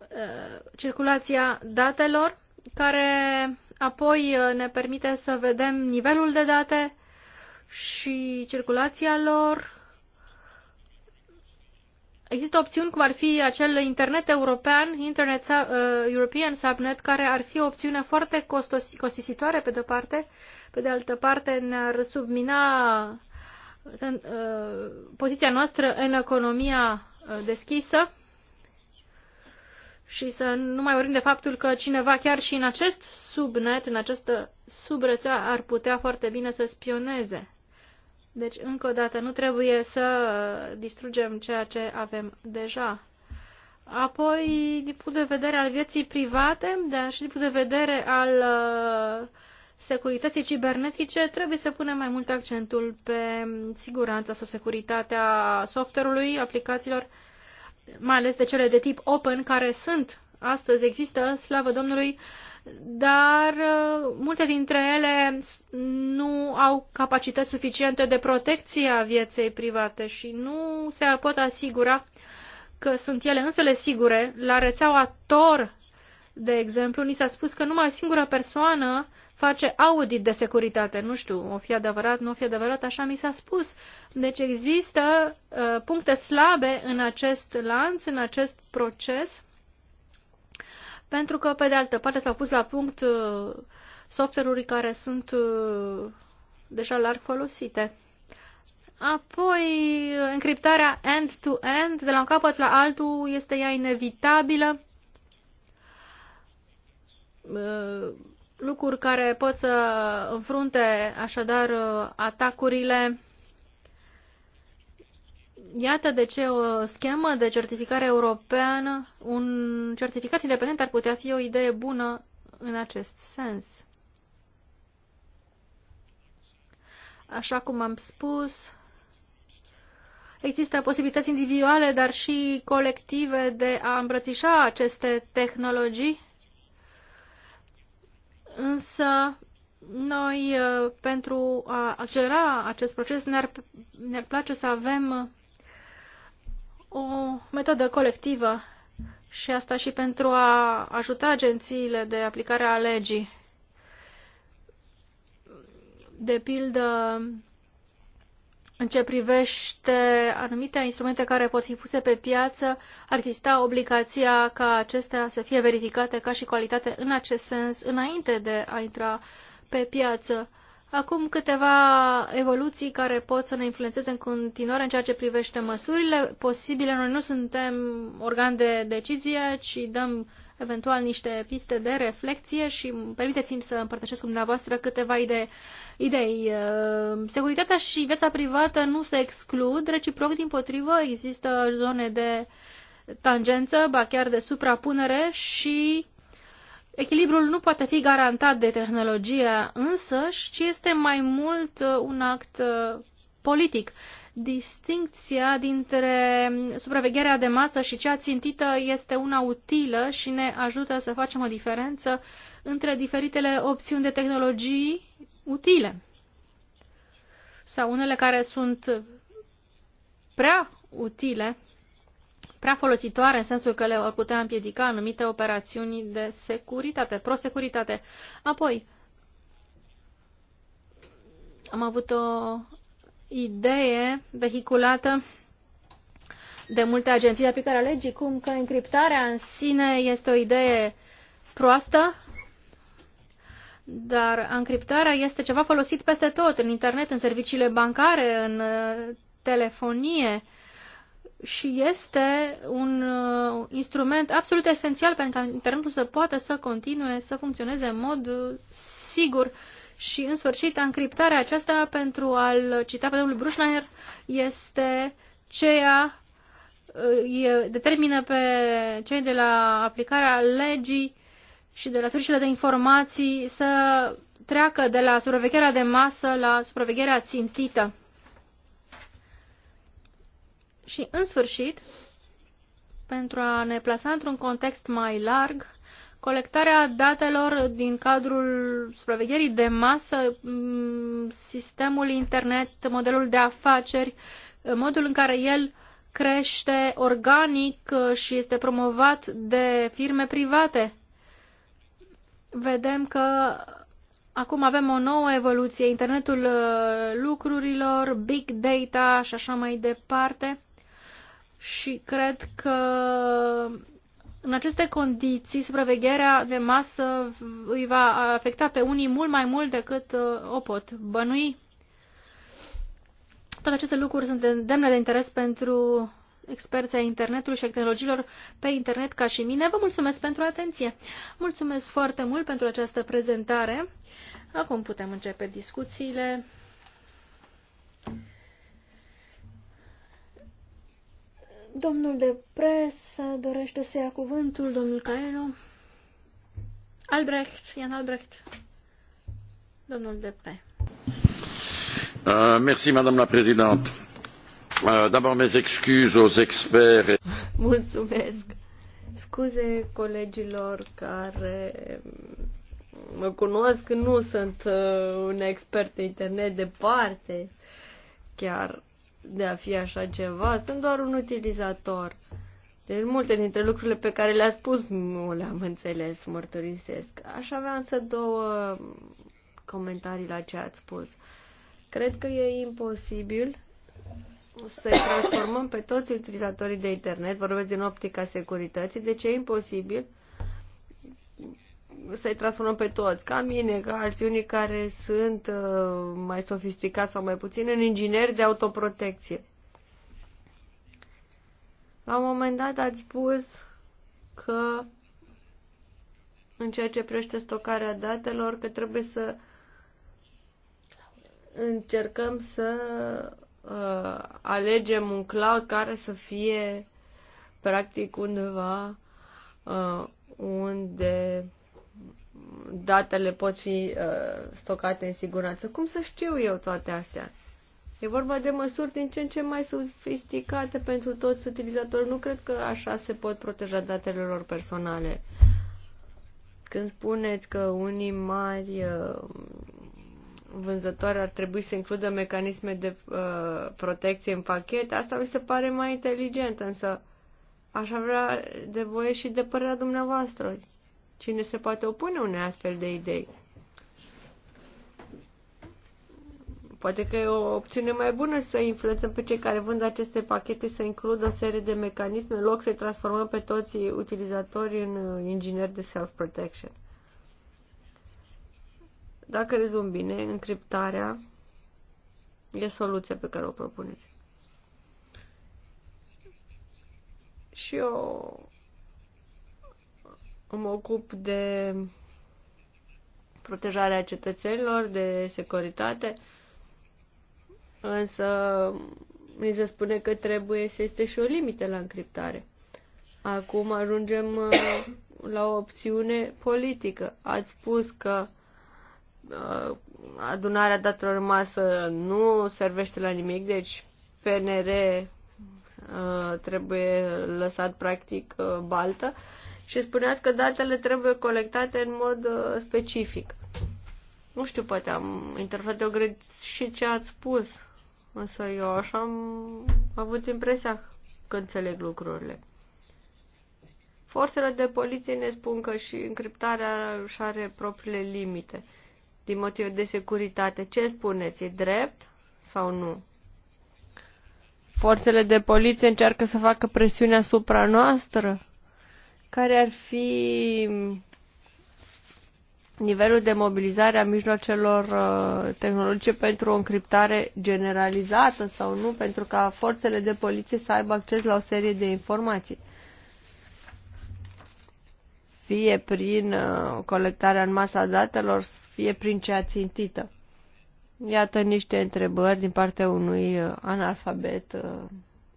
Uh, circulația datelor, care apoi uh, ne permite să vedem nivelul de date și circulația lor. Există opțiuni cum ar fi acel internet european, Internet uh, European Subnet, care ar fi o opțiune foarte costisitoare pe de-o parte, pe de altă parte ne-ar submina uh, uh poziția noastră în economia uh, deschisă și să nu mai vorbim de faptul că cineva chiar și în acest subnet, în această subrețea, ar putea foarte bine să spioneze. Deci, încă o dată, nu trebuie să distrugem ceea ce avem deja. Apoi, din punct de vedere al vieții private, dar și din punct de vedere al uh, securității cibernetice, trebuie să punem mai mult accentul pe siguranța sau securitatea software-ului, aplicațiilor mai ales de cele de tip open, care sunt, astăzi există, slavă Domnului, dar uh, multe dintre ele nu au capacități suficiente de protecție a vieței private și nu se pot asigura că sunt ele însele sigure. La rețeaua Tor, de exemplu, ni s-a spus că numai o singură persoană face audit de securitate. Nu știu, o fi adevărat, nu o fi adevărat, așa mi s-a spus. Deci există uh, puncte slabe în acest lanț, în acest proces, pentru că, pe de altă parte, s-au pus la punct uh, software-uri care sunt uh, deja larg folosite. Apoi, încriptarea end-to-end, -end, de la un capăt la altul, este ea inevitabilă. Uh, lucruri care pot să înfrunte așadar atacurile. Iată de ce o schemă de certificare europeană, un certificat independent ar putea fi o idee bună în acest sens. Așa cum am spus, există posibilități individuale, dar și colective de a îmbrățișa aceste tehnologii Însă, noi, uh, pentru a accelera acest proces, ne-ar, ne place să avem uh, o metodă colectivă și asta și pentru a ajuta agențiile de aplicare a legii. De pildă, în ce privește anumite instrumente care pot fi puse pe piață, ar exista obligația ca acestea să fie verificate ca și calitate în acest sens înainte de a intra pe piață. Acum câteva evoluții care pot să ne influențeze în continuare în ceea ce privește măsurile posibile. Noi nu suntem organ de decizie, ci dăm eventual niște piste de reflexie și permiteți-mi să împărtășesc cu dumneavoastră câteva idei. idei. Uh, securitatea și viața privată nu se exclud, reciproc din potrivă există zone de tangență, ba chiar de suprapunere și Echilibrul nu poate fi garantat de tehnologia însăși, ci este mai mult uh, un act uh, politic. Distincția dintre supravegherea de masă și cea țintită este una utilă și ne ajută să facem o diferență între diferitele opțiuni de tehnologii utile sau unele care sunt prea utile, prea folositoare în sensul că le-ar putea împiedica anumite operațiuni de securitate, prosecuritate. Apoi, am avut o idee vehiculată de multe agenții de aplicare a legii, cum că încriptarea în sine este o idee proastă, dar încriptarea este ceva folosit peste tot, în internet, în serviciile bancare, în uh, telefonie și este un uh, instrument absolut esențial pentru ca internetul să poată să continue să funcționeze în mod uh, sigur și, în sfârșit, încriptarea aceasta, pentru a-l cita pe domnul Brușnaer, este ceea e, determină pe cei de la aplicarea legii și de la sursele de informații să treacă de la supravegherea de masă la supravegherea țintită. Și, în sfârșit, pentru a ne plasa într-un context mai larg, Colectarea datelor din cadrul supravegherii de masă, mm, sistemul internet, modelul de afaceri, modul în care el crește organic uh, și este promovat de firme private. Vedem că acum avem o nouă evoluție, internetul uh, lucrurilor, big data și așa mai departe. Și cred că în aceste condiții, supravegherea de masă îi va afecta pe unii mult mai mult decât uh, o pot bănui. Toate aceste lucruri sunt demne de interes pentru experții internetului și a tehnologiilor pe internet ca și mine. Vă mulțumesc pentru atenție. Mulțumesc foarte mult pentru această prezentare. Acum putem începe discuțiile. Domnul de presă dorește să ia cuvântul, domnul Caeno. Albrecht, Ian Albrecht. Domnul de pe. Uh, merci, madame la présidente. Uh, D'abord, mes excuses aux experts. Et... Mulțumesc. Scuze colegilor care mă cunosc, nu sunt uh, un expert de internet departe. Chiar de a fi așa ceva. Sunt doar un utilizator. Deci multe dintre lucrurile pe care le-a spus nu le-am înțeles, mărturisesc. Aș avea însă două comentarii la ce ați spus. Cred că e imposibil să transformăm pe toți utilizatorii de internet, vorbesc din optica securității, deci e imposibil să-i transformăm pe toți, ca mine, ca alții unii care sunt uh, mai sofisticați sau mai puțin, în ingineri de autoprotecție. La un moment dat ați spus că în ceea ce prește stocarea datelor, că trebuie să încercăm să uh, alegem un cloud care să fie practic undeva uh, unde datele pot fi uh, stocate în siguranță. Cum să știu eu toate astea? E vorba de măsuri din ce în ce mai sofisticate pentru toți utilizatorii. Nu cred că așa se pot proteja datele lor personale. Când spuneți că unii mari uh, vânzători ar trebui să includă mecanisme de uh, protecție în pachet, asta mi se pare mai inteligent, însă aș avea de voie și de părerea dumneavoastră. Cine se poate opune unei astfel de idei? Poate că e o opțiune mai bună să influențăm pe cei care vând aceste pachete să includă o serie de mecanisme în loc să-i transformăm pe toți utilizatorii în uh, ingineri de self-protection. Dacă rezum bine, încriptarea e soluția pe care o propuneți. Și o mă ocup de protejarea cetățenilor, de securitate, însă mi se spune că trebuie să este și o limită la încriptare. Acum ajungem uh, la o opțiune politică. Ați spus că uh, adunarea datelor rămasă nu servește la nimic, deci PNR uh, trebuie lăsat practic baltă și spuneați că datele trebuie colectate în mod uh, specific. Nu știu, poate am interpretat și ce ați spus, însă eu așa am avut impresia că înțeleg lucrurile. Forțele de poliție ne spun că și încriptarea își are propriile limite din motive de securitate. Ce spuneți? E drept sau nu? Forțele de poliție încearcă să facă presiune asupra noastră? care ar fi nivelul de mobilizare a mijloacelor uh, tehnologice pentru o încriptare generalizată sau nu, pentru ca forțele de poliție să aibă acces la o serie de informații. Fie prin uh, colectarea în masa datelor, fie prin cea țintită. Iată niște întrebări din partea unui uh, analfabet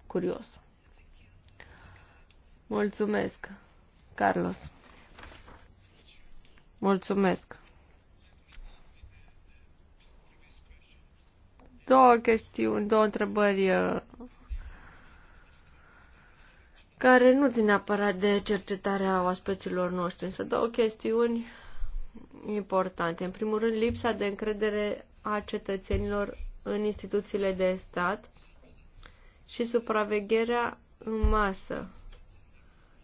curios. Mulțumesc! Carlos. Mulțumesc. Două chestiuni, două întrebări uh, care nu țin neapărat de cercetarea aspecțiilor noștri, însă două chestiuni importante. În primul rând, lipsa de încredere a cetățenilor în instituțiile de stat și supravegherea în masă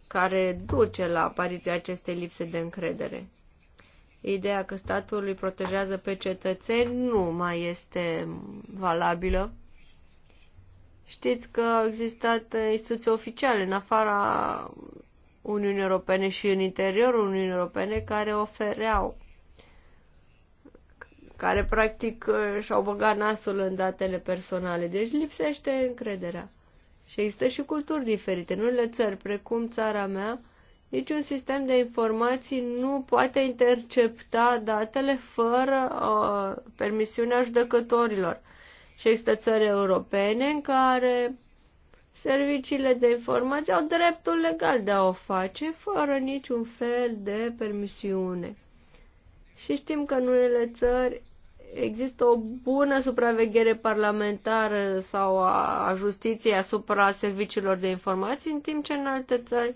care duce la apariția acestei lipse de încredere. Ideea că statul îi protejează pe cetățeni nu mai este valabilă. Știți că au existat instituții oficiale în afara Uniunii Europene și în interiorul Uniunii Europene care ofereau, care practic uh, și-au băgat nasul în datele personale. Deci lipsește încrederea. Și există și culturi diferite. În unele țări, precum țara mea, niciun sistem de informații nu poate intercepta datele fără uh, permisiunea judecătorilor. Și există țări europene în care serviciile de informații au dreptul legal de a o face fără niciun fel de permisiune. Și știm că în unele țări există o bună supraveghere parlamentară sau a justiției asupra serviciilor de informații, în timp ce în alte țări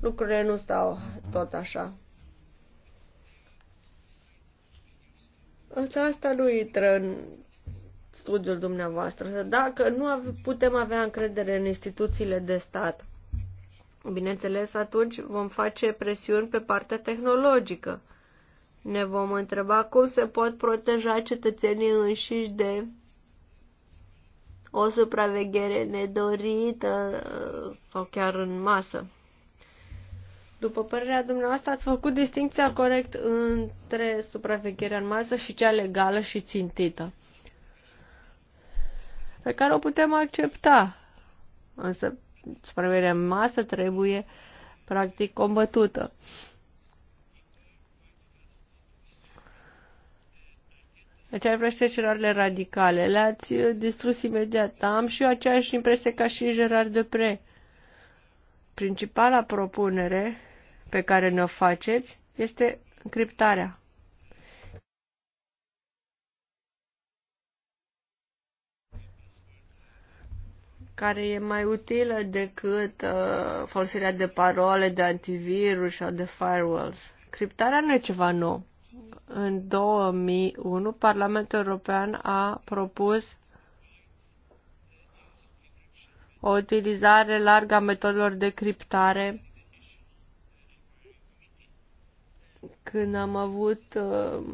lucrurile nu stau tot așa. Asta, asta nu intră în studiul dumneavoastră. Dacă nu putem avea încredere în instituțiile de stat, bineînțeles, atunci vom face presiuni pe partea tehnologică ne vom întreba cum se pot proteja cetățenii înșiși de o supraveghere nedorită uh, sau chiar în masă. După părerea dumneavoastră, ați făcut distinția corect între supravegherea în masă și cea legală și țintită, pe care o putem accepta. Însă supravegherea în masă trebuie practic combătută. Deci ai ce vrește radicale, le-ați uh, distrus imediat. Am și eu aceeași impresie ca și Gerard Depre. Principala propunere pe care ne-o faceți este încriptarea. care e mai utilă decât uh, folosirea de parole, de antivirus sau de firewalls. Criptarea nu e ceva nou în 2001, Parlamentul European a propus o utilizare largă a metodelor de criptare când am avut uh,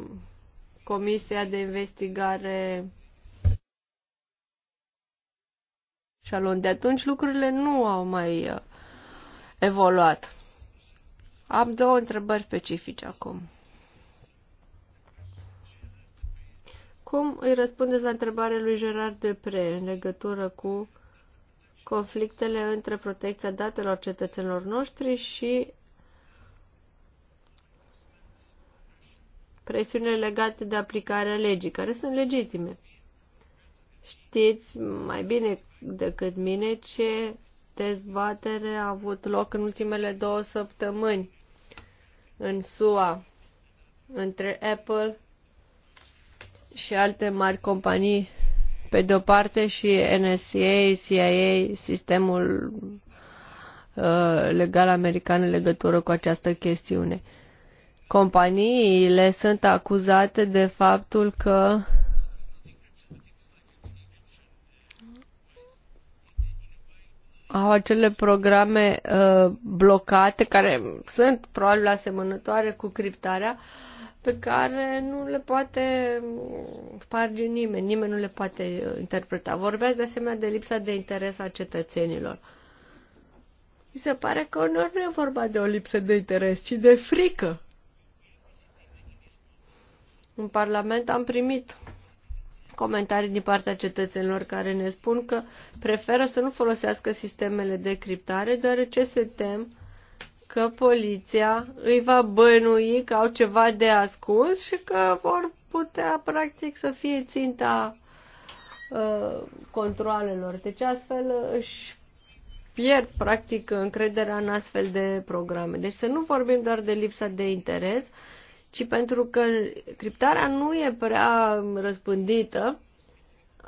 comisia de investigare Shalom. De atunci lucrurile nu au mai uh, evoluat. Am două întrebări specifice acum. Cum îi răspundeți la întrebarea lui Gerard Depre în legătură cu conflictele între protecția datelor cetățenilor noștri și presiunile legate de aplicarea legii, care sunt legitime. Știți mai bine decât mine ce dezbatere a avut loc în ultimele două săptămâni în SUA între Apple și alte mari companii pe de-o parte și NSA, CIA, sistemul uh, legal american în legătură cu această chestiune. Companiile sunt acuzate de faptul că au acele programe uh, blocate care sunt probabil asemănătoare cu criptarea uh, pe care nu le poate sparge nimeni, nimeni nu le poate uh, interpreta. Vorbeați de asemenea de lipsa de interes a cetățenilor. Mi se pare că uneori nu e vorba de o lipsă de interes, ci de frică. În Parlament am primit comentarii din partea cetățenilor care ne spun că preferă să nu folosească sistemele de criptare deoarece se tem că poliția îi va bănui că au ceva de ascuns și că vor putea, practic, să fie ținta uh, controalelor. Deci astfel își pierd, practic, încrederea în astfel de programe. Deci să nu vorbim doar de lipsa de interes, ci pentru că criptarea nu e prea răspândită,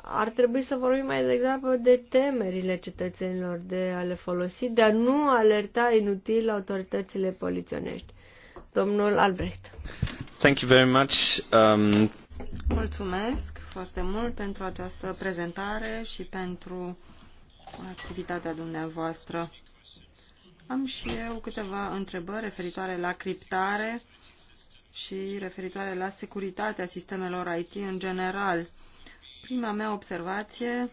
ar trebui să vorbim mai degrabă de temerile cetățenilor de a le folosi, de a nu alerta inutil autoritățile poliționești. Domnul Albrecht. Thank you very much. Um... Mulțumesc foarte mult pentru această prezentare și pentru activitatea dumneavoastră. Am și eu câteva întrebări referitoare la criptare și referitoare la securitatea sistemelor IT în general Prima mea observație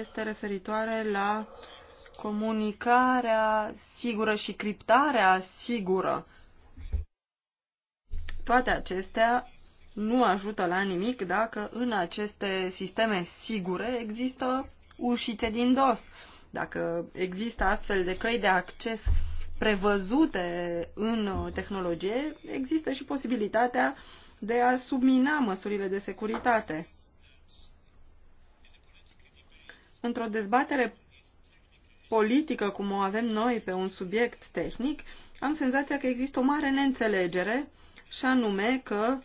este referitoare la comunicarea sigură și criptarea sigură. Toate acestea nu ajută la nimic dacă în aceste sisteme sigure există ușițe din DOS. Dacă există astfel de căi de acces prevăzute în tehnologie, există și posibilitatea de a submina măsurile de securitate. Într-o dezbatere politică cum o avem noi pe un subiect tehnic, am senzația că există o mare neînțelegere și anume că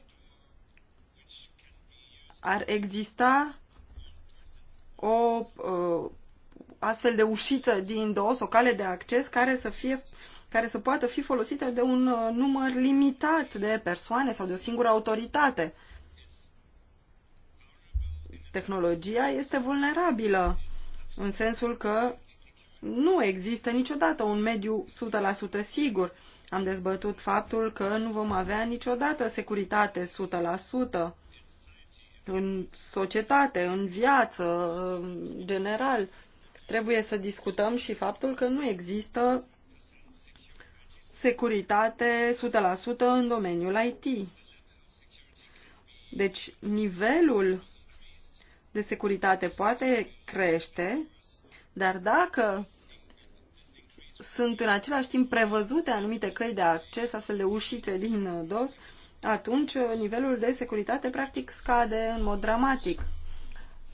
ar exista o uh, astfel de ușiță din dos, o cale de acces care să fie care să poată fi folosite de un uh, număr limitat de persoane sau de o singură autoritate. Tehnologia este vulnerabilă în sensul că nu există niciodată un mediu 100% sigur. Am dezbătut faptul că nu vom avea niciodată securitate 100% în societate, în viață, în general. Trebuie să discutăm și faptul că nu există securitate 100% în domeniul IT. Deci nivelul de securitate poate crește, dar dacă sunt în același timp prevăzute anumite căi de acces, astfel de ușițe din DOS, atunci nivelul de securitate practic scade în mod dramatic.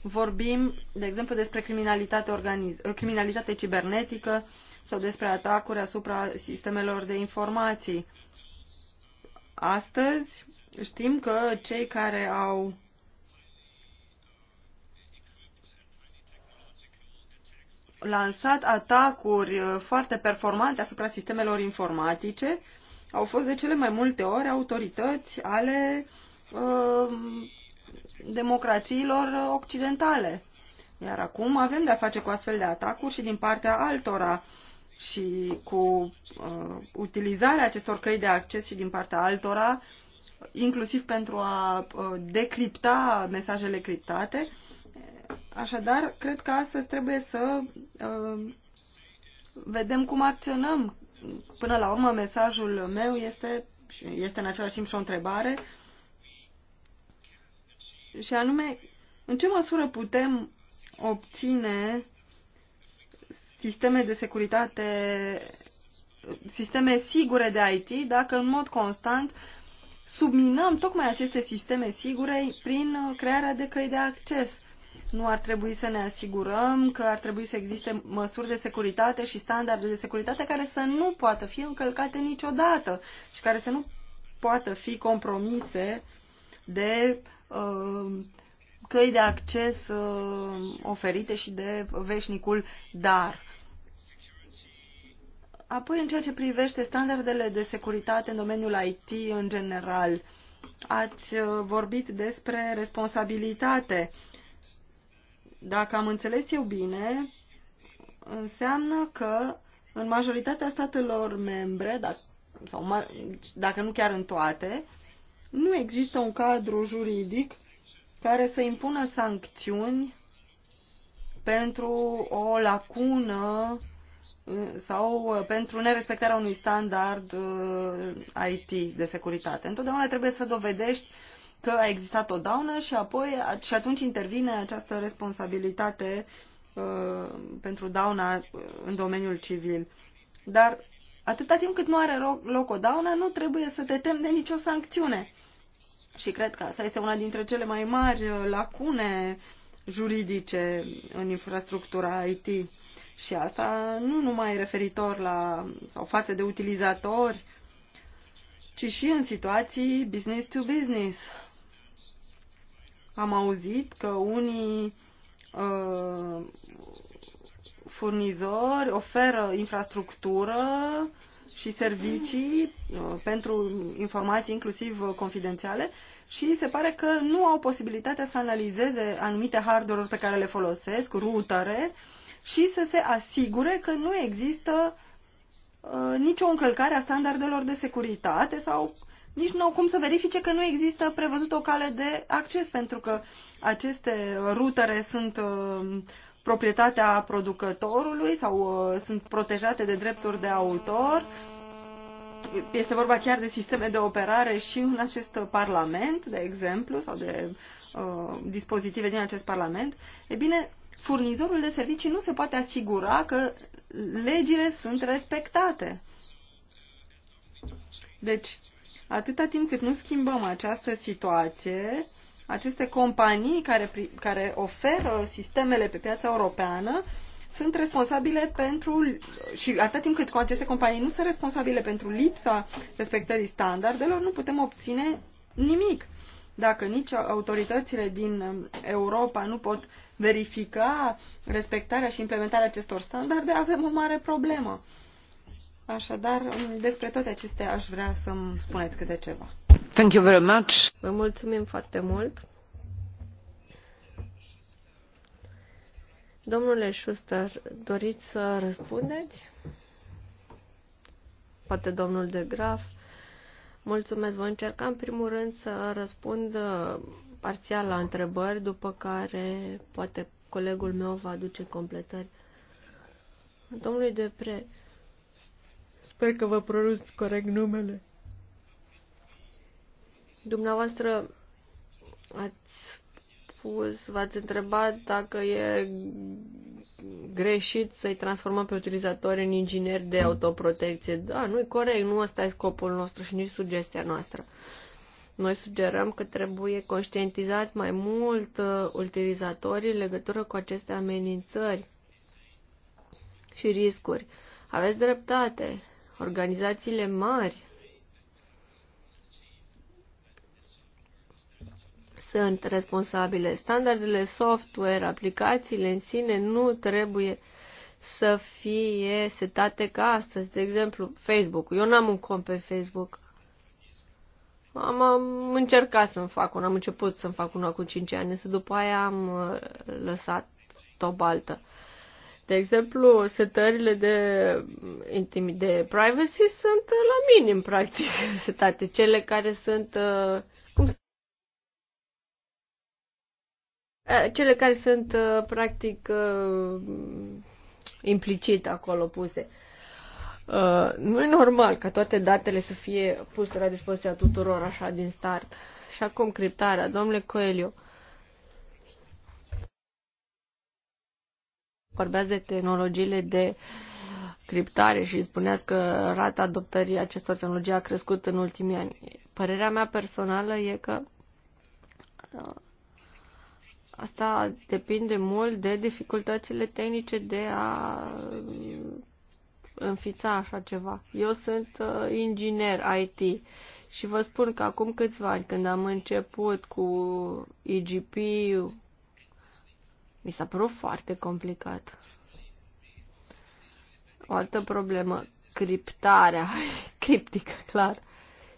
Vorbim, de exemplu, despre criminalitate, organiz- criminalitate cibernetică, sau despre atacuri asupra sistemelor de informații. Astăzi știm că cei care au lansat atacuri uh, foarte performante asupra sistemelor informatice au fost de cele mai multe ori autorități ale uh, democrațiilor occidentale. Iar acum avem de-a face cu astfel de atacuri și din partea altora și cu uh, utilizarea acestor căi de acces și din partea altora, inclusiv pentru a uh, decripta mesajele criptate. Așadar, cred că astăzi trebuie să uh, vedem cum acționăm. Până la urmă, mesajul meu este, este în același timp și o întrebare, și anume, în ce măsură putem obține sisteme de securitate, sisteme sigure de IT, dacă în mod constant subminăm tocmai aceste sisteme sigure prin crearea de căi de acces. Nu ar trebui să ne asigurăm că ar trebui să existe măsuri de securitate și standarde de securitate care să nu poată fi încălcate niciodată și care să nu poată fi compromise de uh, căi de acces uh, oferite și de veșnicul dar. Apoi, în ceea ce privește standardele de securitate în domeniul IT în general, ați uh, vorbit despre responsabilitate. Dacă am înțeles eu bine, înseamnă că în majoritatea statelor membre, dacă, sau dacă nu chiar în toate, nu există un cadru juridic care să impună sancțiuni pentru o lacună sau uh, pentru nerespectarea unui standard uh, IT de securitate. Întotdeauna trebuie să dovedești că a existat o daună și apoi și atunci intervine această responsabilitate uh, pentru dauna în domeniul civil. Dar atâta timp cât nu are loc o daună, nu trebuie să te temi de nicio sancțiune. Și cred că asta este una dintre cele mai mari lacune juridice în infrastructura IT. Și asta nu numai referitor la sau față de utilizatori, ci și în situații business to business. Am auzit că unii uh, furnizori oferă infrastructură și servicii uh, pentru informații inclusiv uh, confidențiale și se pare că nu au posibilitatea să analizeze anumite hardware-uri pe care le folosesc, rutere, uh, și să se asigure că nu există uh, nicio încălcare a standardelor de securitate sau nici nu au cum să verifice că nu există prevăzut o cale de acces, pentru că aceste rutere sunt uh, proprietatea producătorului sau uh, sunt protejate de drepturi de autor. Este vorba chiar de sisteme de operare și în acest parlament, de exemplu, sau de uh, dispozitive din acest parlament. E bine, furnizorul de servicii nu se poate asigura că legile sunt respectate. Deci, atâta timp cât nu schimbăm această situație, aceste companii care, care oferă sistemele pe piața europeană sunt responsabile pentru și atât timp cât cu aceste companii nu sunt responsabile pentru lipsa respectării standardelor, nu putem obține nimic. Dacă nici autoritățile din um, Europa nu pot verifica respectarea și implementarea acestor standarde, avem o mare problemă. Așadar, um, despre toate acestea aș vrea să-mi spuneți câte ceva. Thank you very much. Vă mulțumim foarte mult. Domnule Schuster, doriți să răspundeți? Poate domnul de Graf Mulțumesc. Voi încerca în primul rând să răspund uh, parțial la întrebări, după care poate colegul meu va aduce completări. Domnului Depre, sper că vă pronunț corect numele. Dumneavoastră ați spus, v-ați întrebat dacă e greșit să-i transformăm pe utilizatori în ingineri de autoprotecție. Da, nu e corect, nu ăsta e scopul nostru și nici sugestia noastră. Noi sugerăm că trebuie conștientizat mai mult uh, utilizatorii în legătură cu aceste amenințări și riscuri. Aveți dreptate. Organizațiile mari sunt responsabile. Standardele software, aplicațiile în sine nu trebuie să fie setate ca astăzi. De exemplu, Facebook. Eu n-am un cont pe Facebook. Am, am încercat să-mi fac una, am început să-mi fac una cu 5 ani, însă după aia am uh, lăsat o baltă. De exemplu, setările de, de privacy sunt la minim, practic, (laughs) setate. Cele care sunt uh, Eh, cele care sunt eh, practic eh, implicit acolo puse. Nu e normal ca toate datele să fie puse la dispoziția tuturor așa din start. Și acum criptarea, domnule Coelio. Vorbeați de tehnologiile de criptare și spuneați că rata adoptării acestor tehnologii a crescut în ultimii ani. Părerea mea personală e că Asta depinde mult de dificultățile tehnice de a uh, înfița așa ceva. Eu sunt uh, inginer IT și vă spun că acum câțiva ani, când am început cu EGP, mi s-a părut foarte complicat. O altă problemă, criptarea, (laughs) criptică, clar.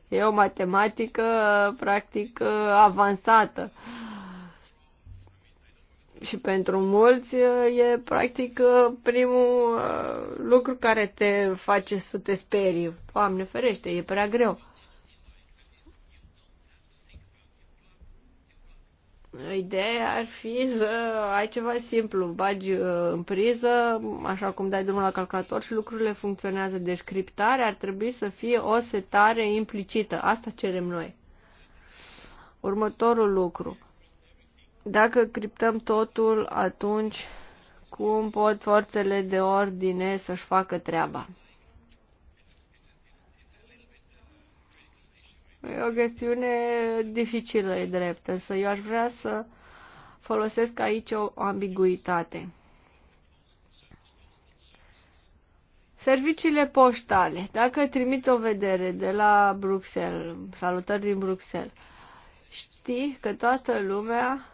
E o matematică, practic, uh, avansată. Uh, și pentru mulți e practic primul lucru care te face să te sperii. Doamne ferește, e prea greu. Ideea ar fi să ai ceva simplu, bagi în priză, așa cum dai drumul la calculator și lucrurile funcționează. descriptare. Deci ar trebui să fie o setare implicită. Asta cerem noi. Următorul lucru dacă criptăm totul, atunci cum pot forțele de ordine să-și facă treaba? E o chestiune dificilă, e drept, însă eu aș vrea să folosesc aici o ambiguitate. Serviciile poștale. Dacă trimiți o vedere de la Bruxelles, salutări din Bruxelles, știi că toată lumea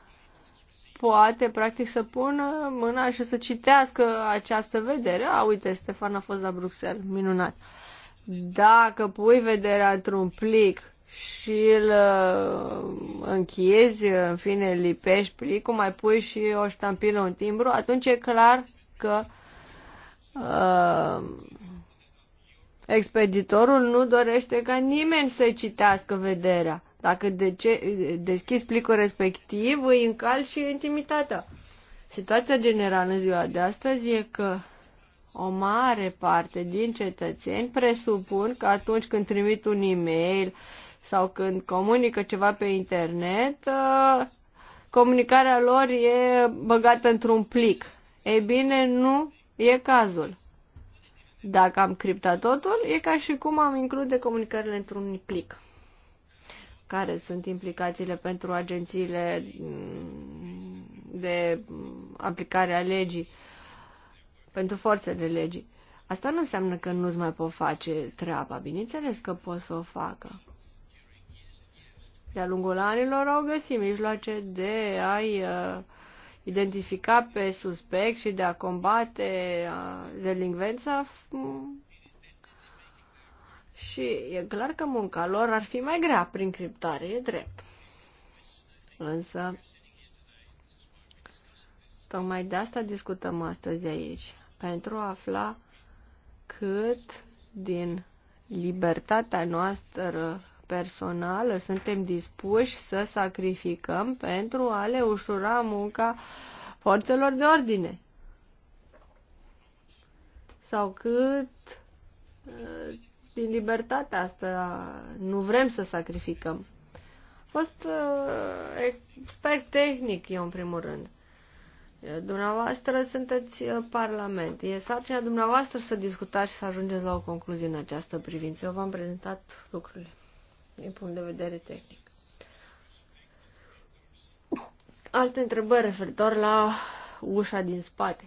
poate, practic, să pună mâna și să citească această vedere. A, uite, Stefan a fost la Bruxelles, minunat. Dacă pui vederea într-un plic și îl uh, închizi, în fine, lipești plicul, mai pui și o ștampilă, un timbru, atunci e clar că uh, expeditorul nu dorește ca nimeni să citească vederea. Dacă de ce, deschizi plicul respectiv, îi încalci și intimitatea. Situația generală în ziua de astăzi e că o mare parte din cetățeni presupun că atunci când trimit un e-mail sau când comunică ceva pe internet, ă, comunicarea lor e băgată într-un plic. Ei bine, nu e cazul. Dacă am criptat totul, e ca și cum am include comunicările într-un plic care sunt implicațiile pentru agențiile mm, de mm, aplicare a legii, pentru forțele legii. Asta nu înseamnă că nu-ți mai pot face treaba. Bineînțeles că pot să o facă. De-a lungul anilor au găsit mijloace de a-i uh, identifica pe suspect și de a combate uh, delinvența mm, și e clar că munca lor ar fi mai grea prin criptare, e drept. Însă, tocmai de asta discutăm astăzi aici, pentru a afla cât din libertatea noastră personală suntem dispuși să sacrificăm pentru a le ușura munca forțelor de ordine. Sau cât din libertatea asta nu vrem să sacrificăm. A fost uh, tehnic eu în primul rând. Dumneavoastră sunteți uh, parlament. E sarcina dumneavoastră să discutați și să ajungeți la o concluzie în această privință. Eu v-am prezentat lucrurile din punct de vedere tehnic. Alte întrebări referitor la ușa din spate.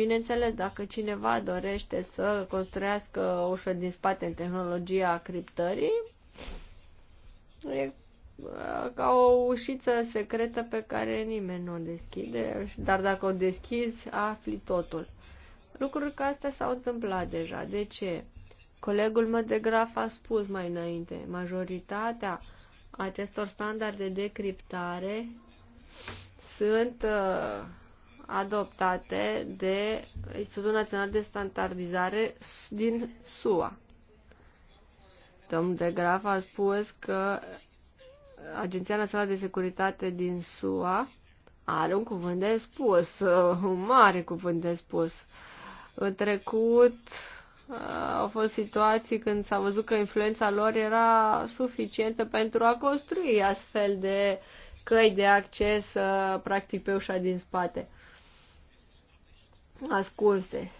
Bineînțeles, dacă cineva dorește să construiască ușă din spate în tehnologia criptării, e ca o ușiță secretă pe care nimeni nu o deschide, dar dacă o deschizi, afli totul. Lucruri ca astea s-au întâmplat deja. De ce? Colegul meu de graf a spus mai înainte, majoritatea acestor standarde de criptare sunt uh, adoptate de Institutul Național de Standardizare din SUA. Domnul de Graf a spus că Agenția Națională de Securitate din SUA are un cuvânt de spus, un mare cuvânt de spus. În trecut uh, au fost situații când s-a văzut că influența lor era suficientă pentru a construi astfel de căi de acces uh, practic pe ușa din spate ascunse.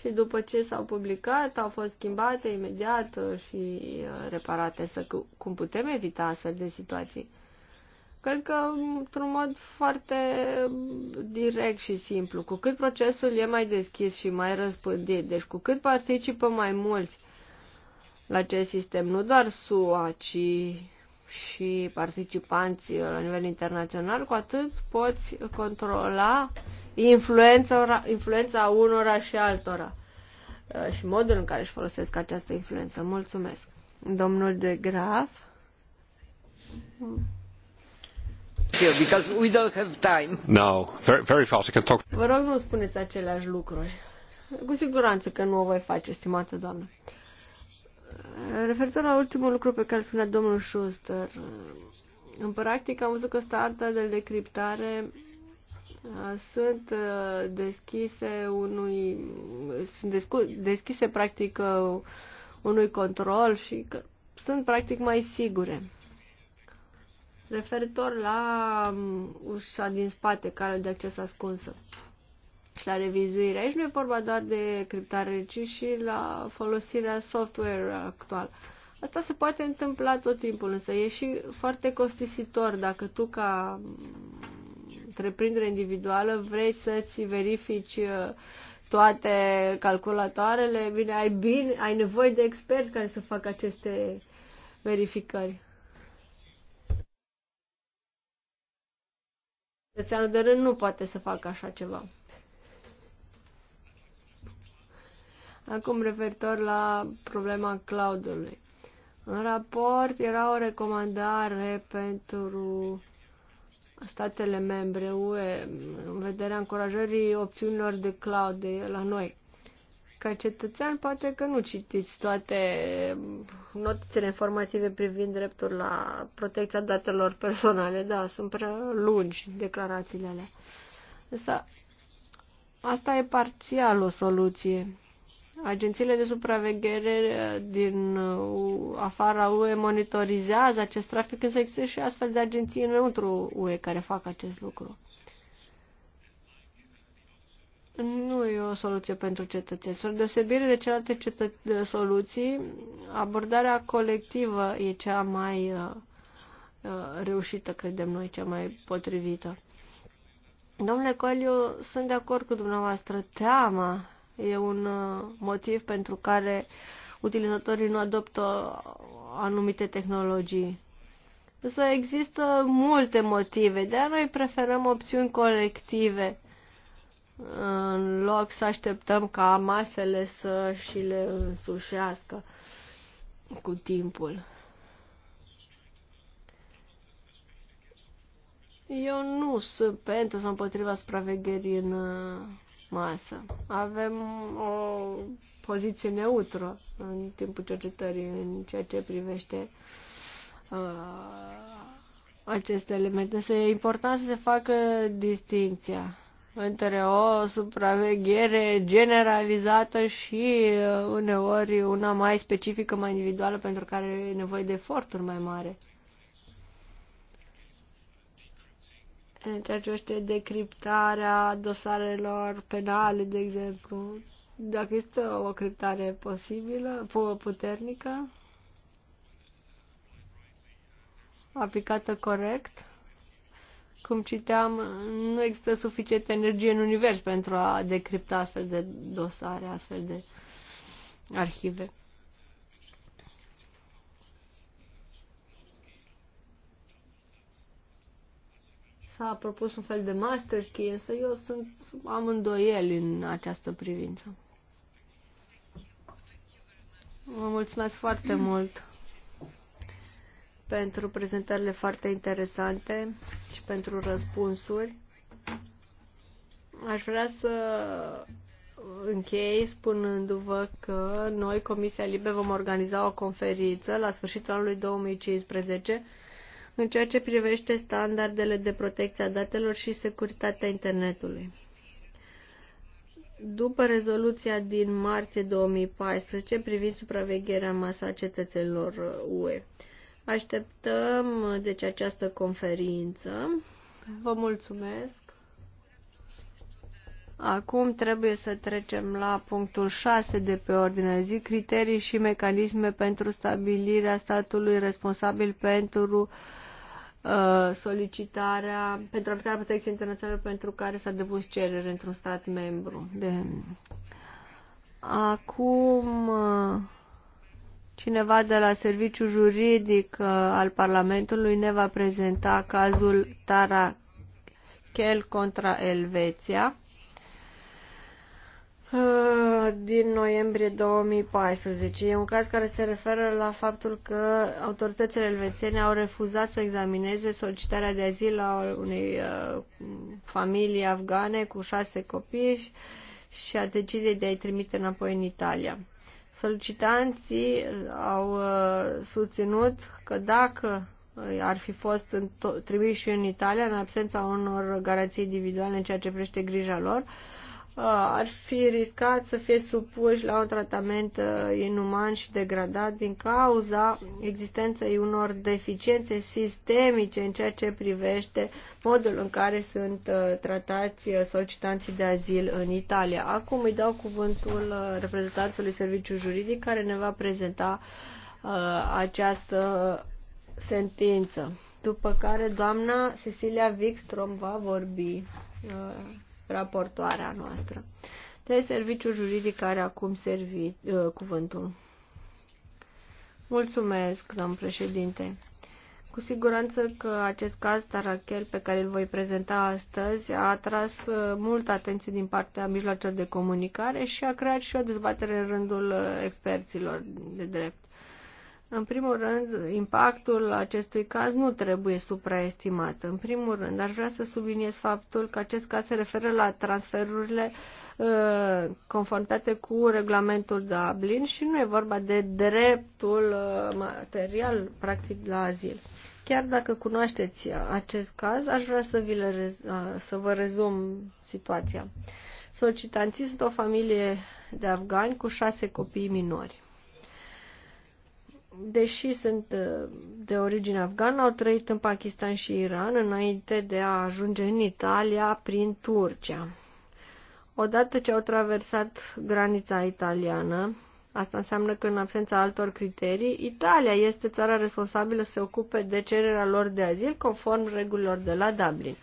Și după ce s-au publicat, au fost schimbate imediat uh, și uh, reparate, să cum putem evita astfel de situații. Cred că într-un mod foarte uh, direct și simplu, cu cât procesul e mai deschis și mai răspândit, deci cu cât participă mai mulți la acest sistem, nu doar SUA, ci și participanți la nivel internațional, cu atât poți controla influența, influența unora și altora uh, și modul în care își folosesc această influență. Mulțumesc. Domnul de Graf. Because we don't have time. No, very, very fast. I can talk. Vă rog, nu spuneți aceleași lucruri. Cu siguranță că nu o voi face, stimată doamnă. Referitor la ultimul lucru pe care spunea domnul Schuster, în practică am văzut că standardele de criptare uh, sunt uh, deschise unui sunt deschise practic uh, unui control și că sunt practic mai sigure. Referitor la um, ușa din spate, care de acces ascunsă la revizuire. Aici nu e vorba doar de criptare, ci și la folosirea software actual. Asta se poate întâmpla tot timpul, însă e și foarte costisitor dacă tu ca întreprindere individuală vrei să-ți verifici uh, toate calculatoarele, bine, ai, bine, ai nevoie de experți care să facă aceste verificări. Cetățeanul de rând nu poate să facă așa ceva. Acum referitor la problema cloudului. În raport era o recomandare pentru statele membre UE în vederea încurajării opțiunilor de cloud de la noi. Ca cetățean poate că nu citiți toate notițele informative privind dreptul la protecția datelor personale, da, sunt prea lungi declarațiile alea. Asta, asta e parțial o soluție Agențiile de supraveghere uh, din uh, afara UE monitorizează acest trafic, însă există și astfel de agenții înăuntru UE care fac acest lucru. Nu e o soluție pentru cetățeni. Sunt deosebire de celelalte cetă- soluții, abordarea colectivă e cea mai uh, uh, reușită, credem noi, cea mai potrivită. Domnule Coelho, sunt de acord cu dumneavoastră. Teama e un uh, motiv pentru care utilizatorii nu adoptă anumite tehnologii. Însă există multe motive, de aia noi preferăm opțiuni colective în loc să așteptăm ca masele să și le însușească cu timpul. Eu nu sunt pentru sau împotriva supravegherii în uh, masă. Avem o poziție neutră în timpul cercetării în ceea ce privește uh, aceste elemente. Însă e important să se facă distinția între o supraveghere generalizată și uh, uneori una mai specifică, mai individuală, pentru care e nevoie de eforturi mai mare. în ceea ce este decriptarea dosarelor penale, de exemplu. Dacă este o criptare posibilă, puternică, aplicată corect, cum citeam, nu există suficientă energie în univers pentru a decripta astfel de dosare, astfel de arhive. S-a propus un fel de master key, însă eu sunt, am îndoieli în această privință. Vă mulțumesc foarte mult pentru prezentările foarte interesante și pentru răspunsuri. Aș vrea să închei spunându-vă că noi, Comisia Libe, vom organiza o conferință la sfârșitul anului 2015 în ceea ce privește standardele de protecție a datelor și securitatea internetului. După rezoluția din martie 2014 privind supravegherea masa cetățenilor UE, așteptăm deci această conferință. Vă mulțumesc! Acum trebuie să trecem la punctul 6 de pe ordinea zi, criterii și mecanisme pentru stabilirea statului responsabil pentru uh, Uh, solicitarea pentru aplicarea protecției internaționale pentru care s-a depus cerere într-un stat membru. De... Acum uh, cineva de la serviciu juridic uh, al Parlamentului ne va prezenta cazul Tara Kel contra Elveția. Uh, din noiembrie 2014. E un caz care se referă la faptul că autoritățile elvețene au refuzat să examineze solicitarea de azil a unei uh, familii afgane cu șase copii și a deciziei de a-i trimite înapoi în Italia. Solicitanții au uh, susținut că dacă ar fi fost trimiși în Italia în absența unor garanții individuale în ceea ce privește grija lor, uh, Uh, ar fi riscat să fie supuși la un tratament uh, inuman și degradat din cauza existenței unor deficiențe sistemice în ceea ce privește modul în care sunt uh, tratați solicitanții de azil în Italia. Acum îi dau cuvântul reprezentantului serviciu juridic care ne va prezenta această sentință. După care doamna Cecilia Wikstrom va vorbi raportoarea noastră. De serviciul juridic are acum servi, uh, cuvântul. Mulțumesc, domn președinte. Cu siguranță că acest caz, Tarachel, pe care îl voi prezenta astăzi, a atras uh, multă atenție din partea mijloacelor de comunicare și a creat și o dezbatere în rândul uh, experților de drept. În primul rând, impactul acestui caz nu trebuie supraestimat. În primul rând, aș vrea să subliniez faptul că acest caz se referă la transferurile uh, confrontate cu regulamentul Dublin și nu e vorba de dreptul uh, material, practic, la azil. Chiar dacă cunoașteți acest caz, aș vrea să, vi le rez- uh, să vă rezum situația. Solicitanții sunt o familie de afgani cu șase copii minori deși sunt uh, de origine afgană, au trăit în Pakistan și Iran înainte de a ajunge în Italia prin Turcia. Odată ce au traversat granița italiană, asta înseamnă că în absența altor criterii, Italia este țara responsabilă să se ocupe de cererea lor de azil conform regulilor de la Dublin.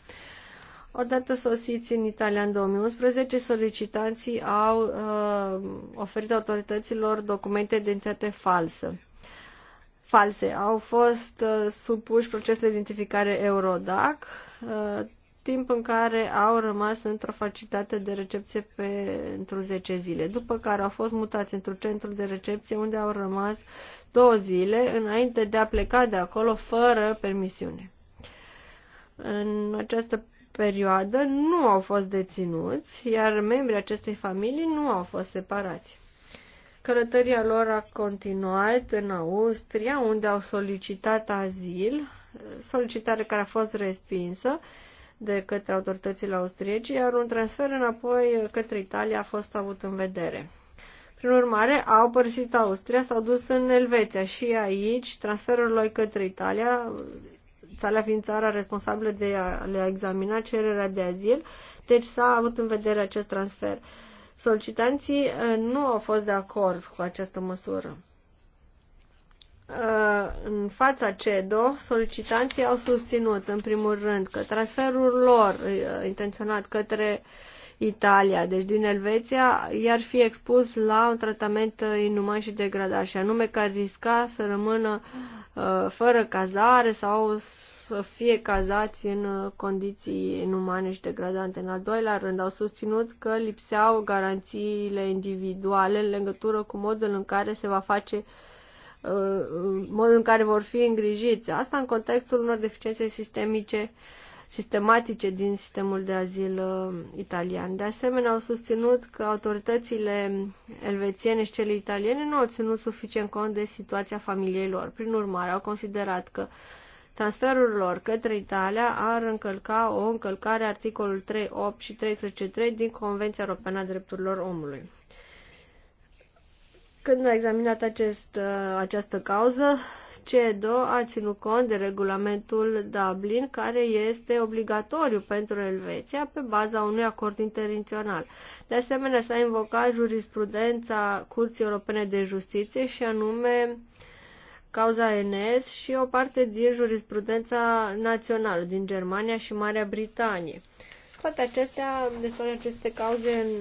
Odată sosiți în Italia în 2011, solicitanții au uh, oferit autorităților documente de identitate falsă false. Au fost uh, supuși procesul de identificare Eurodac, uh, timp în care au rămas într-o facilitate de recepție pentru 10 zile, după care au fost mutați într-un centru de recepție unde au rămas două zile înainte de a pleca de acolo fără permisiune. În această perioadă nu au fost deținuți, iar membrii acestei familii nu au fost separați. Călătoria lor a continuat în Austria, unde au solicitat azil, solicitare care a fost respinsă de către autoritățile austrieci, iar un transfer înapoi către Italia a fost avut în vedere. Prin urmare, au părăsit Austria, s-au dus în Elveția și aici transferul lor către Italia, țara fiind țara responsabilă de a le examina cererea de azil, deci s-a avut în vedere acest transfer. Solicitanții uh, nu au fost de acord cu această măsură. Uh, în fața CEDO, solicitanții au susținut, în primul rând, că transferul lor uh, intenționat către Italia, deci din Elveția, i-ar fi expus la un tratament inuman și degradat, și anume că ar risca să rămână fără cazare sau să fie cazați în uh, condiții inumane și degradante. În al doilea rând, au susținut că lipseau garanțiile individuale în legătură cu modul în care se va face uh, uh, modul în care vor fi îngrijiți. Asta în contextul unor deficiențe sistemice sistematice din sistemul de azil uh, italian. De asemenea, au susținut că autoritățile elvețiene și cele italiene nu au ținut suficient cont de situația familiei lor. Prin urmare, au considerat că transferurilor către Italia ar încălca o încălcare articolul 3.8 și 13.3 din Convenția Europeană a Drepturilor Omului. Când a examinat acest, uh, această cauză, CEDO a ținut cont de regulamentul Dublin, care este obligatoriu pentru Elveția pe baza unui acord internațional. De asemenea, s-a invocat jurisprudența Curții Europene de Justiție și anume cauza NS și o parte din jurisprudența națională din Germania și Marea Britanie. Toate acestea, toate aceste cauze în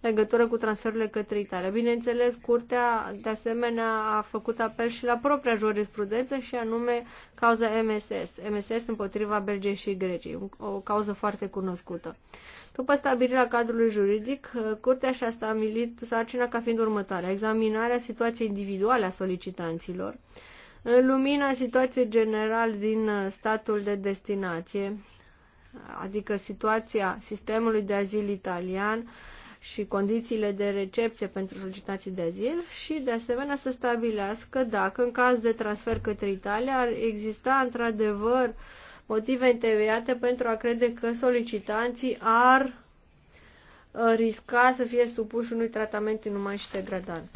legătură cu transferurile către Italia. Bineînțeles, Curtea de asemenea a făcut apel și la propria jurisprudență și anume cauza MSS, MSS împotriva Belgiei și Greciei, o cauză foarte cunoscută. După stabilirea cadrului juridic, uh, Curtea și-a stabilit sarcina ca fiind următoarea. Examinarea situației individuale a solicitanților, în lumina situației general din uh, statul de destinație, adică situația sistemului de azil italian și condițiile de recepție pentru solicitații de azil și, de asemenea, să stabilească dacă, în caz de transfer către Italia, ar exista într-adevăr uh, motive întemeiate pentru a crede că solicitanții ar uh, risca să fie supuși unui tratament inuman și degradant.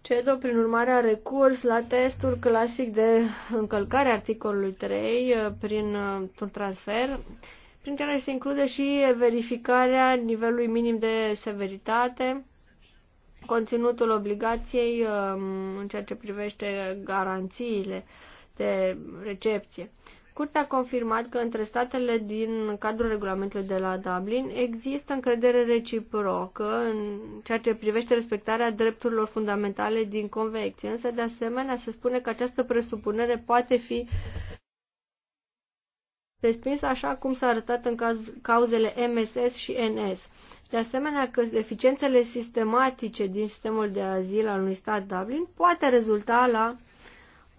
CEDO, prin urmare, a recurs la testul clasic de încălcare articolului 3 uh, prin uh, un transfer, prin care se include și verificarea nivelului minim de severitate, conținutul obligației um, în ceea ce privește garanțiile de recepție. Curtea a confirmat că între statele din cadrul regulamentului de la Dublin există încredere reciprocă în ceea ce privește respectarea drepturilor fundamentale din convenție, însă de asemenea se spune că această presupunere poate fi respinsă așa cum s-a arătat în caz, cauzele MSS și NS. De asemenea că deficiențele sistematice din sistemul de azil al unui stat Dublin poate rezulta la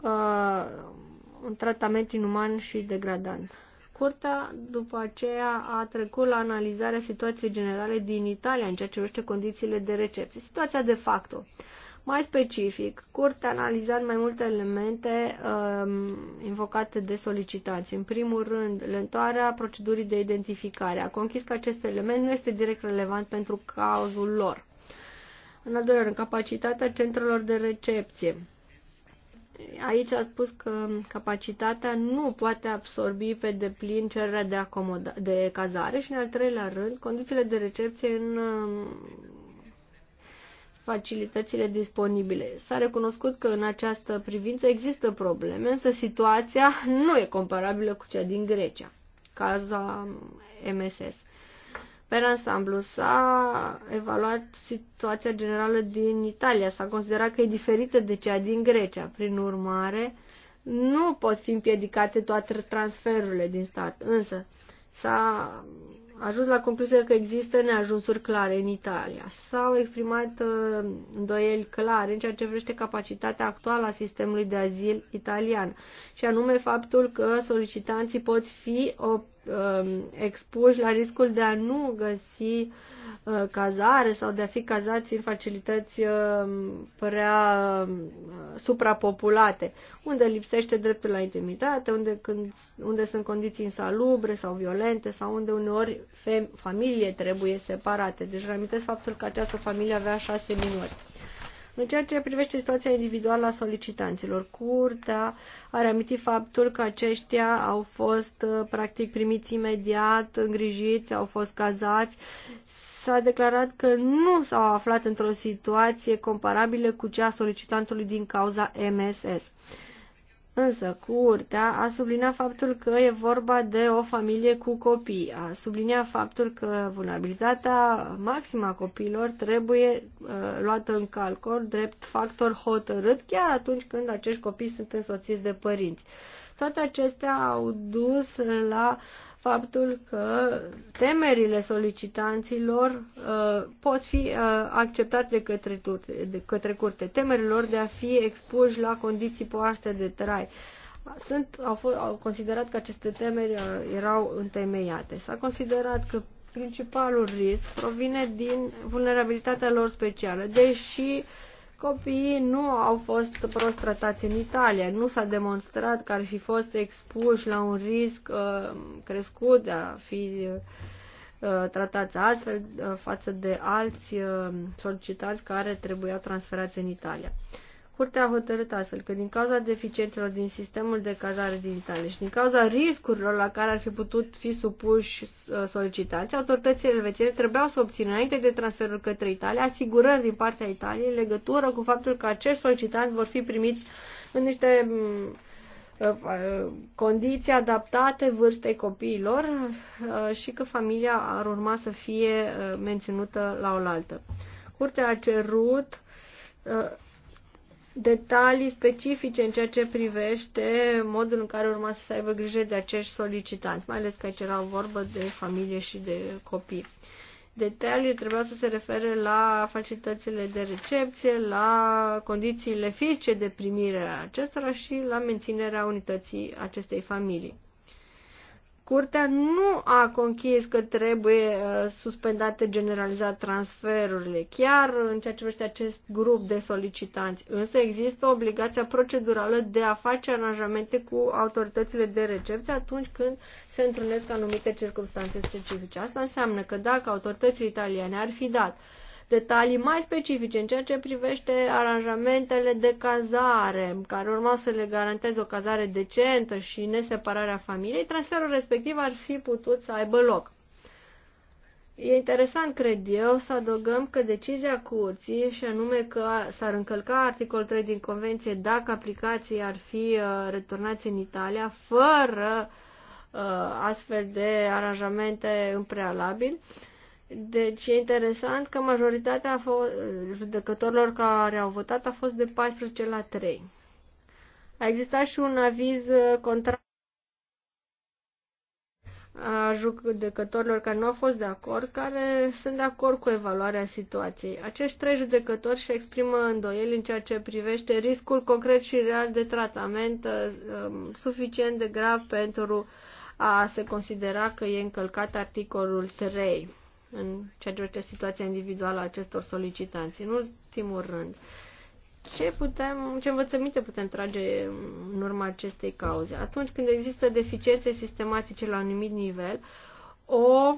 uh, un tratament inuman și degradant. Curtea după aceea a trecut la analizarea situației generale din Italia în ceea ce privește condițiile de recepție. Situația de facto. Mai specific, curtea a analizat mai multe elemente um, invocate de solicitanți. În primul rând, lentoarea procedurii de identificare. A conchis că acest element nu este direct relevant pentru cauzul lor. În al doilea rând, capacitatea centrelor de recepție aici a spus că capacitatea nu poate absorbi pe deplin cererea de, acomoda- de cazare și, în al treilea rând, condițiile de recepție în um, facilitățile disponibile. S-a recunoscut că în această privință există probleme, însă situația (laughs) nu e comparabilă cu cea din Grecia, caza um, MSS pe ansamblu. S-a evaluat situația generală din Italia, s-a considerat că e diferită de cea din Grecia. Prin urmare, nu pot fi împiedicate toate transferurile din stat, însă s-a ajuns la concluzia că există neajunsuri clare în Italia. S-au exprimat uh, îndoieli clare în ceea ce vrește capacitatea actuală a sistemului de azil italian, și anume faptul că solicitanții pot fi Um, expuși la riscul de a nu găsi uh, cazare sau de a fi cazați în facilități um, prea um, suprapopulate, unde lipsește dreptul la intimitate, unde, când, unde sunt condiții insalubre sau violente sau unde uneori fem, familie trebuie separate. Deci reamintesc faptul că această familie avea șase minori. În ceea ce privește situația individuală a solicitanților, Curtea a reamintit faptul că aceștia au fost uh, practic primiți imediat, îngrijiți, au fost cazați. S-a declarat că nu s-au aflat într-o situație comparabilă cu cea a solicitantului din cauza MSS. Însă, curtea a subliniat faptul că e vorba de o familie cu copii, a subliniat faptul că vulnerabilitatea maximă a copiilor trebuie uh, luată în calcul drept factor hotărât chiar atunci când acești copii sunt însoțiți de părinți. Toate acestea au dus la uh, faptul că temerile solicitanților uh, pot fi uh, acceptate de către, tute, de către curte, temerilor de a fi expuși la condiții poaște de trai. Sunt, au, fost, au considerat că aceste temeri uh, erau întemeiate. S-a considerat că principalul risc provine din vulnerabilitatea lor specială, deși uh, Copiii nu au fost prost tratați în Italia, nu s-a demonstrat că ar fi fost expuși la un risc uh, crescut de a fi uh, tratați astfel uh, față de alți uh, solicitați care trebuiau transferați în Italia. Uh, Curtea a hotărât astfel că din cauza deficiențelor din sistemul de cazare din Italia și din cauza riscurilor la care ar fi putut fi supuși uh, solicitanții, autoritățile elvețiene trebuiau să obțină înainte de transferul către Italia asigurări din partea Italiei în legătură cu faptul că acești solicitanți vor fi primiți în niște mm, uh, uh, condiții adaptate vârstei copiilor și că familia ar urma să fie menținută la oaltă. Curtea a cerut detalii specifice în ceea ce privește modul în care urma să aibă grijă de acești solicitanți, mai ales că aici era vorbă de familie și de copii. Detaliul trebuia să se refere la facilitățile de recepție, la condițiile fizice de primire a acestora și la menținerea unității acestei familii. Curtea nu a conchis că trebuie uh, suspendate generalizat transferurile, chiar în ceea ce privește acest grup de solicitanți. Însă există obligația procedurală de a face aranjamente cu autoritățile de recepție atunci când se întrunesc anumite circunstanțe specifice. Asta înseamnă că dacă autoritățile italiene ar fi dat uh, detalii mai specifice în ceea ce privește aranjamentele de cazare, care urmau să le garanteze o cazare decentă și nesepararea familiei, transferul respectiv ar fi putut să aibă loc. E interesant, cred eu, să adăugăm că decizia curții, și anume că s-ar încălca articolul 3 din Convenție dacă aplicații ar fi uh, returnați în Italia fără uh, astfel de aranjamente în prealabil, uh, deci e interesant că majoritatea judecătorilor care au votat a fost de 14 la 3. A existat și un aviz uh, contrar a judecătorilor care nu au fost de acord, care sunt de acord cu evaluarea situației. Acești trei judecători și exprimă îndoieli în ceea ce privește riscul concret și real de tratament uh, um, suficient de grav pentru a se considera că e încălcat articolul 3 în ceea ce privește situația individuală a acestor solicitanți. În ultimul rând, ce, putem, ce învățăminte putem trage în urma acestei cauze? Atunci când există deficiențe sistematice la un anumit nivel, o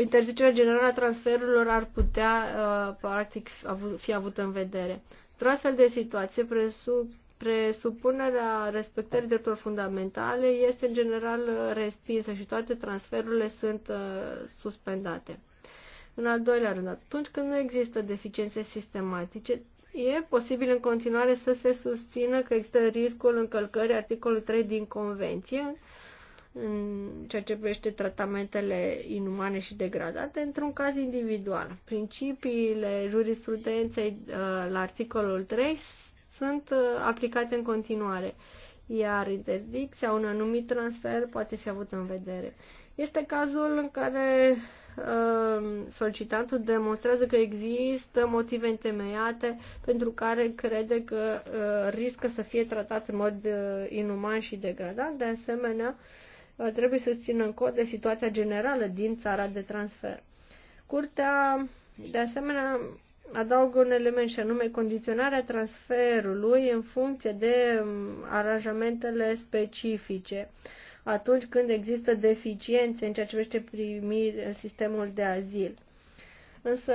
interzicere generală a transferurilor ar putea, uh, practic, fi avută în vedere. Într-o astfel de situație, presup, presupunerea respectării drepturilor fundamentale este, în general, respinsă și toate transferurile sunt uh, suspendate. În al doilea rând, atunci când nu există deficiențe sistematice, e posibil în continuare să se susțină că există riscul încălcării articolului 3 din Convenție în ceea ce privește tratamentele inumane și degradate într-un caz individual. Principiile jurisprudenței uh, la articolul 3 sunt uh, aplicate în continuare, iar interdicția un anumit transfer poate fi avut în vedere. Este cazul în care Ehm, solicitantul demonstrează că există motive întemeiate pentru care crede că eh, riscă să fie tratat în mod eh, inuman și degradant. De asemenea, eh, trebuie să țină în cont de situația generală din țara de transfer. Curtea, de asemenea, adaugă un element și anume condiționarea transferului în funcție de mm, aranjamentele specifice. Uh, atunci când există deficiențe în ceea ce privește primir sistemul de azil. Însă,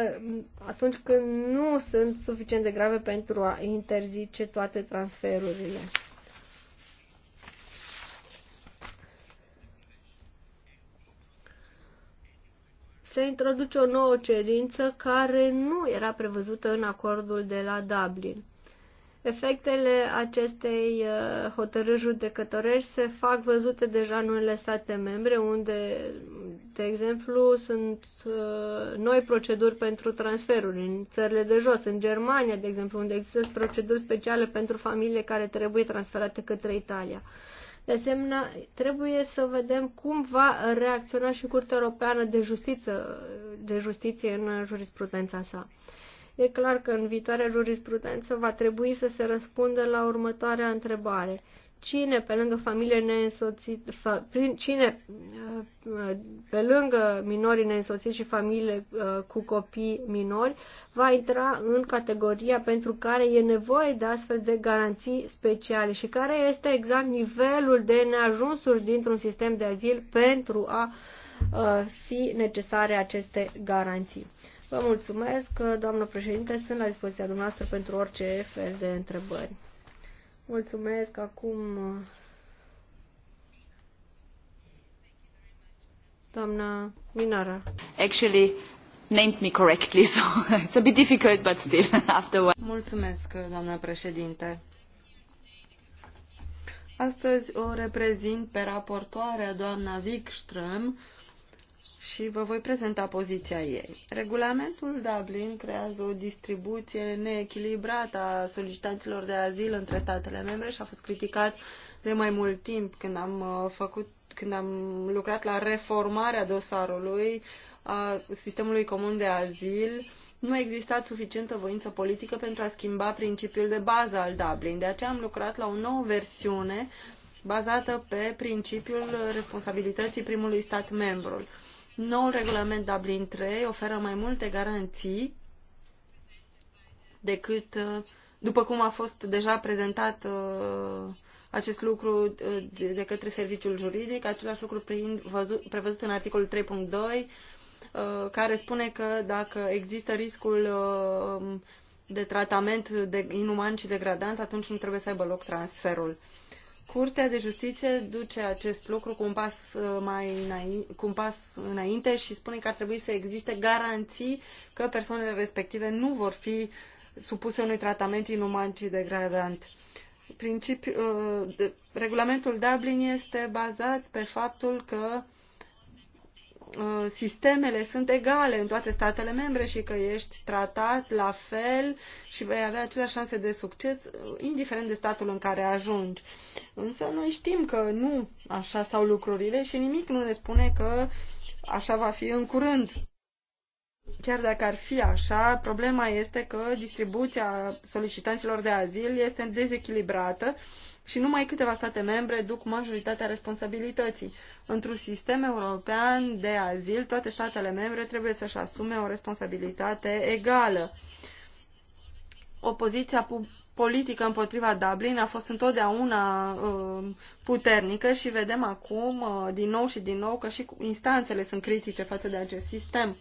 atunci când nu sunt suficient de grave pentru a interzice toate transferurile. se introduce o nouă cerință care nu era prevăzută în acordul de la Dublin. Efectele acestei uh, hotărâri judecătorești se fac văzute deja în unele state membre, unde, de exemplu, sunt uh, noi proceduri pentru transferuri în țările de jos, în Germania, de exemplu, unde există proceduri speciale pentru familiile care trebuie transferate către Italia. De asemenea, trebuie să vedem cum va reacționa și Curtea Europeană de Justiție, de justiție în jurisprudența sa. E clar că în viitoarea jurisprudență va trebui să se răspundă la următoarea întrebare. Cine pe lângă familie neînsoțit, fa, prin, cine uh, pe lângă minorii neînsoțiți și familiile uh, cu copii minori va intra în categoria pentru care e nevoie de astfel de garanții speciale și care este exact nivelul de neajunsuri dintr-un sistem de azil pentru a uh, fi necesare aceste garanții. Vă mulțumesc, doamnă președinte, sunt la dispoziția dumneavoastră pentru orice fel de întrebări. Mulțumesc, acum doamna Minara. Actually, named me correctly, (laughs) so it's a bit difficult, but still, (laughs) after one. Mulțumesc, doamna președinte. Astăzi o reprezint pe raportoarea doamna Wikström, și vă voi prezenta poziția ei. Regulamentul Dublin creează o distribuție neechilibrată a solicitanților de azil între statele membre și a fost criticat de mai mult timp când am uh, făcut când am lucrat la reformarea dosarului a sistemului comun de azil, nu a existat suficientă voință politică pentru a schimba principiul de bază al Dublin. De aceea am lucrat la o nouă versiune bazată pe principiul responsabilității primului stat membru. Noul regulament Dublin 3 oferă mai multe garanții decât, uh, după cum a fost deja prezentat uh, acest lucru uh, de către serviciul juridic, același lucru prevăzut în articolul 3.2, care spune că dacă există riscul de tratament de inuman și degradant, atunci nu trebuie să aibă loc transferul. Curtea de Justiție duce acest lucru cu un pas, uh, mai înainte, cu un pas înainte și spune că ar trebui să existe garanții că persoanele respective nu vor fi supuse unui tratament inuman și degradant. Principi, uh, regulamentul Dublin este bazat pe faptul că Uh, sistemele sunt egale în toate statele membre și că ești tratat la fel și vei avea aceleași șanse de succes, uh, indiferent de statul în care ajungi. Însă noi știm că nu așa stau lucrurile și nimic nu ne spune că așa va fi în curând. Chiar dacă ar fi așa, problema este că distribuția solicitanților de azil este dezechilibrată și numai câteva state membre duc majoritatea responsabilității. Într-un sistem european de azil, toate statele membre trebuie să-și asume o responsabilitate egală. Opoziția politică împotriva Dublin a fost întotdeauna uh, puternică și vedem acum uh, din nou și din nou că și instanțele sunt critice față de acest sistem. Uh,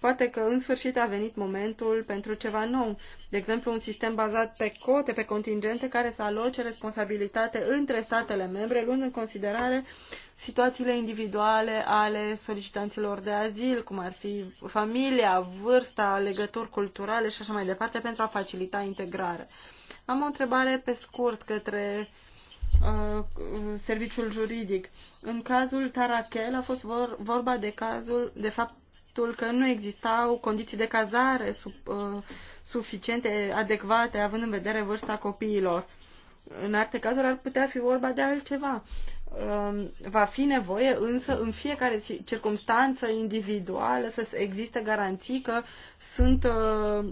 Poate că în sfârșit a venit momentul pentru ceva nou, de exemplu un sistem bazat pe cote, pe contingente, care să aloce responsabilitate între statele membre, luând în considerare situațiile individuale ale solicitanților de azil, cum ar fi familia, vârsta, legături culturale și așa mai departe, pentru a facilita integrarea. Am o întrebare pe scurt către uh, serviciul juridic. În cazul Tarachel a fost vorba de cazul, de fapt, faptul că nu existau condiții de cazare sub, uh, suficiente, adecvate, având în vedere vârsta copiilor. În alte cazuri ar putea fi vorba de altceva. Uh, va fi nevoie însă în fiecare circunstanță individuală să existe garanții că sunt uh,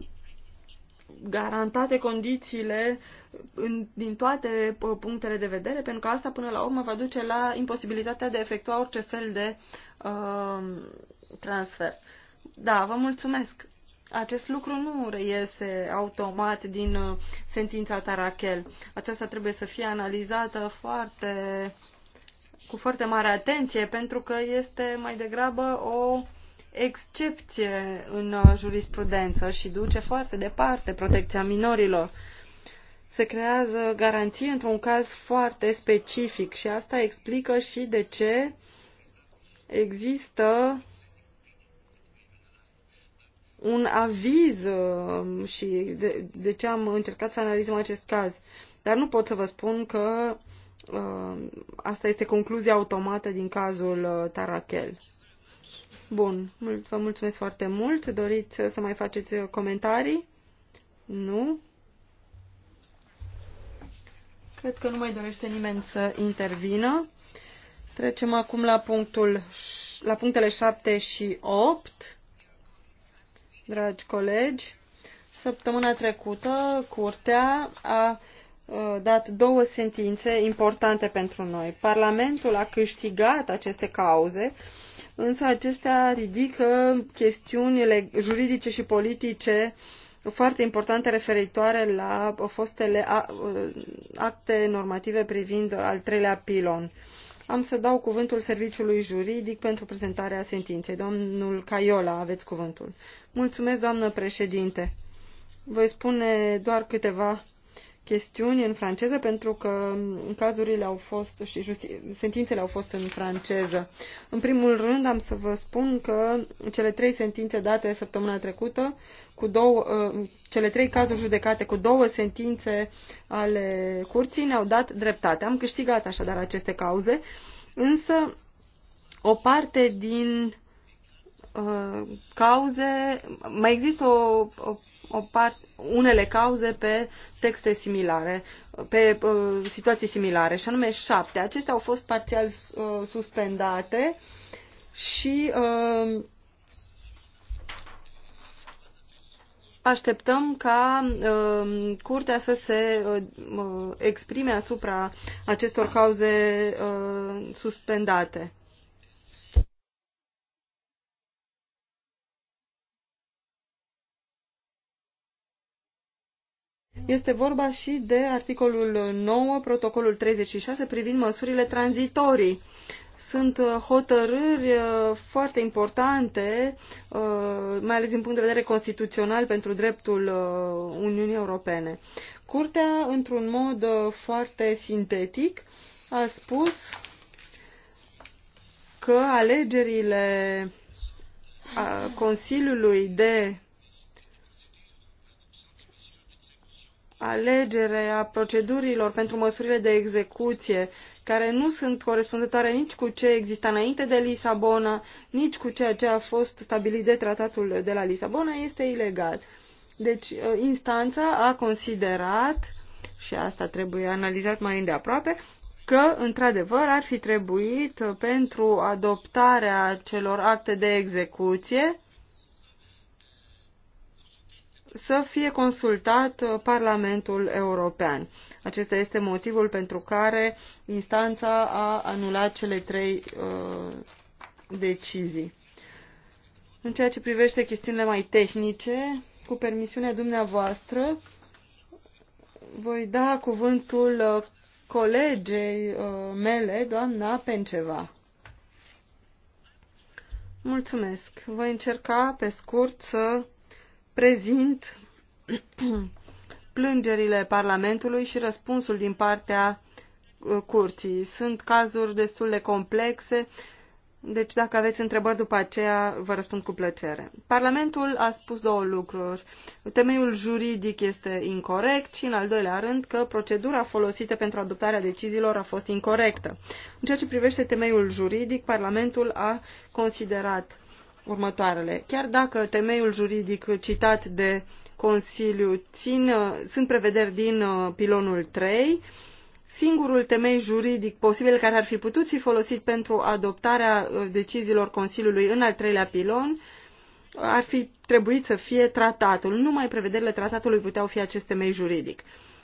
garantate condițiile în, din toate uh, punctele de vedere, pentru că asta până la urmă va duce la imposibilitatea de a efectua orice fel de uh, transfer. Da, vă mulțumesc. Acest lucru nu reiese automat din uh, sentința Tarachel. Aceasta trebuie să fie analizată foarte, cu foarte mare atenție, pentru că este mai degrabă o excepție în uh, jurisprudență și duce foarte departe protecția minorilor. Se creează garanții într-un caz foarte specific și asta explică și de ce există un aviz uh, și de, de ce am încercat să analizăm acest caz. Dar nu pot să vă spun că uh, asta este concluzia automată din cazul uh, Tarachel. Bun, vă mulțumesc foarte mult. Doriți să mai faceți comentarii? Nu? Cred că nu mai dorește nimeni să intervină. Trecem acum la, punctul, la punctele 7 și 8 dragi colegi. Săptămâna trecută, Curtea a dat două sentințe importante pentru noi. Parlamentul a câștigat aceste cauze, însă acestea ridică chestiunile juridice și politice foarte importante referitoare la fostele acte normative privind al treilea pilon. Am să dau cuvântul serviciului juridic pentru prezentarea sentinței. Domnul Caiola, aveți cuvântul. Mulțumesc, doamnă președinte. Voi spune doar câteva chestiuni în franceză pentru că cazurile au fost și sentințele au fost în franceză. În primul rând am să vă spun că cele trei sentințe date săptămâna trecută, cu două, uh, cele trei cazuri judecate cu două sentințe ale curții ne-au dat dreptate. Am câștigat așadar aceste cauze, însă o parte din uh, cauze, mai există o, o o part, unele cauze pe texte similare, pe uh, situații similare, și anume șapte. Acestea au fost parțial uh, suspendate și uh, așteptăm ca uh, curtea să se uh, uh exprime asupra acestor cauze uh, suspendate. Este vorba și de articolul 9, protocolul 36, privind măsurile tranzitorii. Sunt uh, hotărâri uh, foarte importante, uh, mai ales din punct de vedere constituțional, pentru dreptul Uniunii Europene. Curtea, într-un mod foarte sintetic, a spus că alegerile Consiliului de alegerea procedurilor pentru măsurile de execuție, care nu sunt corespunzătoare nici cu ce exista înainte de Lisabona, nici cu ceea ce a fost stabilit de tratatul de la Lisabona, este ilegal. Deci, uh, instanța a considerat, și asta trebuie analizat mai îndeaproape, că, într-adevăr, ar fi trebuit uh, pentru adoptarea celor acte de execuție să fie consultat uh, Parlamentul European. Acesta este motivul pentru care instanța a anulat cele trei uh, decizii. În ceea ce privește chestiunile mai tehnice, cu permisiunea dumneavoastră, voi da cuvântul uh, colegei uh, mele, doamna Penceva. Mulțumesc. Voi încerca pe scurt să prezint (clears throat) plângerile Parlamentului și răspunsul din partea uh, curții. Sunt cazuri destul de complexe, deci dacă aveți întrebări după aceea, vă răspund cu plăcere. Parlamentul a spus două lucruri. Temeiul juridic este incorrect și, în al doilea rând, că procedura folosită pentru adoptarea deciziilor a fost incorrectă. În ceea ce privește temeiul juridic, Parlamentul a considerat următoarele. Chiar dacă temeiul juridic citat de Consiliu țin, uh, sunt prevederi din uh, pilonul 3, singurul temei juridic posibil care ar fi putut fi folosit pentru adoptarea uh, deciziilor Consiliului în al treilea pilon ar fi trebuit să fie tratatul. Numai prevederile tratatului puteau fi acest temei juridic.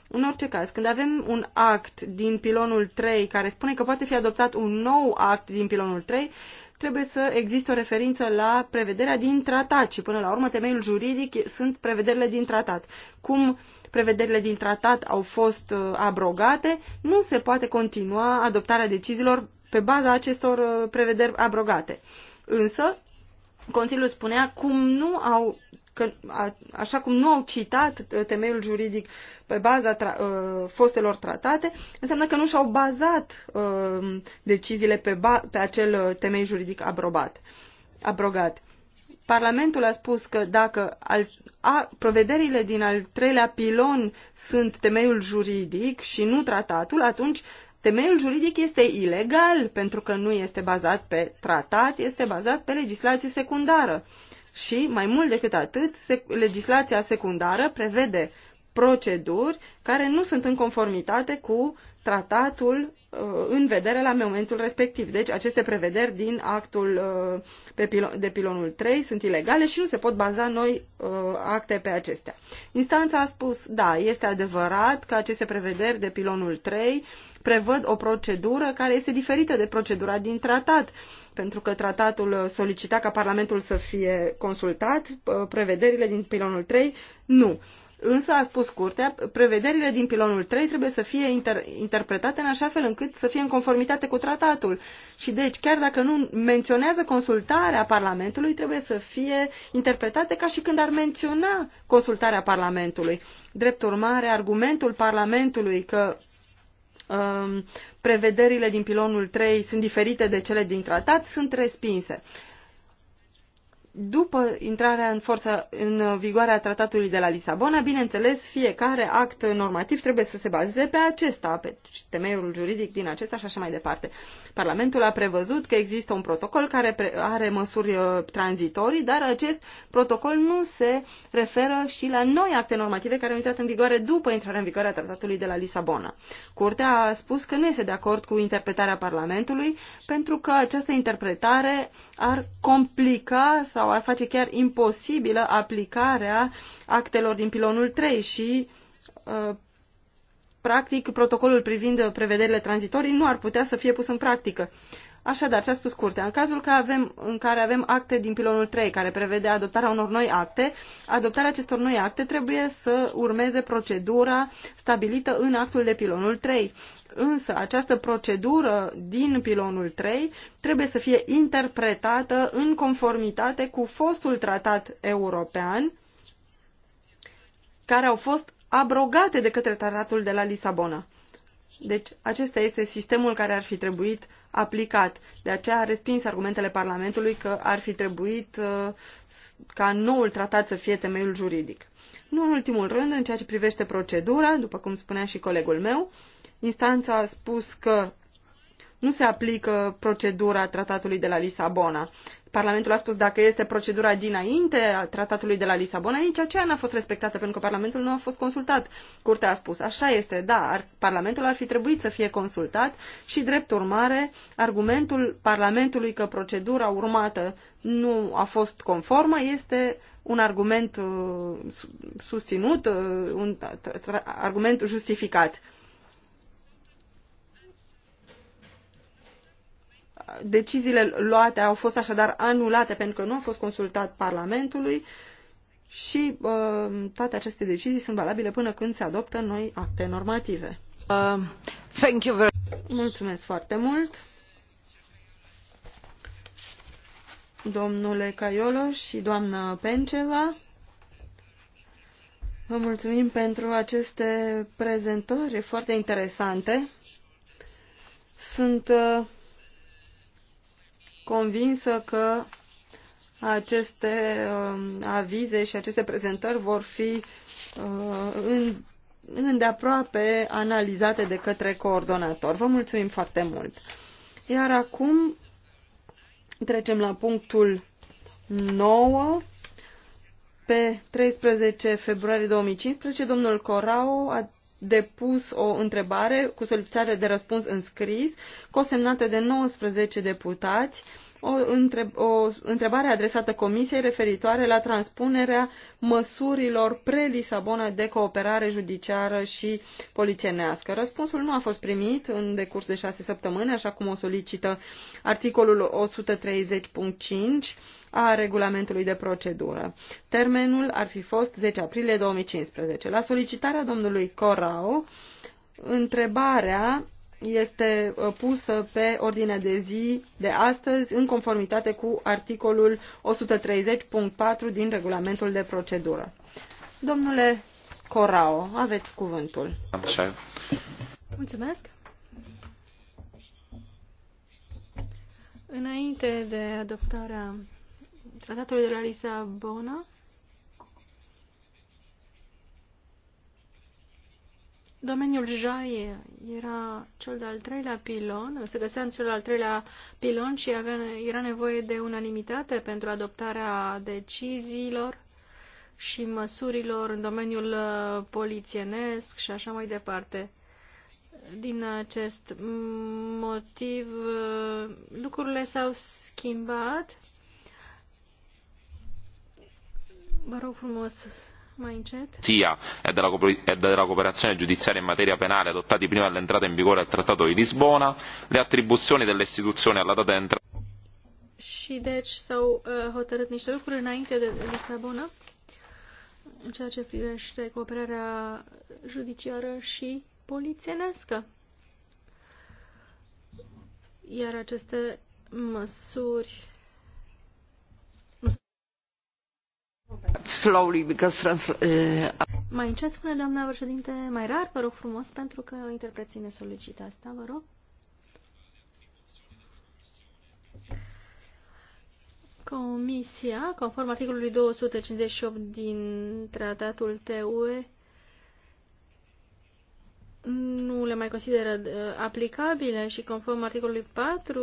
În orice caz, când avem un act din pilonul 3 care spune că poate fi adoptat un nou act din pilonul 3, trebuie să existe o referință la prevederea din tratat și până la urmă temeiul juridic sunt prevederile din tratat. Cum prevederile din tratat au fost uh, abrogate, nu se poate continua adoptarea deciziilor pe baza acestor uh, prevederi abrogate. Însă, Consiliul spunea cum nu au că, a, așa cum nu au citat uh, temeiul juridic pe baza tra, uh, fostelor tratate, înseamnă că nu și-au bazat uh, deciziile pe, ba, pe acel temei juridic abrobat, abrogat. Parlamentul a spus că dacă al, a, provederile din al treilea pilon sunt temeiul juridic și nu tratatul, atunci temeiul juridic este ilegal pentru că nu este bazat pe tratat, este bazat pe legislație secundară. Uh, și, mai mult decât atât, legislația secundară prevede proceduri care nu sunt în conformitate cu tratatul uh, în vedere la momentul respectiv. Deci aceste prevederi din actul uh, pe pilon, de pilonul 3 sunt ilegale și nu se pot baza noi uh, acte pe acestea. Instanța a spus, da, este adevărat că aceste prevederi de pilonul 3 prevăd o procedură care este diferită de procedura din tratat, pentru că tratatul solicita ca Parlamentul să fie consultat, uh, prevederile din pilonul 3 nu. Însă, a spus curtea, prevederile din pilonul 3 trebuie să fie inter interpretate în așa fel încât să fie în conformitate cu tratatul. Și deci, chiar dacă nu menționează consultarea Parlamentului, trebuie să fie interpretate ca și când ar menționa consultarea Parlamentului. Drept urmare, argumentul Parlamentului că Um, prevederile din pilonul trei sunt diferite de cele din tratat, sunt respinse după intrarea în forță în vigoare a tratatului de la Lisabona, bineînțeles, fiecare act normativ trebuie să se bazeze pe acesta, pe temeiul juridic din acesta și așa mai departe. Parlamentul a prevăzut că există un protocol care are măsuri uh, tranzitorii, dar acest protocol nu se referă și la noi acte normative care au intrat în vigoare după intrarea în vigoare a tratatului de la Lisabona. Curtea a spus că nu este de acord cu interpretarea Parlamentului pentru că această interpretare ar complica sau sau ar face chiar imposibilă aplicarea actelor din pilonul 3 și uh, practic protocolul privind prevederile tranzitorii nu ar putea să fie pus în practică. Așadar, ce a spus curtea? În cazul că avem, în care avem acte din pilonul 3, care prevede adoptarea unor noi acte, adoptarea acestor noi acte trebuie să urmeze procedura stabilită în actul de pilonul 3. Însă, această procedură din pilonul 3 trebuie să fie interpretată în conformitate cu fostul tratat european, care au fost abrogate de către tratatul de la Lisabona. Deci, acesta este sistemul care ar fi trebuit aplicat. De aceea a respins argumentele Parlamentului că ar fi trebuit uh, ca noul tratat să fie temeiul juridic. Nu în ultimul rând, în ceea ce privește procedura, după cum spunea și colegul meu, instanța a spus că nu se aplică procedura tratatului de la Lisabona. Parlamentul a spus dacă este procedura dinainte a tratatului de la Lisabona, nici aceea n-a fost respectată pentru că Parlamentul nu a fost consultat. Curtea a spus, așa este, da, ar, Parlamentul ar fi trebuit să fie consultat și, drept urmare, argumentul Parlamentului că procedura urmată nu a fost conformă este un argument uh, susținut, uh, un argument justificat. deciziile luate au fost așadar anulate pentru că nu a fost consultat Parlamentului și uh, toate aceste decizii sunt valabile până când se adoptă noi acte normative. Uh, thank you very Mulțumesc foarte mult. Domnule Caiolo și doamna Penceva, vă mulțumim pentru aceste prezentări foarte interesante. Sunt uh, convinsă că aceste um, avize și aceste prezentări vor fi uh, în, îndeaproape analizate de către coordonator. Vă mulțumim foarte mult! Iar acum trecem la punctul 9. Pe 13 februarie 2015, domnul Corao a depus o întrebare cu solicitare de răspuns în scris, cosemnată de 19 deputați, o, întreb, o întrebare adresată Comisiei referitoare la transpunerea măsurilor pre-Lisabona de cooperare judiciară și polițienească. Răspunsul nu a fost primit în decurs de șase săptămâni, așa cum o solicită articolul 130.5 a regulamentului de procedură. Termenul ar fi fost 10 aprilie 2015. La solicitarea domnului Corao, întrebarea este uh, pusă pe ordinea de zi de astăzi în conformitate cu articolul 130.4 din regulamentul de procedură. Domnule Corao, aveți cuvântul. Așa. Mulțumesc. Înainte de adoptarea tratatului de la Lisabona, Domeniul jaie era cel de-al treilea pilon, se găsea în cel de-al treilea pilon și avea, era nevoie de unanimitate pentru adoptarea deciziilor și măsurilor în domeniul uh, polițienesc și așa mai departe. Din acest motiv, uh, lucrurile s-au schimbat. Vă rog frumos Sia e della, cooperazione giudiziaria in materia penale adottati prima dell'entrata in vigore del Trattato di Lisbona, le attribuzioni delle istituzioni alla data d'entrata. Și deci s-au uh, hotărât niște lucruri înainte de Lisabona în ceea ce privește cooperarea judiciară și polițienescă. Iar aceste măsuri Slowly, because eh, Mai încet spune doamna președinte, mai rar, vă rog frumos, pentru că o ne solicită asta, vă rog. Comisia, conform articolului 258 din tratatul TUE, nu le mai consideră eh, aplicabile și conform articolului 4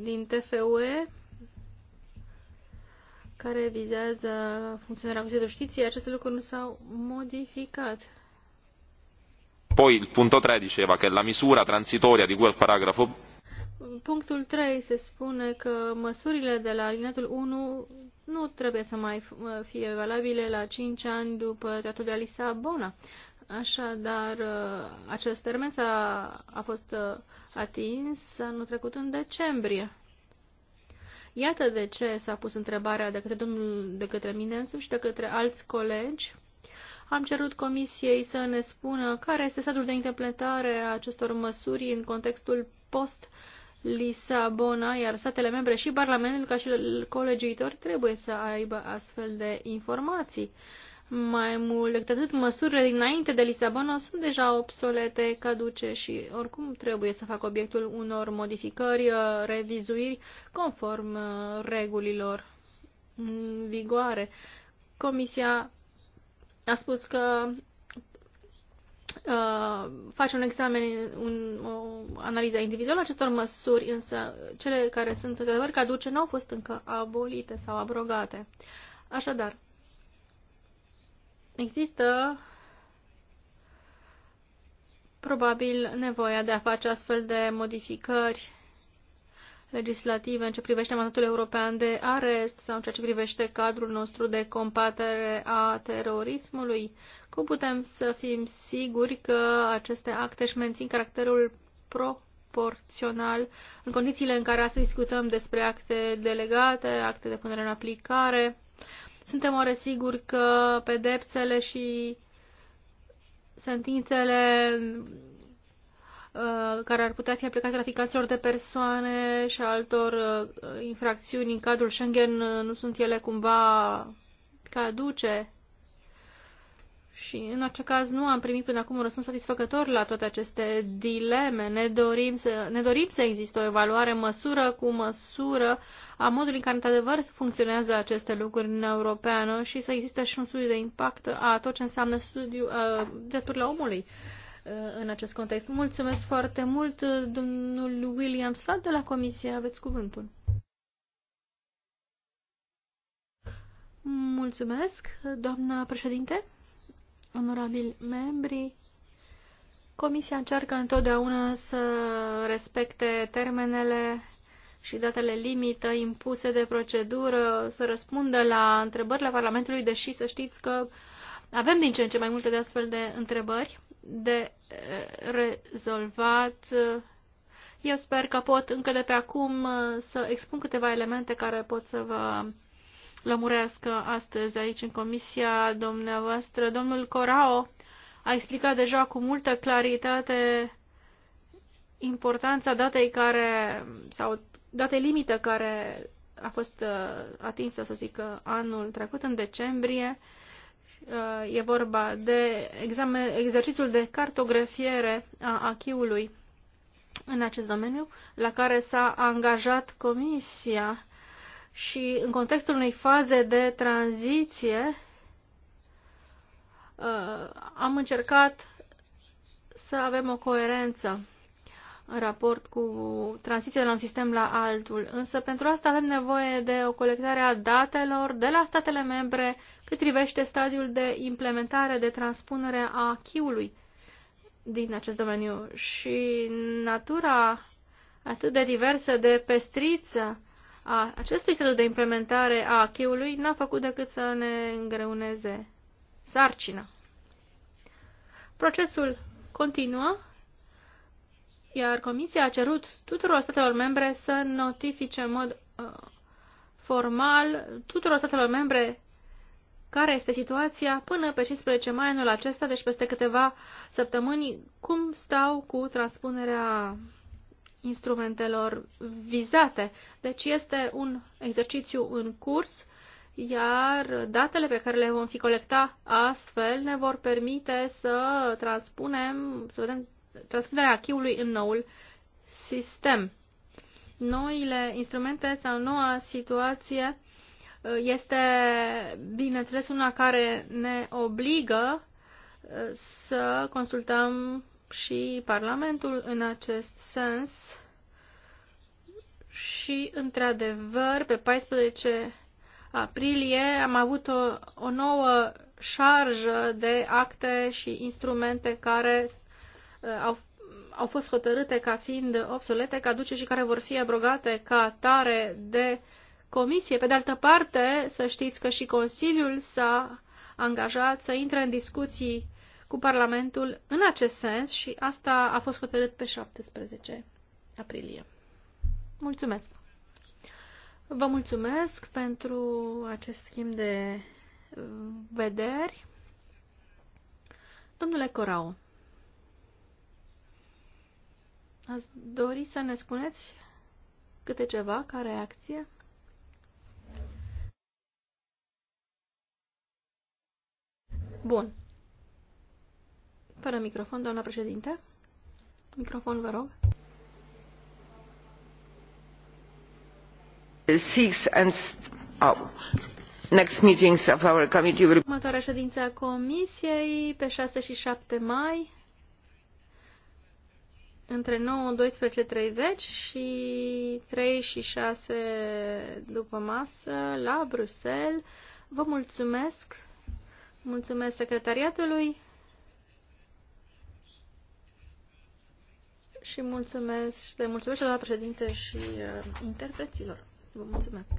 din TFUE, care vizează funcționarea Consiliului Justiției, aceste lucruri nu s-au modificat. Poi il punto 3 diceva che la misura transitoria di quel paragrafo Punctul 3 se spune că măsurile de la alineatul 1 nu trebuie să mai fie valabile la 5 ani după tratatul de la Lisabona. Așadar, acest termen a a fost uh, atins anul trecut în decembrie. Iată de ce s-a pus întrebarea de către, domnul, de către mine însuși și de către alți colegi. Am cerut comisiei să ne spună care este statul de interpretare a acestor măsuri în contextul post Lisabona, iar statele membre și Parlamentul, ca și colegiitori, trebuie să aibă astfel de informații. Uh, mai mult decât atât, măsurile dinainte de Lisabona sunt deja obsolete, caduce și oricum trebuie să facă obiectul unor modificări, uh, revizuiri conform uh, regulilor în vigoare. Comisia a spus că uh, face un examen, un, o analiză individuală acestor măsuri, însă cele care sunt într-adevăr caduce nu au fost încă abolite sau abrogate. Așadar, există probabil nevoia de a face astfel de modificări legislative în ce privește mandatul european de arest sau în ceea ce privește cadrul nostru de combatere a terorismului? Cum putem să fim siguri că aceste acte își mențin caracterul proporțional în condițiile în care astăzi discutăm despre acte delegate, acte de punere în aplicare? Suntem oare siguri că pedepsele și sentințele uh, care ar putea fi aplicate traficanților de persoane și altor uh, infracțiuni în cadrul Schengen, uh, nu sunt ele cumva caduce? și în orice caz nu am primit până acum un răspuns satisfăcător la toate aceste dileme. Ne dorim să, ne dorim să existe o evaluare măsură cu măsură a modului în care, într-adevăr, funcționează aceste lucruri în europeană și să existe și un studiu de impact a tot ce înseamnă studiu uh, drepturile omului uh, în acest context. Mulțumesc foarte mult, domnul William Slat de la Comisie. Aveți cuvântul. Mulțumesc, doamna președinte onorabili membri, Comisia încearcă întotdeauna să respecte termenele și datele limită impuse de procedură, să răspundă la întrebările Parlamentului, deși să știți că avem din ce în ce mai multe de astfel de întrebări de eh, rezolvat. Eu sper că pot încă de pe acum eh, să expun câteva elemente care pot să vă lămurească astăzi aici în comisia dumneavoastră. Domnul Corao a explicat deja cu multă claritate importanța datei care, sau datei limită care a fost uh, atinsă, să zic, anul trecut, în decembrie. Uh, e vorba de examen, exercițiul de cartografiere a achiului în acest domeniu, la care s-a angajat Comisia și în contextul unei faze de tranziție uh, am încercat să avem o coerență în raport cu tranziția de la un sistem la altul. Însă pentru asta avem nevoie de o colectare a datelor de la statele membre cât privește stadiul de implementare, de transpunere a chiului din acest domeniu. Și natura atât de diversă de pestriță a acestui statut de implementare a acquis n-a făcut decât să ne îngreuneze sarcina. Procesul continuă, iar Comisia a cerut tuturor statelor membre să notifice în mod uh, formal tuturor statelor membre care este situația până pe 15 mai anul acesta, deci peste câteva săptămâni, cum stau cu transpunerea instrumentelor vizate. Deci este un exercițiu în curs, iar datele pe care le vom fi colecta astfel ne vor permite să transpunem, să vedem transpunerea achiului în noul sistem. Noile instrumente sau noua situație uh, este, bineînțeles, una care ne obligă uh, să consultăm și Parlamentul în acest sens și, într-adevăr, pe 14 aprilie am avut o, o nouă șarjă de acte și instrumente care uh, au, au fost hotărâte ca fiind obsolete, caduce și care vor fi abrogate ca tare de comisie. Pe de altă parte, să știți că și Consiliul s-a angajat să intre în discuții cu Parlamentul în acest sens și asta a fost hotărât pe 17 aprilie. Mulțumesc! Vă mulțumesc pentru acest schimb de uh, vederi. Domnule Corau, ați dori să ne spuneți câte ceva ca reacție? Bun. Fără microfon, doamna președinte. Microfon, vă rog. Six and... Oh. Next meetings of our committee will... Următoarea ședință a Comisiei pe 6 și 7 mai între 9, 30 și 3 și 6 după masă la Bruxelles. Vă mulțumesc! Mulțumesc secretariatului! și mulțumesc, le mulțumesc la președinte și uh, interpreților. Vă mulțumesc!